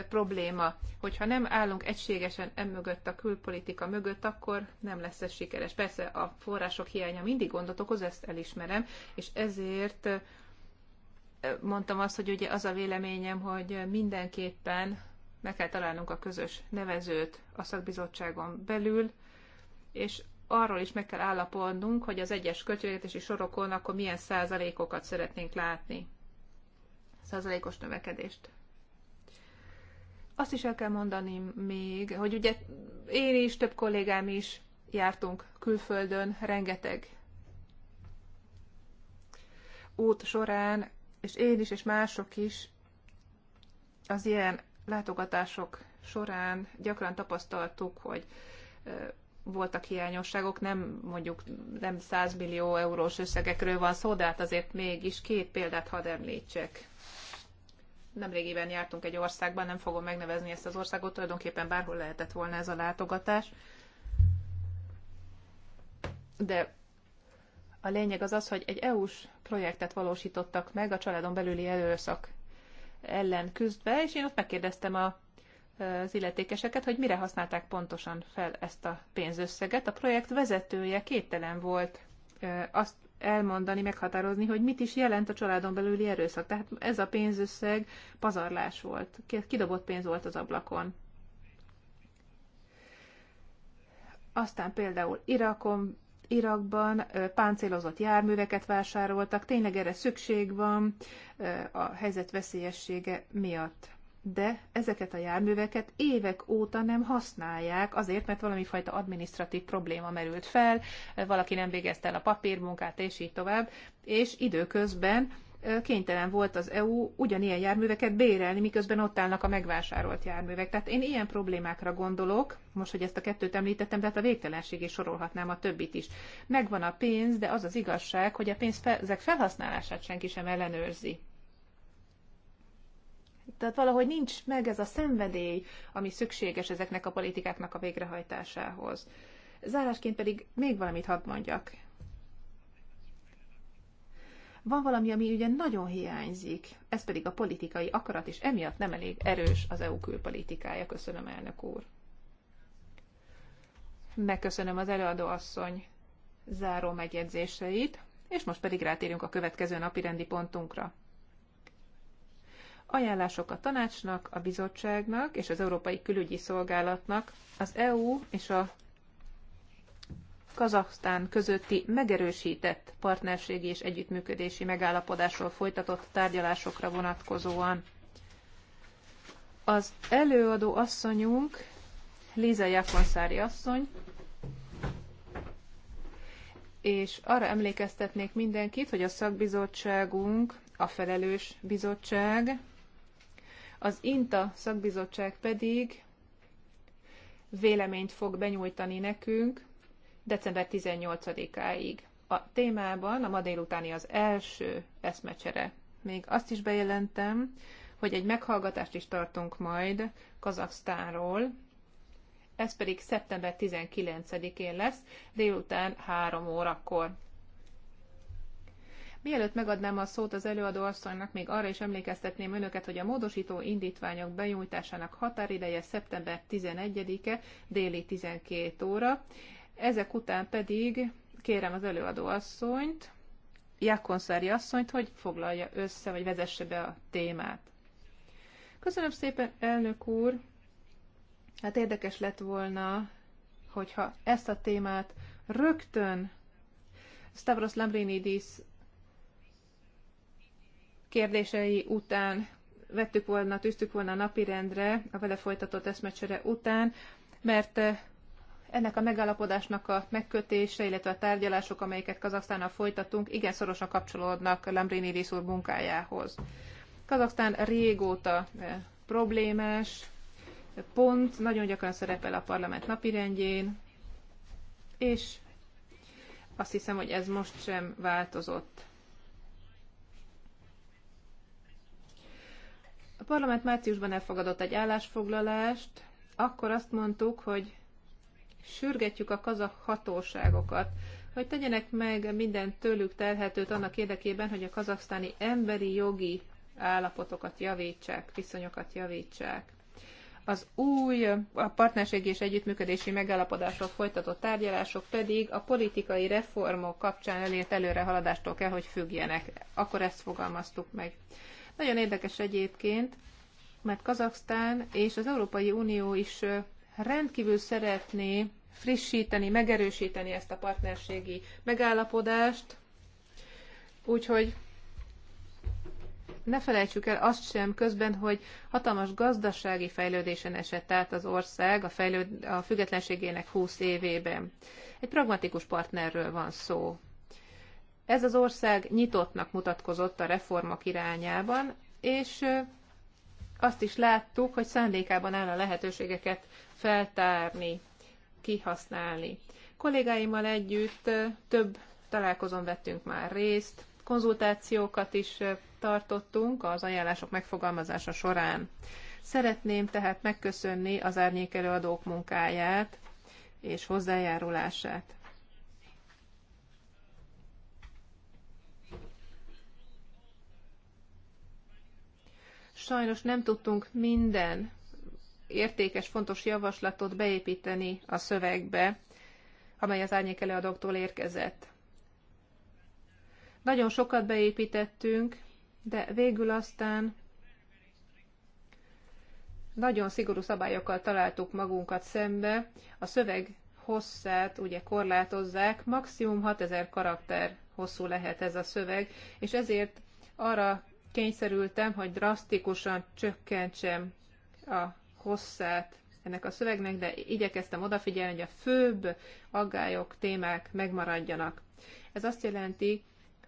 probléma. Hogyha nem állunk egységesen emögött a külpolitika mögött, akkor nem lesz ez sikeres. Persze a források hiánya mindig gondot okoz, ezt elismerem, és ezért mondtam azt, hogy ugye az a véleményem, hogy mindenképpen meg kell találnunk a közös nevezőt a szakbizottságon belül, és arról is meg kell állapodnunk, hogy az egyes költségvetési sorokon akkor milyen százalékokat szeretnénk látni. Százalékos növekedést. Azt is el kell mondani még, hogy ugye én is, több kollégám is jártunk külföldön, rengeteg út során, és én is, és mások is az ilyen látogatások során gyakran tapasztaltuk, hogy voltak hiányosságok, nem mondjuk nem 100 millió eurós összegekről van szó, de hát azért mégis két példát hadd említsek. Nemrégiben jártunk egy országban, nem fogom megnevezni ezt az országot, tulajdonképpen bárhol lehetett volna ez a látogatás. De a lényeg az az, hogy egy EU-s projektet valósítottak meg a családon belüli erőszak ellen küzdve, és én ott megkérdeztem a, az illetékeseket, hogy mire használták pontosan fel ezt a pénzösszeget. A projekt vezetője képtelen volt azt elmondani, meghatározni, hogy mit is jelent a családon belüli erőszak. Tehát ez a pénzösszeg pazarlás volt, kidobott pénz volt az ablakon. Aztán például Irakon, Irakban páncélozott járműveket vásároltak, tényleg erre szükség van a helyzet veszélyessége miatt de ezeket a járműveket évek óta nem használják, azért, mert valami fajta administratív probléma merült fel, valaki nem végezte el a papírmunkát, és így tovább, és időközben kénytelen volt az EU ugyanilyen járműveket bérelni, miközben ott állnak a megvásárolt járművek. Tehát én ilyen problémákra gondolok, most, hogy ezt a kettőt említettem, tehát a a is sorolhatnám a többit is. Megvan a pénz, de az az igazság, hogy a pénz fel, ezek felhasználását senki sem ellenőrzi. Tehát valahogy nincs meg ez a szenvedély, ami szükséges ezeknek a politikáknak a végrehajtásához. Zárásként pedig még valamit hadd mondjak. Van valami, ami ugye nagyon hiányzik, ez pedig a politikai akarat, és emiatt nem elég erős az EU külpolitikája. Köszönöm, elnök úr. Megköszönöm az asszony záró megjegyzéseit, és most pedig rátérünk a következő napi rendi pontunkra ajánlások a tanácsnak, a bizottságnak és az Európai Külügyi Szolgálatnak az EU és a Kazahsztán közötti megerősített partnerségi és együttműködési megállapodásról folytatott tárgyalásokra vonatkozóan. Az előadó asszonyunk, Liza Jakonszári asszony, és arra emlékeztetnék mindenkit, hogy a szakbizottságunk a felelős bizottság, az INTA szakbizottság pedig véleményt fog benyújtani nekünk december 18-áig. A témában a ma délutáni az első eszmecsere. Még azt is bejelentem, hogy egy meghallgatást is tartunk majd Kazaksztánról, ez pedig szeptember 19-én lesz, délután 3 órakor. Mielőtt megadnám a szót az előadó asszonynak, még arra is emlékeztetném önöket, hogy a módosító indítványok benyújtásának határideje szeptember 11-e déli 12 óra. Ezek után pedig kérem az előadó asszonyt, Jákonszári asszonyt, hogy foglalja össze, vagy vezesse be a témát. Köszönöm szépen, elnök úr! Hát érdekes lett volna, hogyha ezt a témát rögtön Stavros Lambrinidis kérdései után vettük volna, tűztük volna a napirendre, a vele folytatott eszmecsere után, mert eh, ennek a megállapodásnak a megkötése, illetve a tárgyalások, amelyeket Kazaksztánnal folytatunk, igen szorosan kapcsolódnak Lambrini Riszúr munkájához. Kazaksztán régóta eh, problémás pont, nagyon gyakran szerepel a parlament napirendjén, és azt hiszem, hogy ez most sem változott. A parlament márciusban elfogadott egy állásfoglalást, akkor azt mondtuk, hogy sürgetjük a kazak hatóságokat, hogy tegyenek meg minden tőlük telhetőt annak érdekében, hogy a kazaksztáni emberi jogi állapotokat javítsák, viszonyokat javítsák. Az új a partnerségi és együttműködési megállapodások folytatott tárgyalások pedig a politikai reformok kapcsán elért előrehaladástól kell, hogy függjenek. Akkor ezt fogalmaztuk meg. Nagyon érdekes egyébként, mert Kazaksztán és az Európai Unió is rendkívül szeretné frissíteni, megerősíteni ezt a partnerségi megállapodást, úgyhogy ne felejtsük el azt sem közben, hogy hatalmas gazdasági fejlődésen esett át az ország a, fejlőd, a függetlenségének 20 évében. Egy pragmatikus partnerről van szó. Ez az ország nyitottnak mutatkozott a reformok irányában, és azt is láttuk, hogy szándékában áll a lehetőségeket feltárni, kihasználni. Kollégáimmal együtt több találkozón vettünk már részt, konzultációkat is tartottunk az ajánlások megfogalmazása során. Szeretném tehát megköszönni az árnyékelőadók munkáját és hozzájárulását. Sajnos nem tudtunk minden értékes, fontos javaslatot beépíteni a szövegbe, amely az árnyék előadóktól érkezett. Nagyon sokat beépítettünk, de végül aztán nagyon szigorú szabályokkal találtuk magunkat szembe. A szöveg hosszát ugye korlátozzák, maximum 6000 karakter hosszú lehet ez a szöveg, és ezért arra kényszerültem, hogy drasztikusan csökkentsem a hosszát ennek a szövegnek, de igyekeztem odafigyelni, hogy a főbb aggályok, témák megmaradjanak. Ez azt jelenti,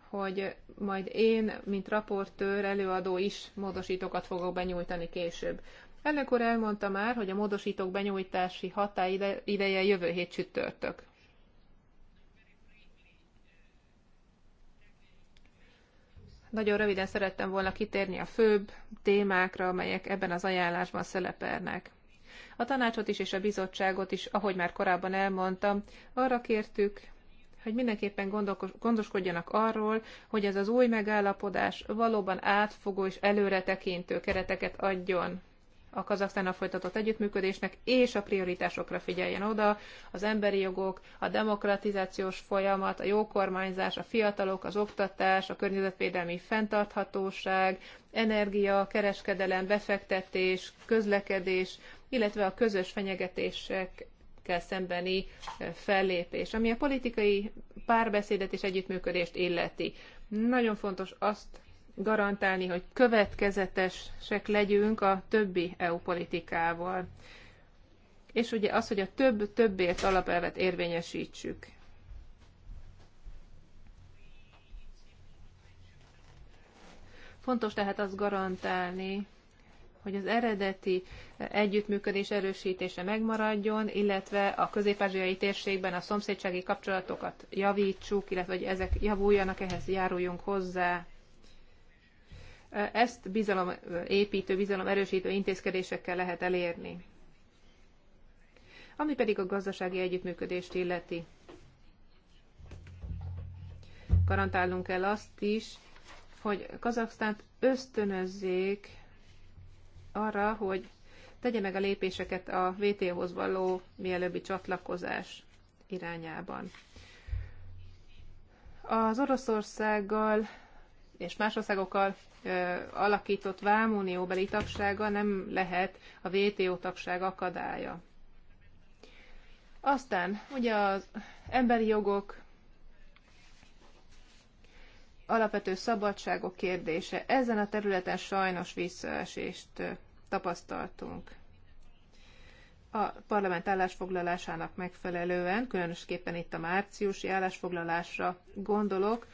hogy majd én, mint raportőr, előadó is módosítókat fogok benyújtani később. Elnök úr elmondta már, hogy a módosítók benyújtási határideje jövő hét csütörtök. Nagyon röviden szerettem volna kitérni a főbb témákra, amelyek ebben az ajánlásban szerepelnek. A tanácsot is és a bizottságot is, ahogy már korábban elmondtam, arra kértük, hogy mindenképpen gondoskodjanak arról, hogy ez az új megállapodás valóban átfogó és előretekintő kereteket adjon a Kazaksztánnal folytatott együttműködésnek, és a prioritásokra figyeljen oda, az emberi jogok, a demokratizációs folyamat, a jó kormányzás, a fiatalok, az oktatás, a környezetvédelmi fenntarthatóság, energia, kereskedelem, befektetés, közlekedés, illetve a közös fenyegetések kell szembeni eh, fellépés, ami a politikai párbeszédet és együttműködést illeti. Nagyon fontos azt garantálni, hogy következetesek legyünk a többi EU politikával. És ugye az, hogy a több többért alapelvet érvényesítsük. Fontos tehát azt garantálni, hogy az eredeti együttműködés erősítése megmaradjon, illetve a közép térségben a szomszédsági kapcsolatokat javítsuk, illetve hogy ezek javuljanak, ehhez járuljunk hozzá. Ezt bizalomépítő, bizalomerősítő intézkedésekkel lehet elérni. Ami pedig a gazdasági együttműködést illeti. Garantálnunk kell azt is, hogy Kazaksztánt ösztönözzék arra, hogy tegye meg a lépéseket a vt hoz való mielőbbi csatlakozás irányában. Az Oroszországgal és más országokkal alakított vámunióbeli tagsága nem lehet a VTO tagság akadálya. Aztán ugye az emberi jogok, alapvető szabadságok kérdése. Ezen a területen sajnos visszaesést tapasztaltunk. A parlament állásfoglalásának megfelelően, különösképpen itt a márciusi állásfoglalásra gondolok,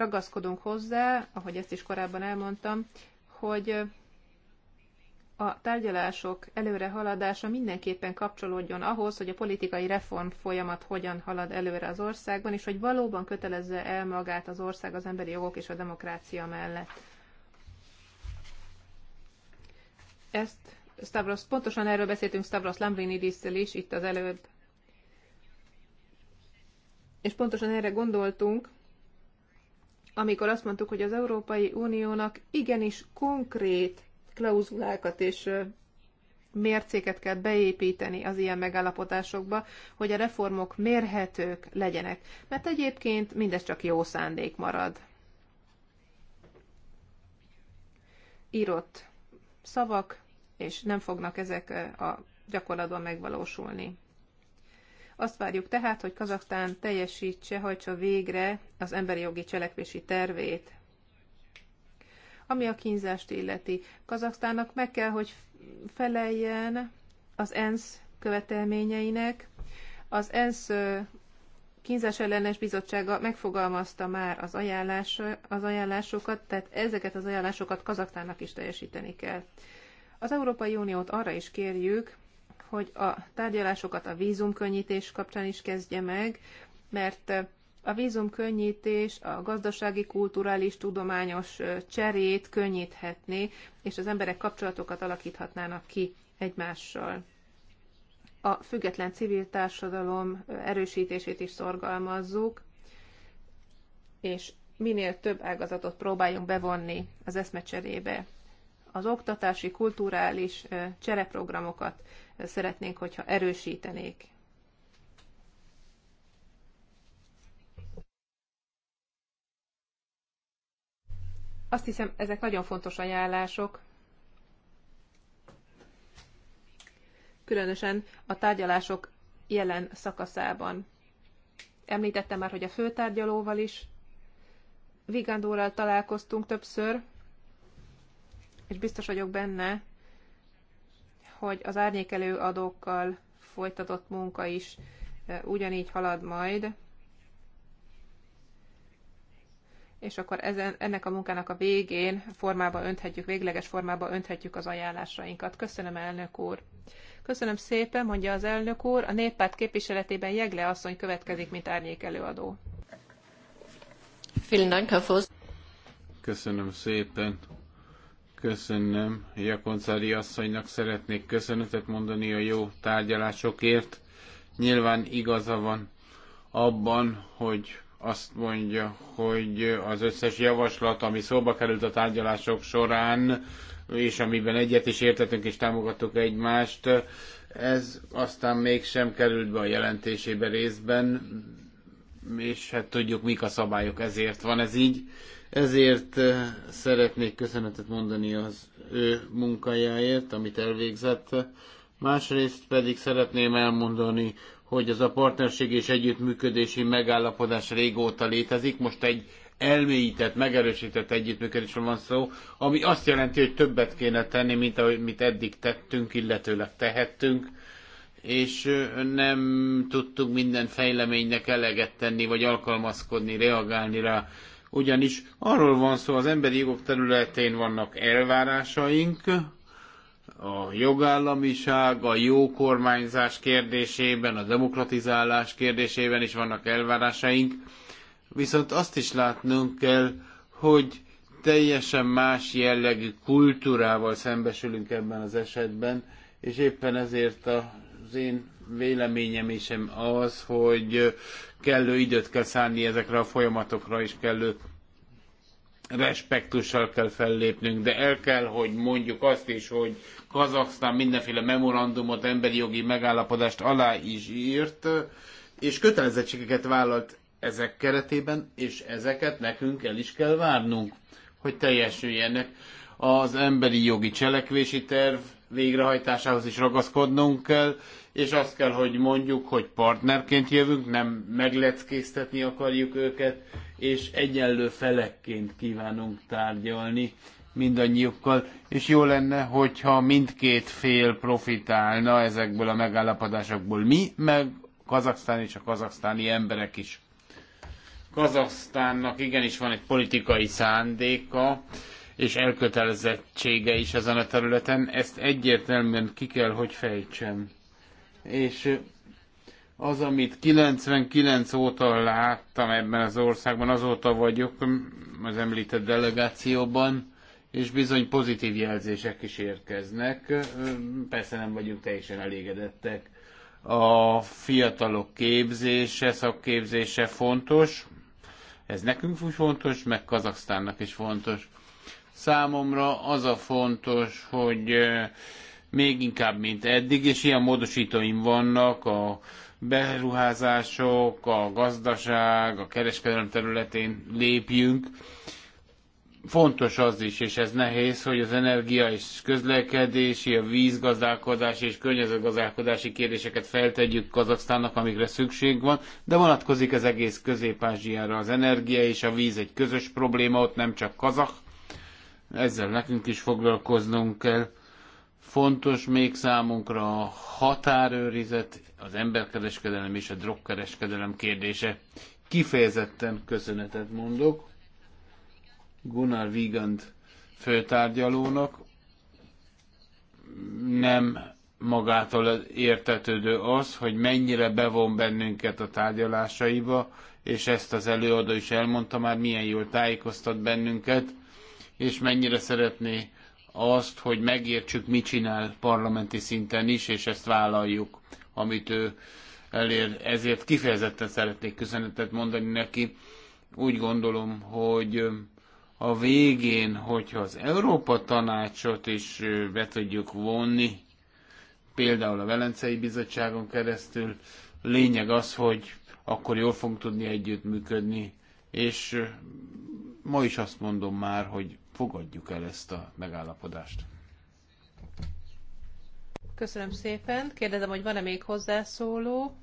ragaszkodunk hozzá, ahogy ezt is korábban elmondtam, hogy a tárgyalások előrehaladása mindenképpen kapcsolódjon ahhoz, hogy a politikai reform folyamat hogyan halad előre az országban, és hogy valóban kötelezze el magát az ország az emberi jogok és a demokrácia mellett. Ezt Stavros, pontosan erről beszéltünk Stavros Lambrinidis-szel is itt az előbb. És pontosan erre gondoltunk, amikor azt mondtuk, hogy az Európai Uniónak igenis konkrét klauzulákat és mércéket kell beépíteni az ilyen megállapodásokba, hogy a reformok mérhetők legyenek, mert egyébként mindez csak jó szándék marad. Írott szavak, és nem fognak ezek a gyakorlatban megvalósulni. Azt várjuk tehát, hogy Kazaksztán teljesítse, hajtsa végre az emberi jogi cselekvési tervét. Ami a kínzást illeti, Kazaksztának meg kell, hogy feleljen az ENSZ követelményeinek. Az ENSZ kínzás ellenes bizottsága megfogalmazta már az, ajánlás, az ajánlásokat, tehát ezeket az ajánlásokat Kazaktának is teljesíteni kell. Az Európai Uniót arra is kérjük, hogy a tárgyalásokat a vízumkönnyítés kapcsán is kezdje meg, mert a vízumkönnyítés a gazdasági, kulturális, tudományos cserét könnyíthetné, és az emberek kapcsolatokat alakíthatnának ki egymással. A független civil társadalom erősítését is szorgalmazzuk, és minél több ágazatot próbáljunk bevonni az eszmecserébe az oktatási, kulturális csereprogramokat szeretnénk, hogyha erősítenék. Azt hiszem, ezek nagyon fontos ajánlások, különösen a tárgyalások jelen szakaszában. Említettem már, hogy a főtárgyalóval is Vigándóral találkoztunk többször, és biztos vagyok benne, hogy az árnyékelő adókkal folytatott munka is ugyanígy halad majd, és akkor ezen, ennek a munkának a végén formába önthetjük, végleges formába önthetjük az ajánlásainkat. Köszönöm, elnök úr! Köszönöm szépen, mondja az elnök úr. A néppárt képviseletében Jegle asszony következik, mint árnyék előadó. Köszönöm szépen. Köszönöm. Jakoncári asszonynak szeretnék köszönetet mondani a jó tárgyalásokért. Nyilván igaza van abban, hogy azt mondja, hogy az összes javaslat, ami szóba került a tárgyalások során, és amiben egyet is értettünk és támogattuk egymást, ez aztán mégsem került be a jelentésébe részben, és hát tudjuk, mik a szabályok, ezért van ez így. Ezért eh, szeretnék köszönetet mondani az ő munkájáért, amit elvégzett. Másrészt pedig szeretném elmondani, hogy az a partnerség és együttműködési megállapodás régóta létezik. Most egy elmélyített, megerősített együttműködésről van szó, ami azt jelenti, hogy többet kéne tenni, mint amit eddig tettünk, illetőleg tehettünk és nem tudtuk minden fejleménynek eleget tenni, vagy alkalmazkodni, reagálni rá. Ugyanis arról van szó, az emberi jogok területén vannak elvárásaink, a jogállamiság, a jó kormányzás kérdésében, a demokratizálás kérdésében is vannak elvárásaink, viszont azt is látnunk kell, hogy teljesen más jellegű kultúrával szembesülünk ebben az esetben, és éppen ezért az én véleményem is az, hogy kellő időt kell szánni ezekre a folyamatokra, és kellő respektussal kell fellépnünk, de el kell, hogy mondjuk azt is, hogy Kazaksztán mindenféle memorandumot, emberi jogi megállapodást alá is írt, és kötelezettségeket vállalt ezek keretében, és ezeket nekünk el is kell várnunk, hogy teljesüljenek. Az emberi jogi cselekvési terv végrehajtásához is ragaszkodnunk kell, és azt kell, hogy mondjuk, hogy partnerként jövünk, nem megleckéztetni akarjuk őket, és egyenlő felekként kívánunk tárgyalni mindannyiukkal, és jó lenne, hogyha mindkét fél profitálna ezekből a megállapodásokból. Mi, meg Kazaksztán és a kazaksztáni emberek is. Kazaksztánnak igenis van egy politikai szándéka, és elkötelezettsége is ezen a területen, ezt egyértelműen ki kell, hogy fejtsem és az, amit 99 óta láttam ebben az országban, azóta vagyok az említett delegációban, és bizony pozitív jelzések is érkeznek. Persze nem vagyunk teljesen elégedettek. A fiatalok képzése, szakképzése fontos. Ez nekünk is fontos, meg Kazaksztánnak is fontos. Számomra az a fontos, hogy még inkább, mint eddig, és ilyen módosítóim vannak a beruházások, a gazdaság, a kereskedelem területén lépjünk. Fontos az is, és ez nehéz, hogy az energia és közlekedési, a vízgazdálkodási és környezetgazdálkodási kérdéseket feltegyük Kazaksztánnak, amikre szükség van, de vonatkozik az egész Közép-Ázsiára. Az energia és a víz egy közös probléma, ott nem csak kazak, ezzel nekünk is foglalkoznunk kell Fontos még számunkra a határőrizet, az emberkereskedelem és a drogkereskedelem kérdése. Kifejezetten köszönetet mondok Gunnar Wiegand főtárgyalónak. Nem magától értetődő az, hogy mennyire bevon bennünket a tárgyalásaiba, és ezt az előadó is elmondta már, milyen jól tájékoztat bennünket, és mennyire szeretné azt, hogy megértsük, mit csinál parlamenti szinten is, és ezt vállaljuk, amit ő elér. Ezért kifejezetten szeretnék köszönetet mondani neki. Úgy gondolom, hogy a végén, hogyha az Európa Tanácsot is be tudjuk vonni, például a Velencei Bizottságon keresztül, lényeg az, hogy akkor jól fogunk tudni együttműködni, és ma is azt mondom már, hogy fogadjuk el ezt a megállapodást. Köszönöm szépen. Kérdezem, hogy van-e még hozzászóló?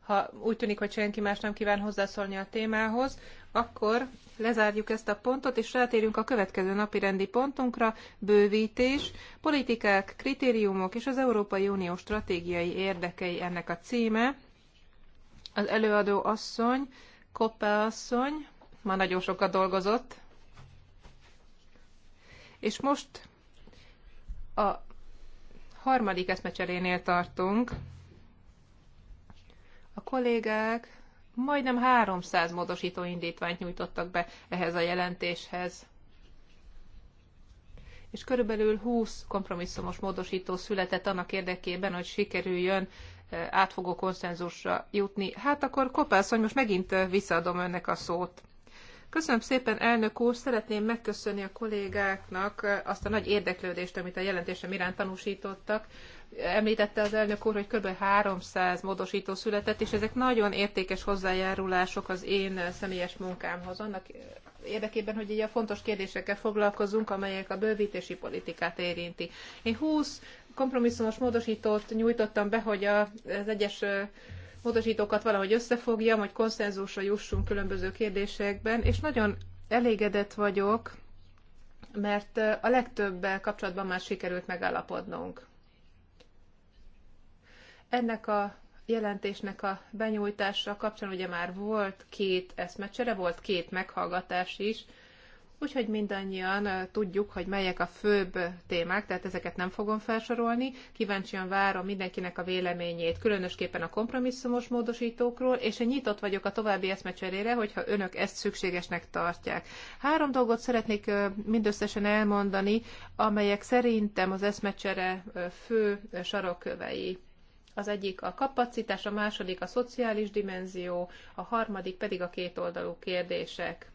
Ha úgy tűnik, hogy senki más nem kíván hozzászólni a témához, akkor lezárjuk ezt a pontot, és rátérünk a következő napi rendi pontunkra, bővítés, politikák, kritériumok és az Európai Unió stratégiai érdekei ennek a címe. Az előadó asszony, Koppe asszony, már nagyon sokat dolgozott, és most a harmadik eszmecserénél tartunk. A kollégák majdnem 300 módosító indítványt nyújtottak be ehhez a jelentéshez. És körülbelül 20 kompromisszumos módosító született annak érdekében, hogy sikerüljön eh, átfogó konszenzusra jutni. Hát akkor kopász, hogy most megint eh, visszaadom önnek a szót. Köszönöm szépen, elnök úr! Szeretném megköszönni a kollégáknak azt a nagy érdeklődést, amit a jelentésem iránt tanúsítottak. Említette az elnök úr, hogy kb. 300 módosító született, és ezek nagyon értékes hozzájárulások az én személyes munkámhoz, annak érdekében, hogy így a fontos kérdésekkel foglalkozunk, amelyek a bővítési politikát érinti. Én 20 kompromisszumos módosítót nyújtottam be, hogy az egyes módosítókat valahogy összefogjam, hogy konszenzusra jussunk különböző kérdésekben, és nagyon elégedett vagyok, mert a legtöbbel kapcsolatban már sikerült megállapodnunk. Ennek a jelentésnek a benyújtása kapcsán ugye már volt két eszmecsere, volt két meghallgatás is, Úgyhogy mindannyian tudjuk, hogy melyek a főbb témák, tehát ezeket nem fogom felsorolni. Kíváncsian várom mindenkinek a véleményét, különösképpen a kompromisszumos módosítókról, és én nyitott vagyok a további eszmecserére, hogyha önök ezt szükségesnek tartják. Három dolgot szeretnék mindösszesen elmondani, amelyek szerintem az eszmecsere fő sarokkövei. Az egyik a kapacitás, a második a szociális dimenzió, a harmadik pedig a kétoldalú kérdések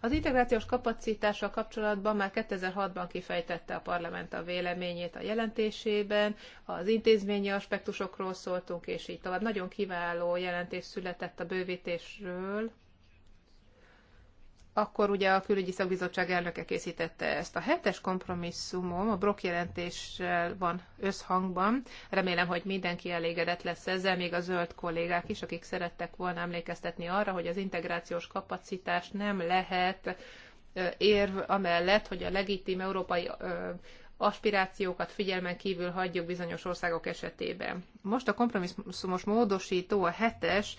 az integrációs kapacitással kapcsolatban már 2006-ban kifejtette a parlament a véleményét a jelentésében, az intézményi aspektusokról szóltunk, és így tovább. Nagyon kiváló jelentés született a bővítésről, akkor ugye a külügyi szakbizottság elnöke készítette ezt. A hetes kompromisszumom a Brok jelentéssel van összhangban. Remélem, hogy mindenki elégedett lesz ezzel, még a zöld kollégák is, akik szerettek volna emlékeztetni arra, hogy az integrációs kapacitás nem lehet érv amellett, hogy a legitim európai aspirációkat figyelmen kívül hagyjuk bizonyos országok esetében. Most a kompromisszumos módosító, a hetes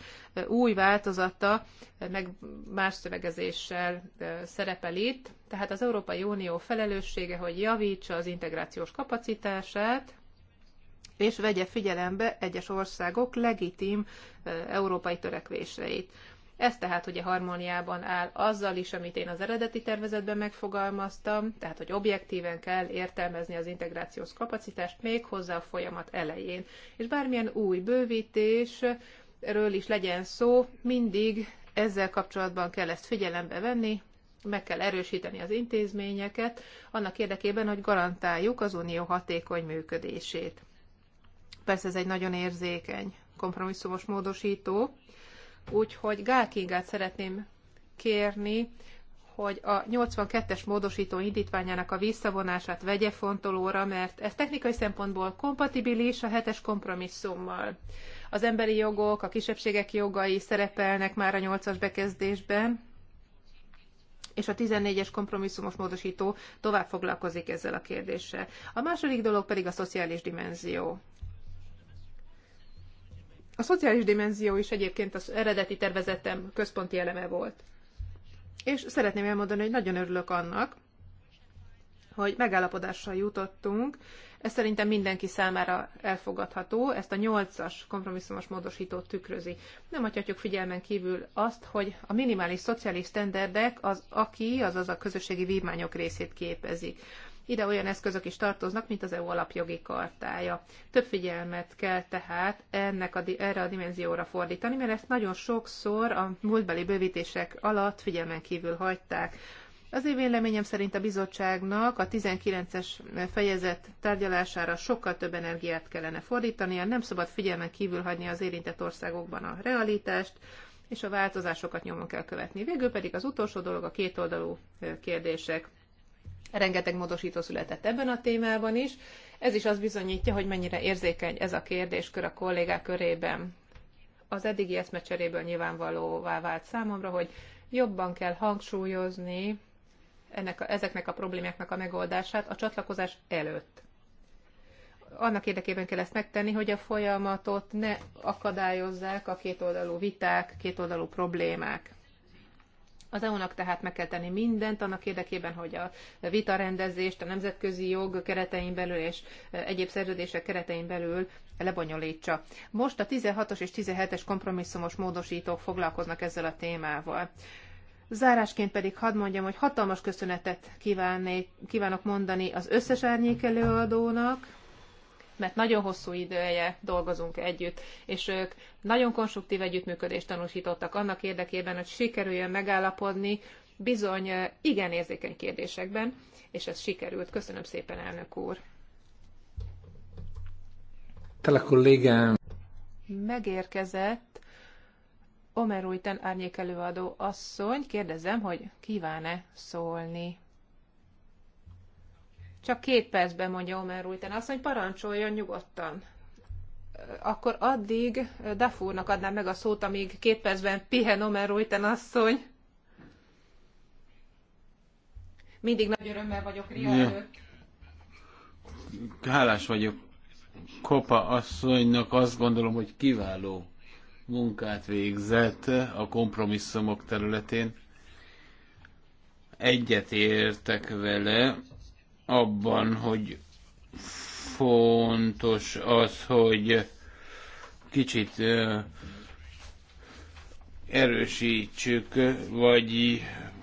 új változata meg más szövegezéssel szerepel itt, tehát az Európai Unió felelőssége, hogy javítsa az integrációs kapacitását, és vegye figyelembe egyes országok legitim európai törekvéseit. Ez tehát ugye harmóniában áll azzal is, amit én az eredeti tervezetben megfogalmaztam, tehát hogy objektíven kell értelmezni az integrációs kapacitást még hozzá a folyamat elején. És bármilyen új bővítés, is legyen szó, mindig ezzel kapcsolatban kell ezt figyelembe venni, meg kell erősíteni az intézményeket, annak érdekében, hogy garantáljuk az unió hatékony működését. Persze ez egy nagyon érzékeny kompromisszumos módosító, Úgyhogy Gál Kingát szeretném kérni, hogy a 82-es módosító indítványának a visszavonását vegye fontolóra, mert ez technikai szempontból kompatibilis a hetes kompromisszummal. Az emberi jogok, a kisebbségek jogai szerepelnek már a 8-as bekezdésben, és a 14-es kompromisszumos módosító tovább foglalkozik ezzel a kérdéssel. A második dolog pedig a szociális dimenzió. A szociális dimenzió is egyébként az eredeti tervezetem központi eleme volt. És szeretném elmondani, hogy nagyon örülök annak, hogy megállapodással jutottunk. Ez szerintem mindenki számára elfogadható, ezt a nyolcas kompromisszumos módosítót tükrözi. Nem hagyhatjuk figyelmen kívül azt, hogy a minimális szociális standardek az aki, azaz a közösségi vívmányok részét képezik. Ide olyan eszközök is tartoznak, mint az EU alapjogi kartája. Több figyelmet kell tehát ennek a, erre a dimenzióra fordítani, mert ezt nagyon sokszor a múltbeli bővítések alatt figyelmen kívül hagyták. Az én véleményem szerint a bizottságnak a 19-es fejezet tárgyalására sokkal több energiát kellene fordítania, nem szabad figyelmen kívül hagyni az érintett országokban a realitást, és a változásokat nyomon kell követni. Végül pedig az utolsó dolog a kétoldalú kérdések. Rengeteg módosító született ebben a témában is. Ez is azt bizonyítja, hogy mennyire érzékeny ez a kérdéskör a kollégák körében. Az eddigi eszmecseréből nyilvánvalóvá vált számomra, hogy jobban kell hangsúlyozni ennek a, ezeknek a problémáknak a megoldását a csatlakozás előtt. Annak érdekében kell ezt megtenni, hogy a folyamatot ne akadályozzák a kétoldalú viták, kétoldalú problémák. Az EU-nak tehát meg kell tenni mindent annak érdekében, hogy a vitarendezést a nemzetközi jog keretein belül és e, egyéb szerződések keretein belül lebonyolítsa. Most a 16-os és 17-es kompromisszumos módosítók foglalkoznak ezzel a témával. Zárásként pedig hadd mondjam, hogy hatalmas köszönetet kívánok mondani az összes árnyék előadónak, mert nagyon hosszú ideje dolgozunk együtt, és ők nagyon konstruktív együttműködést tanúsítottak annak érdekében, hogy sikerüljön megállapodni bizony igen érzékeny kérdésekben, és ez sikerült. Köszönöm szépen, elnök úr! Tele kollégám! Megérkezett Omerújten árnyékelőadó asszony. Kérdezem, hogy kíván-e szólni. Csak két percben mondja Omer Rújten. Azt mondja, parancsoljon nyugodtan. Akkor addig eh, Dafúrnak adnám meg a szót, amíg két percben pihen Omer Rújten asszony. Mindig nagy örömmel vagyok Ria ja. előtt. Hálás vagyok Kopa asszonynak, azt gondolom, hogy kiváló munkát végzett a kompromisszumok területén. Egyet értek vele abban, hogy fontos az, hogy kicsit erősítsük, vagy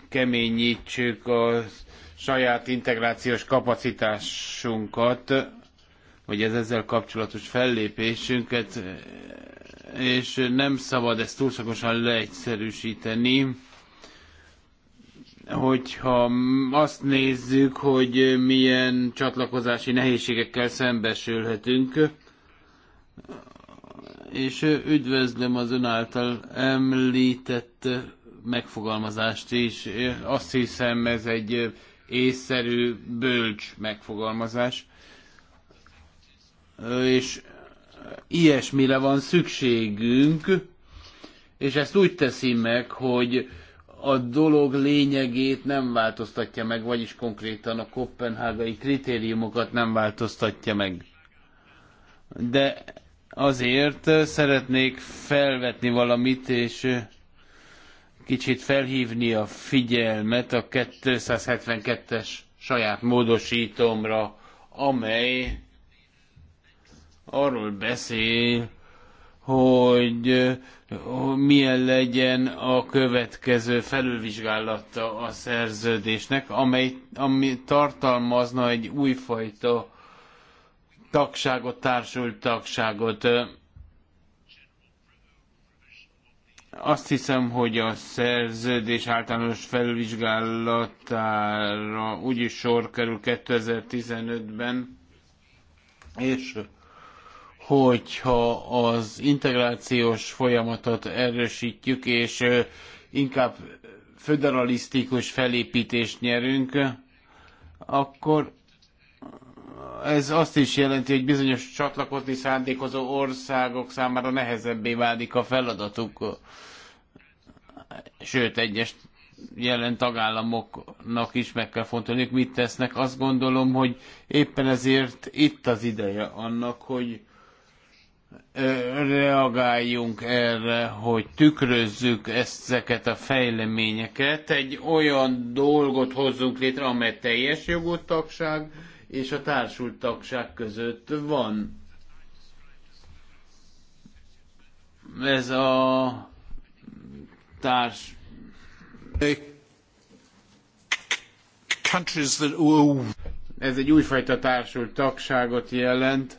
keményítsük a saját integrációs kapacitásunkat, vagy ez ezzel kapcsolatos fellépésünket, és nem szabad ezt túlságosan leegyszerűsíteni, hogyha azt nézzük, hogy milyen csatlakozási nehézségekkel szembesülhetünk, és üdvözlöm az ön által említett megfogalmazást is. Azt hiszem, ez egy észszerű, bölcs megfogalmazás. És ilyesmire van szükségünk, és ezt úgy teszi meg, hogy a dolog lényegét nem változtatja meg, vagyis konkrétan a kopenhágai kritériumokat nem változtatja meg. De azért szeretnék felvetni valamit, és kicsit felhívni a figyelmet a 272-es saját módosítomra, amely arról beszél, hogy milyen legyen a következő felülvizsgálata a szerződésnek, amely, ami tartalmazna egy újfajta tagságot, társult tagságot. Azt hiszem, hogy a szerződés általános felvizsgálatára úgyis sor kerül 2015-ben, és hogyha az integrációs folyamatot erősítjük, és inkább föderalisztikus felépítést nyerünk, akkor ez azt is jelenti, hogy bizonyos csatlakozni szándékozó országok számára nehezebbé válik a feladatuk, sőt egyes jelen tagállamoknak is meg kell fontolniuk, mit tesznek. Azt gondolom, hogy éppen ezért itt az ideje annak, hogy reagáljunk erre, hogy tükrözzük ezeket a fejleményeket, egy olyan dolgot hozzunk létre, amely teljes jogú tagság és a társult tagság között van. Ez a társ... Ez egy újfajta társult tagságot jelent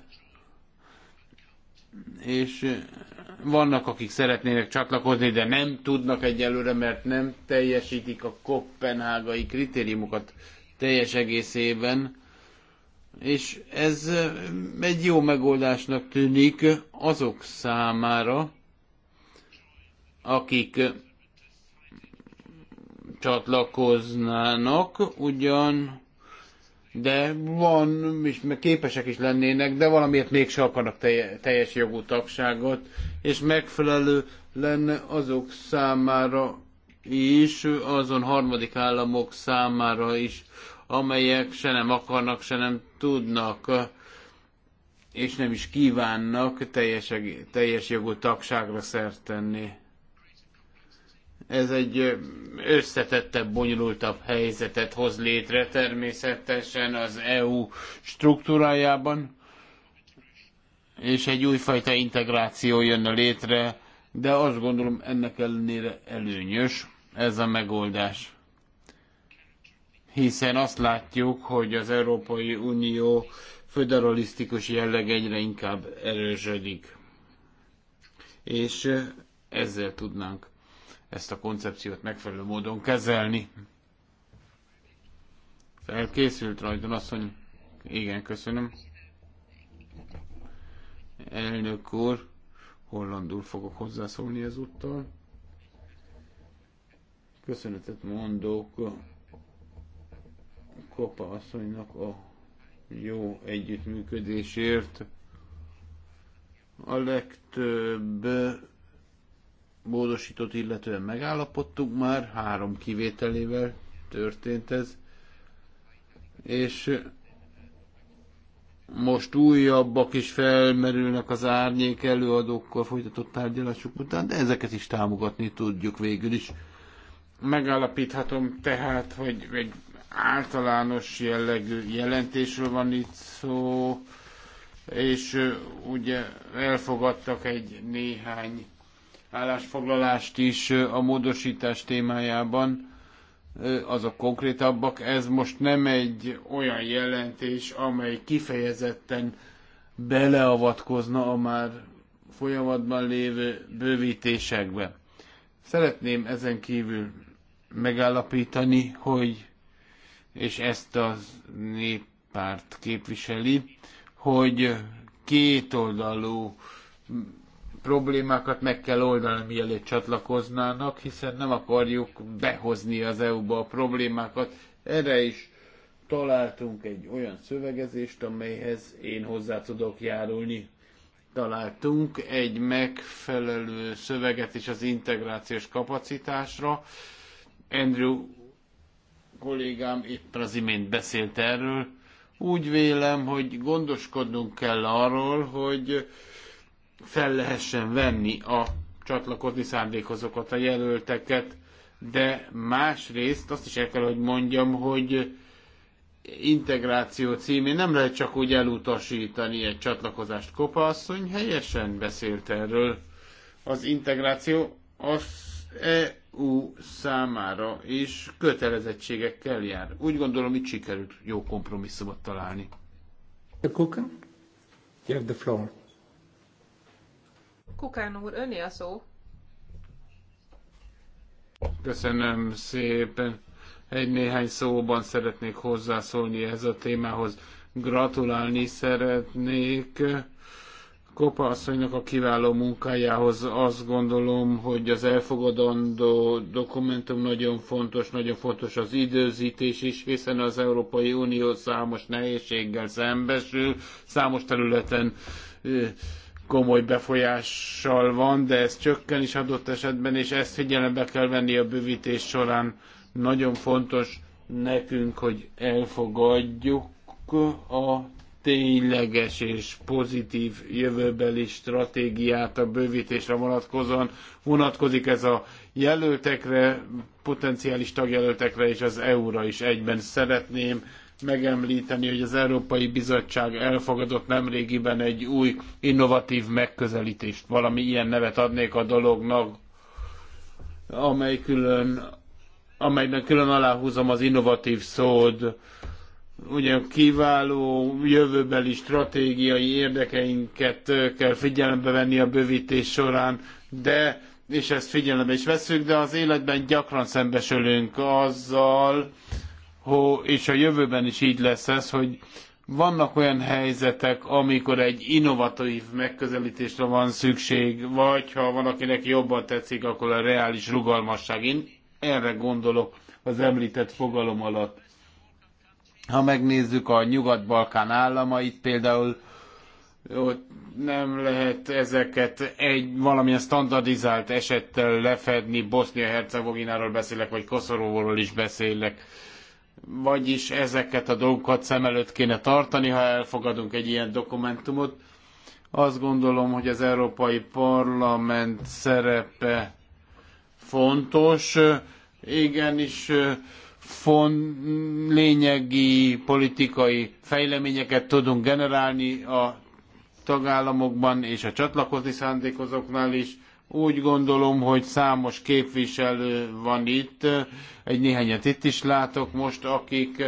és eh, vannak, akik szeretnének csatlakozni, de nem tudnak egyelőre, mert nem teljesítik a kopenhágai kritériumokat teljes egészében. És ez eh, egy jó megoldásnak tűnik azok számára, akik eh, csatlakoznának, ugyan de van, és képesek is lennének, de valamiért mégse akarnak teljes jogú tagságot, és megfelelő lenne azok számára is, azon harmadik államok számára is, amelyek se nem akarnak, se nem tudnak, és nem is kívánnak teljes, teljes jogú tagságra szert tenni ez egy összetettebb, bonyolultabb helyzetet hoz létre természetesen az EU struktúrájában, és egy újfajta integráció jönne létre, de azt gondolom ennek ellenére előnyös ez a megoldás. Hiszen azt látjuk, hogy az Európai Unió föderalisztikus jelleg egyre inkább erősödik. És ezzel tudnánk ezt a koncepciót megfelelő módon kezelni. Elkészült rajta asszony. Igen, köszönöm. Elnök úr, hollandul fogok hozzászólni ezúttal. Köszönetet mondok Kopa asszonynak a jó együttműködésért. A legtöbb módosított illetően megállapodtunk már, három kivételével történt ez, és most újabbak is felmerülnek az árnyék előadókkal folytatott tárgyalások után, de ezeket is támogatni tudjuk végül is. Megállapíthatom tehát, hogy egy általános jellegű jelentésről van itt szó, és ugye elfogadtak egy néhány állásfoglalást is a módosítás témájában, azok konkrétabbak. Ez most nem egy olyan jelentés, amely kifejezetten beleavatkozna a már folyamatban lévő bővítésekbe. Szeretném ezen kívül megállapítani, hogy, és ezt az néppárt képviseli, hogy kétoldalú problémákat meg kell oldani, mielőtt csatlakoznának, hiszen nem akarjuk behozni az EU-ba a problémákat. Erre is találtunk egy olyan szövegezést, amelyhez én hozzá tudok járulni. Találtunk egy megfelelő szöveget is az integrációs kapacitásra. Andrew kollégám éppen az imént beszélt erről. Úgy vélem, hogy gondoskodnunk kell arról, hogy fel lehessen venni a csatlakozni szándékozókat, a jelölteket, de másrészt azt is el kell, hogy mondjam, hogy integráció címén nem lehet csak úgy elutasítani egy csatlakozást. Kopa asszony helyesen beszélt erről. Az integráció az EU számára is kötelezettségekkel jár. Úgy gondolom, itt sikerült jó kompromisszumot találni. Kuka, you have the floor. Kukán úr, öné a szó. Köszönöm szépen. Egy néhány szóban szeretnék hozzászólni ehhez a témához. Gratulálni szeretnék Kopa asszonynak a kiváló munkájához. Azt gondolom, hogy az elfogadandó dokumentum nagyon fontos, nagyon fontos az időzítés is, hiszen az Európai Unió számos nehézséggel szembesül, számos területen komoly befolyással van, de ez csökken is adott esetben, és ezt figyelembe kell venni a bővítés során. Nagyon fontos nekünk, hogy elfogadjuk a tényleges és pozitív jövőbeli stratégiát a bővítésre vonatkozóan. Vonatkozik ez a jelöltekre, potenciális tagjelöltekre és az EU-ra is egyben szeretném megemlíteni, hogy az Európai Bizottság elfogadott nemrégiben egy új innovatív megközelítést, valami ilyen nevet adnék a dolognak, amely külön, amelynek külön aláhúzom az innovatív szót, ugye kiváló jövőbeli stratégiai érdekeinket kell figyelembe venni a bővítés során, de, és ezt figyelembe is veszünk, de az életben gyakran szembesülünk azzal, és a jövőben is így lesz ez, hogy vannak olyan helyzetek, amikor egy innovatív megközelítésre van szükség, vagy ha valakinek jobban tetszik, akkor a reális rugalmasság. Én erre gondolok az említett fogalom alatt. Ha megnézzük a nyugat-balkán államait, például ott nem lehet ezeket egy valamilyen standardizált esettel lefedni, Bosznia-Hercegovináról beszélek, vagy Koszorúról is beszélek vagyis ezeket a dolgokat szem előtt kéne tartani, ha elfogadunk egy ilyen dokumentumot. Azt gondolom, hogy az Európai Parlament szerepe fontos, igenis font, lényegi politikai fejleményeket tudunk generálni a tagállamokban és a csatlakozni szándékozóknál is. Úgy gondolom, hogy számos képviselő van itt, egy néhányat itt is látok most, akik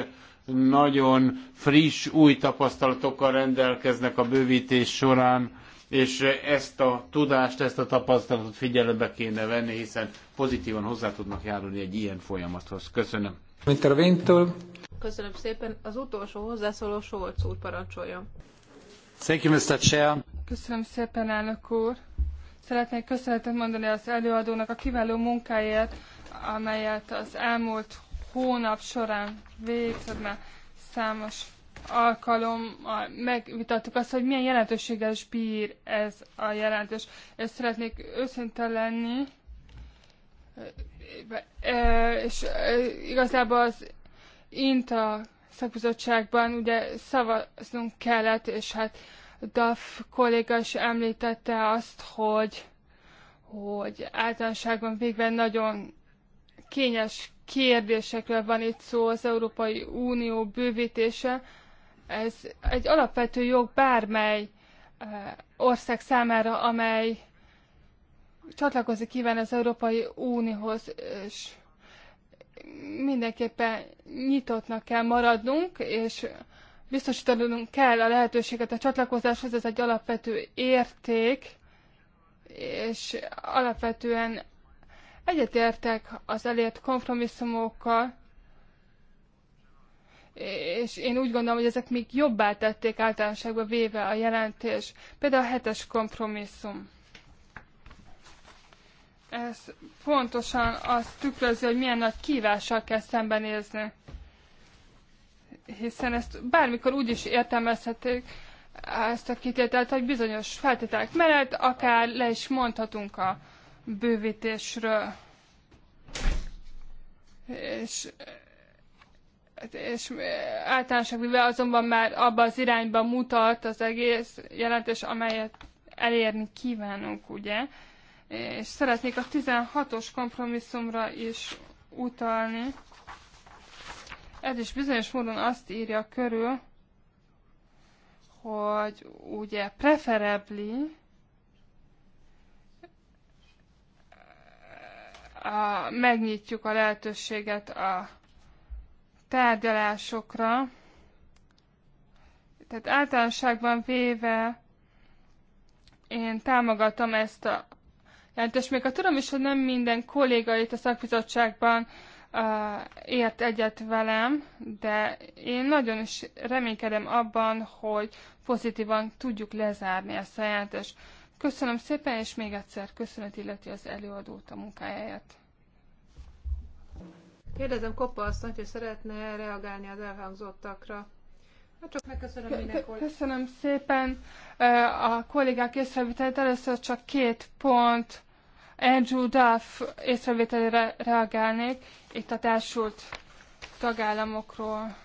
nagyon friss, új tapasztalatokkal rendelkeznek a bővítés során, és ezt a tudást, ezt a tapasztalatot figyelembe kéne venni, hiszen pozitívan hozzá tudnak járulni egy ilyen folyamathoz. Köszönöm. Interventől. Köszönöm szépen. Az utolsó hozzászóló Solc úr parancsoljon. Thank you, Mr. Chair. Köszönöm szépen, elnök úr. Szeretnék köszönetet mondani az előadónak a kiváló munkáért, amelyet az elmúlt hónap során végzett, mert számos alkalommal megvitattuk azt, hogy milyen jelentőséggel is bír ez a jelentés. És szeretnék őszinte lenni, és igazából az INTA szakbizottságban ugye szavaznunk kellett, és hát DAF kolléga is említette azt, hogy, hogy általánoságban végben nagyon kényes kérdésekről van itt szó az Európai Unió bővítése. Ez egy alapvető jog bármely eh, ország számára, amely csatlakozik kíván az Európai Unióhoz, és mindenképpen nyitottnak kell maradnunk, és biztosítanunk kell a lehetőséget a csatlakozáshoz, ez egy alapvető érték, és alapvetően egyetértek az elért kompromisszumokkal, és én úgy gondolom, hogy ezek még jobbá tették általánosságban véve a jelentés. Például a hetes kompromisszum. Ez pontosan azt tükrözi, hogy milyen nagy kívással kell szembenézni hiszen ezt bármikor úgy is értelmezhetik, ezt a kitételt, hogy bizonyos feltételek mellett akár le is mondhatunk a bővítésről. És, és általánosak mivel azonban már abba az irányba mutat az egész jelentés, amelyet elérni kívánunk, ugye? És szeretnék a 16-os kompromisszumra is utalni ez is bizonyos módon azt írja körül, hogy ugye preferably a, megnyitjuk a lehetőséget a tárgyalásokra. Tehát általánosságban véve én támogatom ezt a jelentést, még a tudom is, hogy nem minden kollégait a szakbizottságban ért egyet velem, de én nagyon is reménykedem abban, hogy pozitívan tudjuk lezárni a sajátos. Köszönöm szépen, és még egyszer köszönet illeti az előadót a munkájáért. Kérdezem Koppa asszonyt, hogy szeretne reagálni az elhangzottakra. Hát csak megköszönöm Köszönöm szépen a kollégák észrevételt. Először csak két pont Andrew Duff észrevételére reagálnék. Itt a társult tagállamokról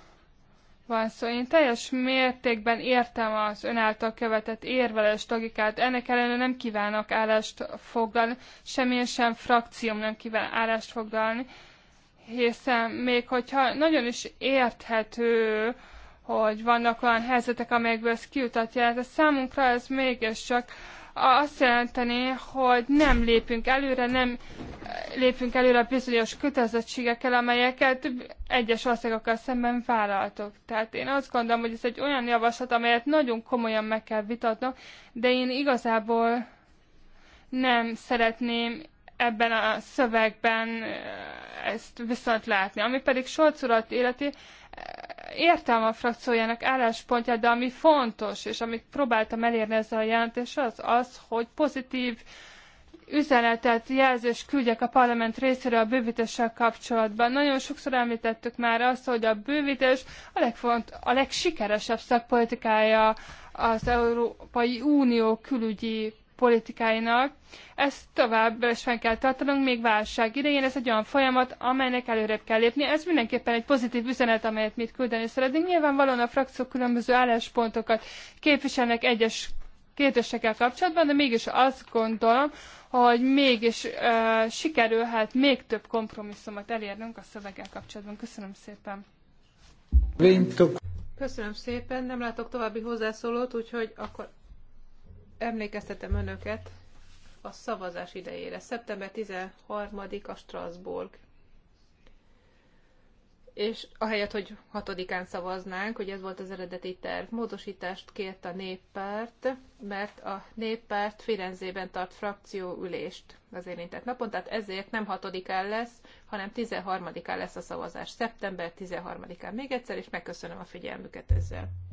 van szó. Én teljes mértékben értem az ön által követett érveles logikát. Ennek ellenére nem kívánok állást foglalni, semmilyen sem frakcióm nem kíván állást foglalni, hiszen még hogyha nagyon is érthető, hogy vannak olyan helyzetek, amelyekből ez kiutatja, de hát számunkra ez mégiscsak csak azt jelenteni, hogy nem lépünk előre, nem eh, lépünk előre a bizonyos kötelezettségekkel, amelyeket egyes országokkal szemben vállaltok. Tehát én azt gondolom, hogy ez egy olyan javaslat, amelyet nagyon komolyan meg kell vitatnom, de én igazából nem szeretném ebben a szövegben eh, ezt viszont látni. Ami pedig Solc urat életi, értem a frakciójának álláspontját, de ami fontos, és amit próbáltam elérni ezzel a jelentéssel, az az, hogy pozitív üzenetet, jelzést küldjek a parlament részéről a bővítéssel kapcsolatban. Nagyon sokszor említettük már azt, hogy a bővítés a, legfont, a legsikeresebb szakpolitikája az Európai Unió külügyi politikáinak. Ezt tovább is fenn kell tartanunk, még válság idején. Ez egy olyan folyamat, amelynek előrébb kell lépni. Ez mindenképpen egy pozitív üzenet, amelyet mit küldeni szeretnénk. Nyilvánvalóan a frakciók különböző álláspontokat képviselnek egyes kérdésekkel kapcsolatban, de mégis azt gondolom, hogy mégis uh, sikerülhet még több kompromisszumot elérnünk a szöveggel kapcsolatban. Köszönöm szépen. Köszönöm szépen, nem látok további hozzászólót, úgyhogy akkor emlékeztetem önöket a szavazás idejére. Szeptember 13-a Strasbourg. És ahelyett, hogy 6-án szavaznánk, hogy ez volt az eredeti terv, módosítást kért a néppárt, mert a néppárt Firenzében tart frakcióülést az érintett napon, tehát ezért nem 6-án lesz, hanem 13-án lesz a szavazás. Szeptember 13-án még egyszer, és megköszönöm a figyelmüket ezzel.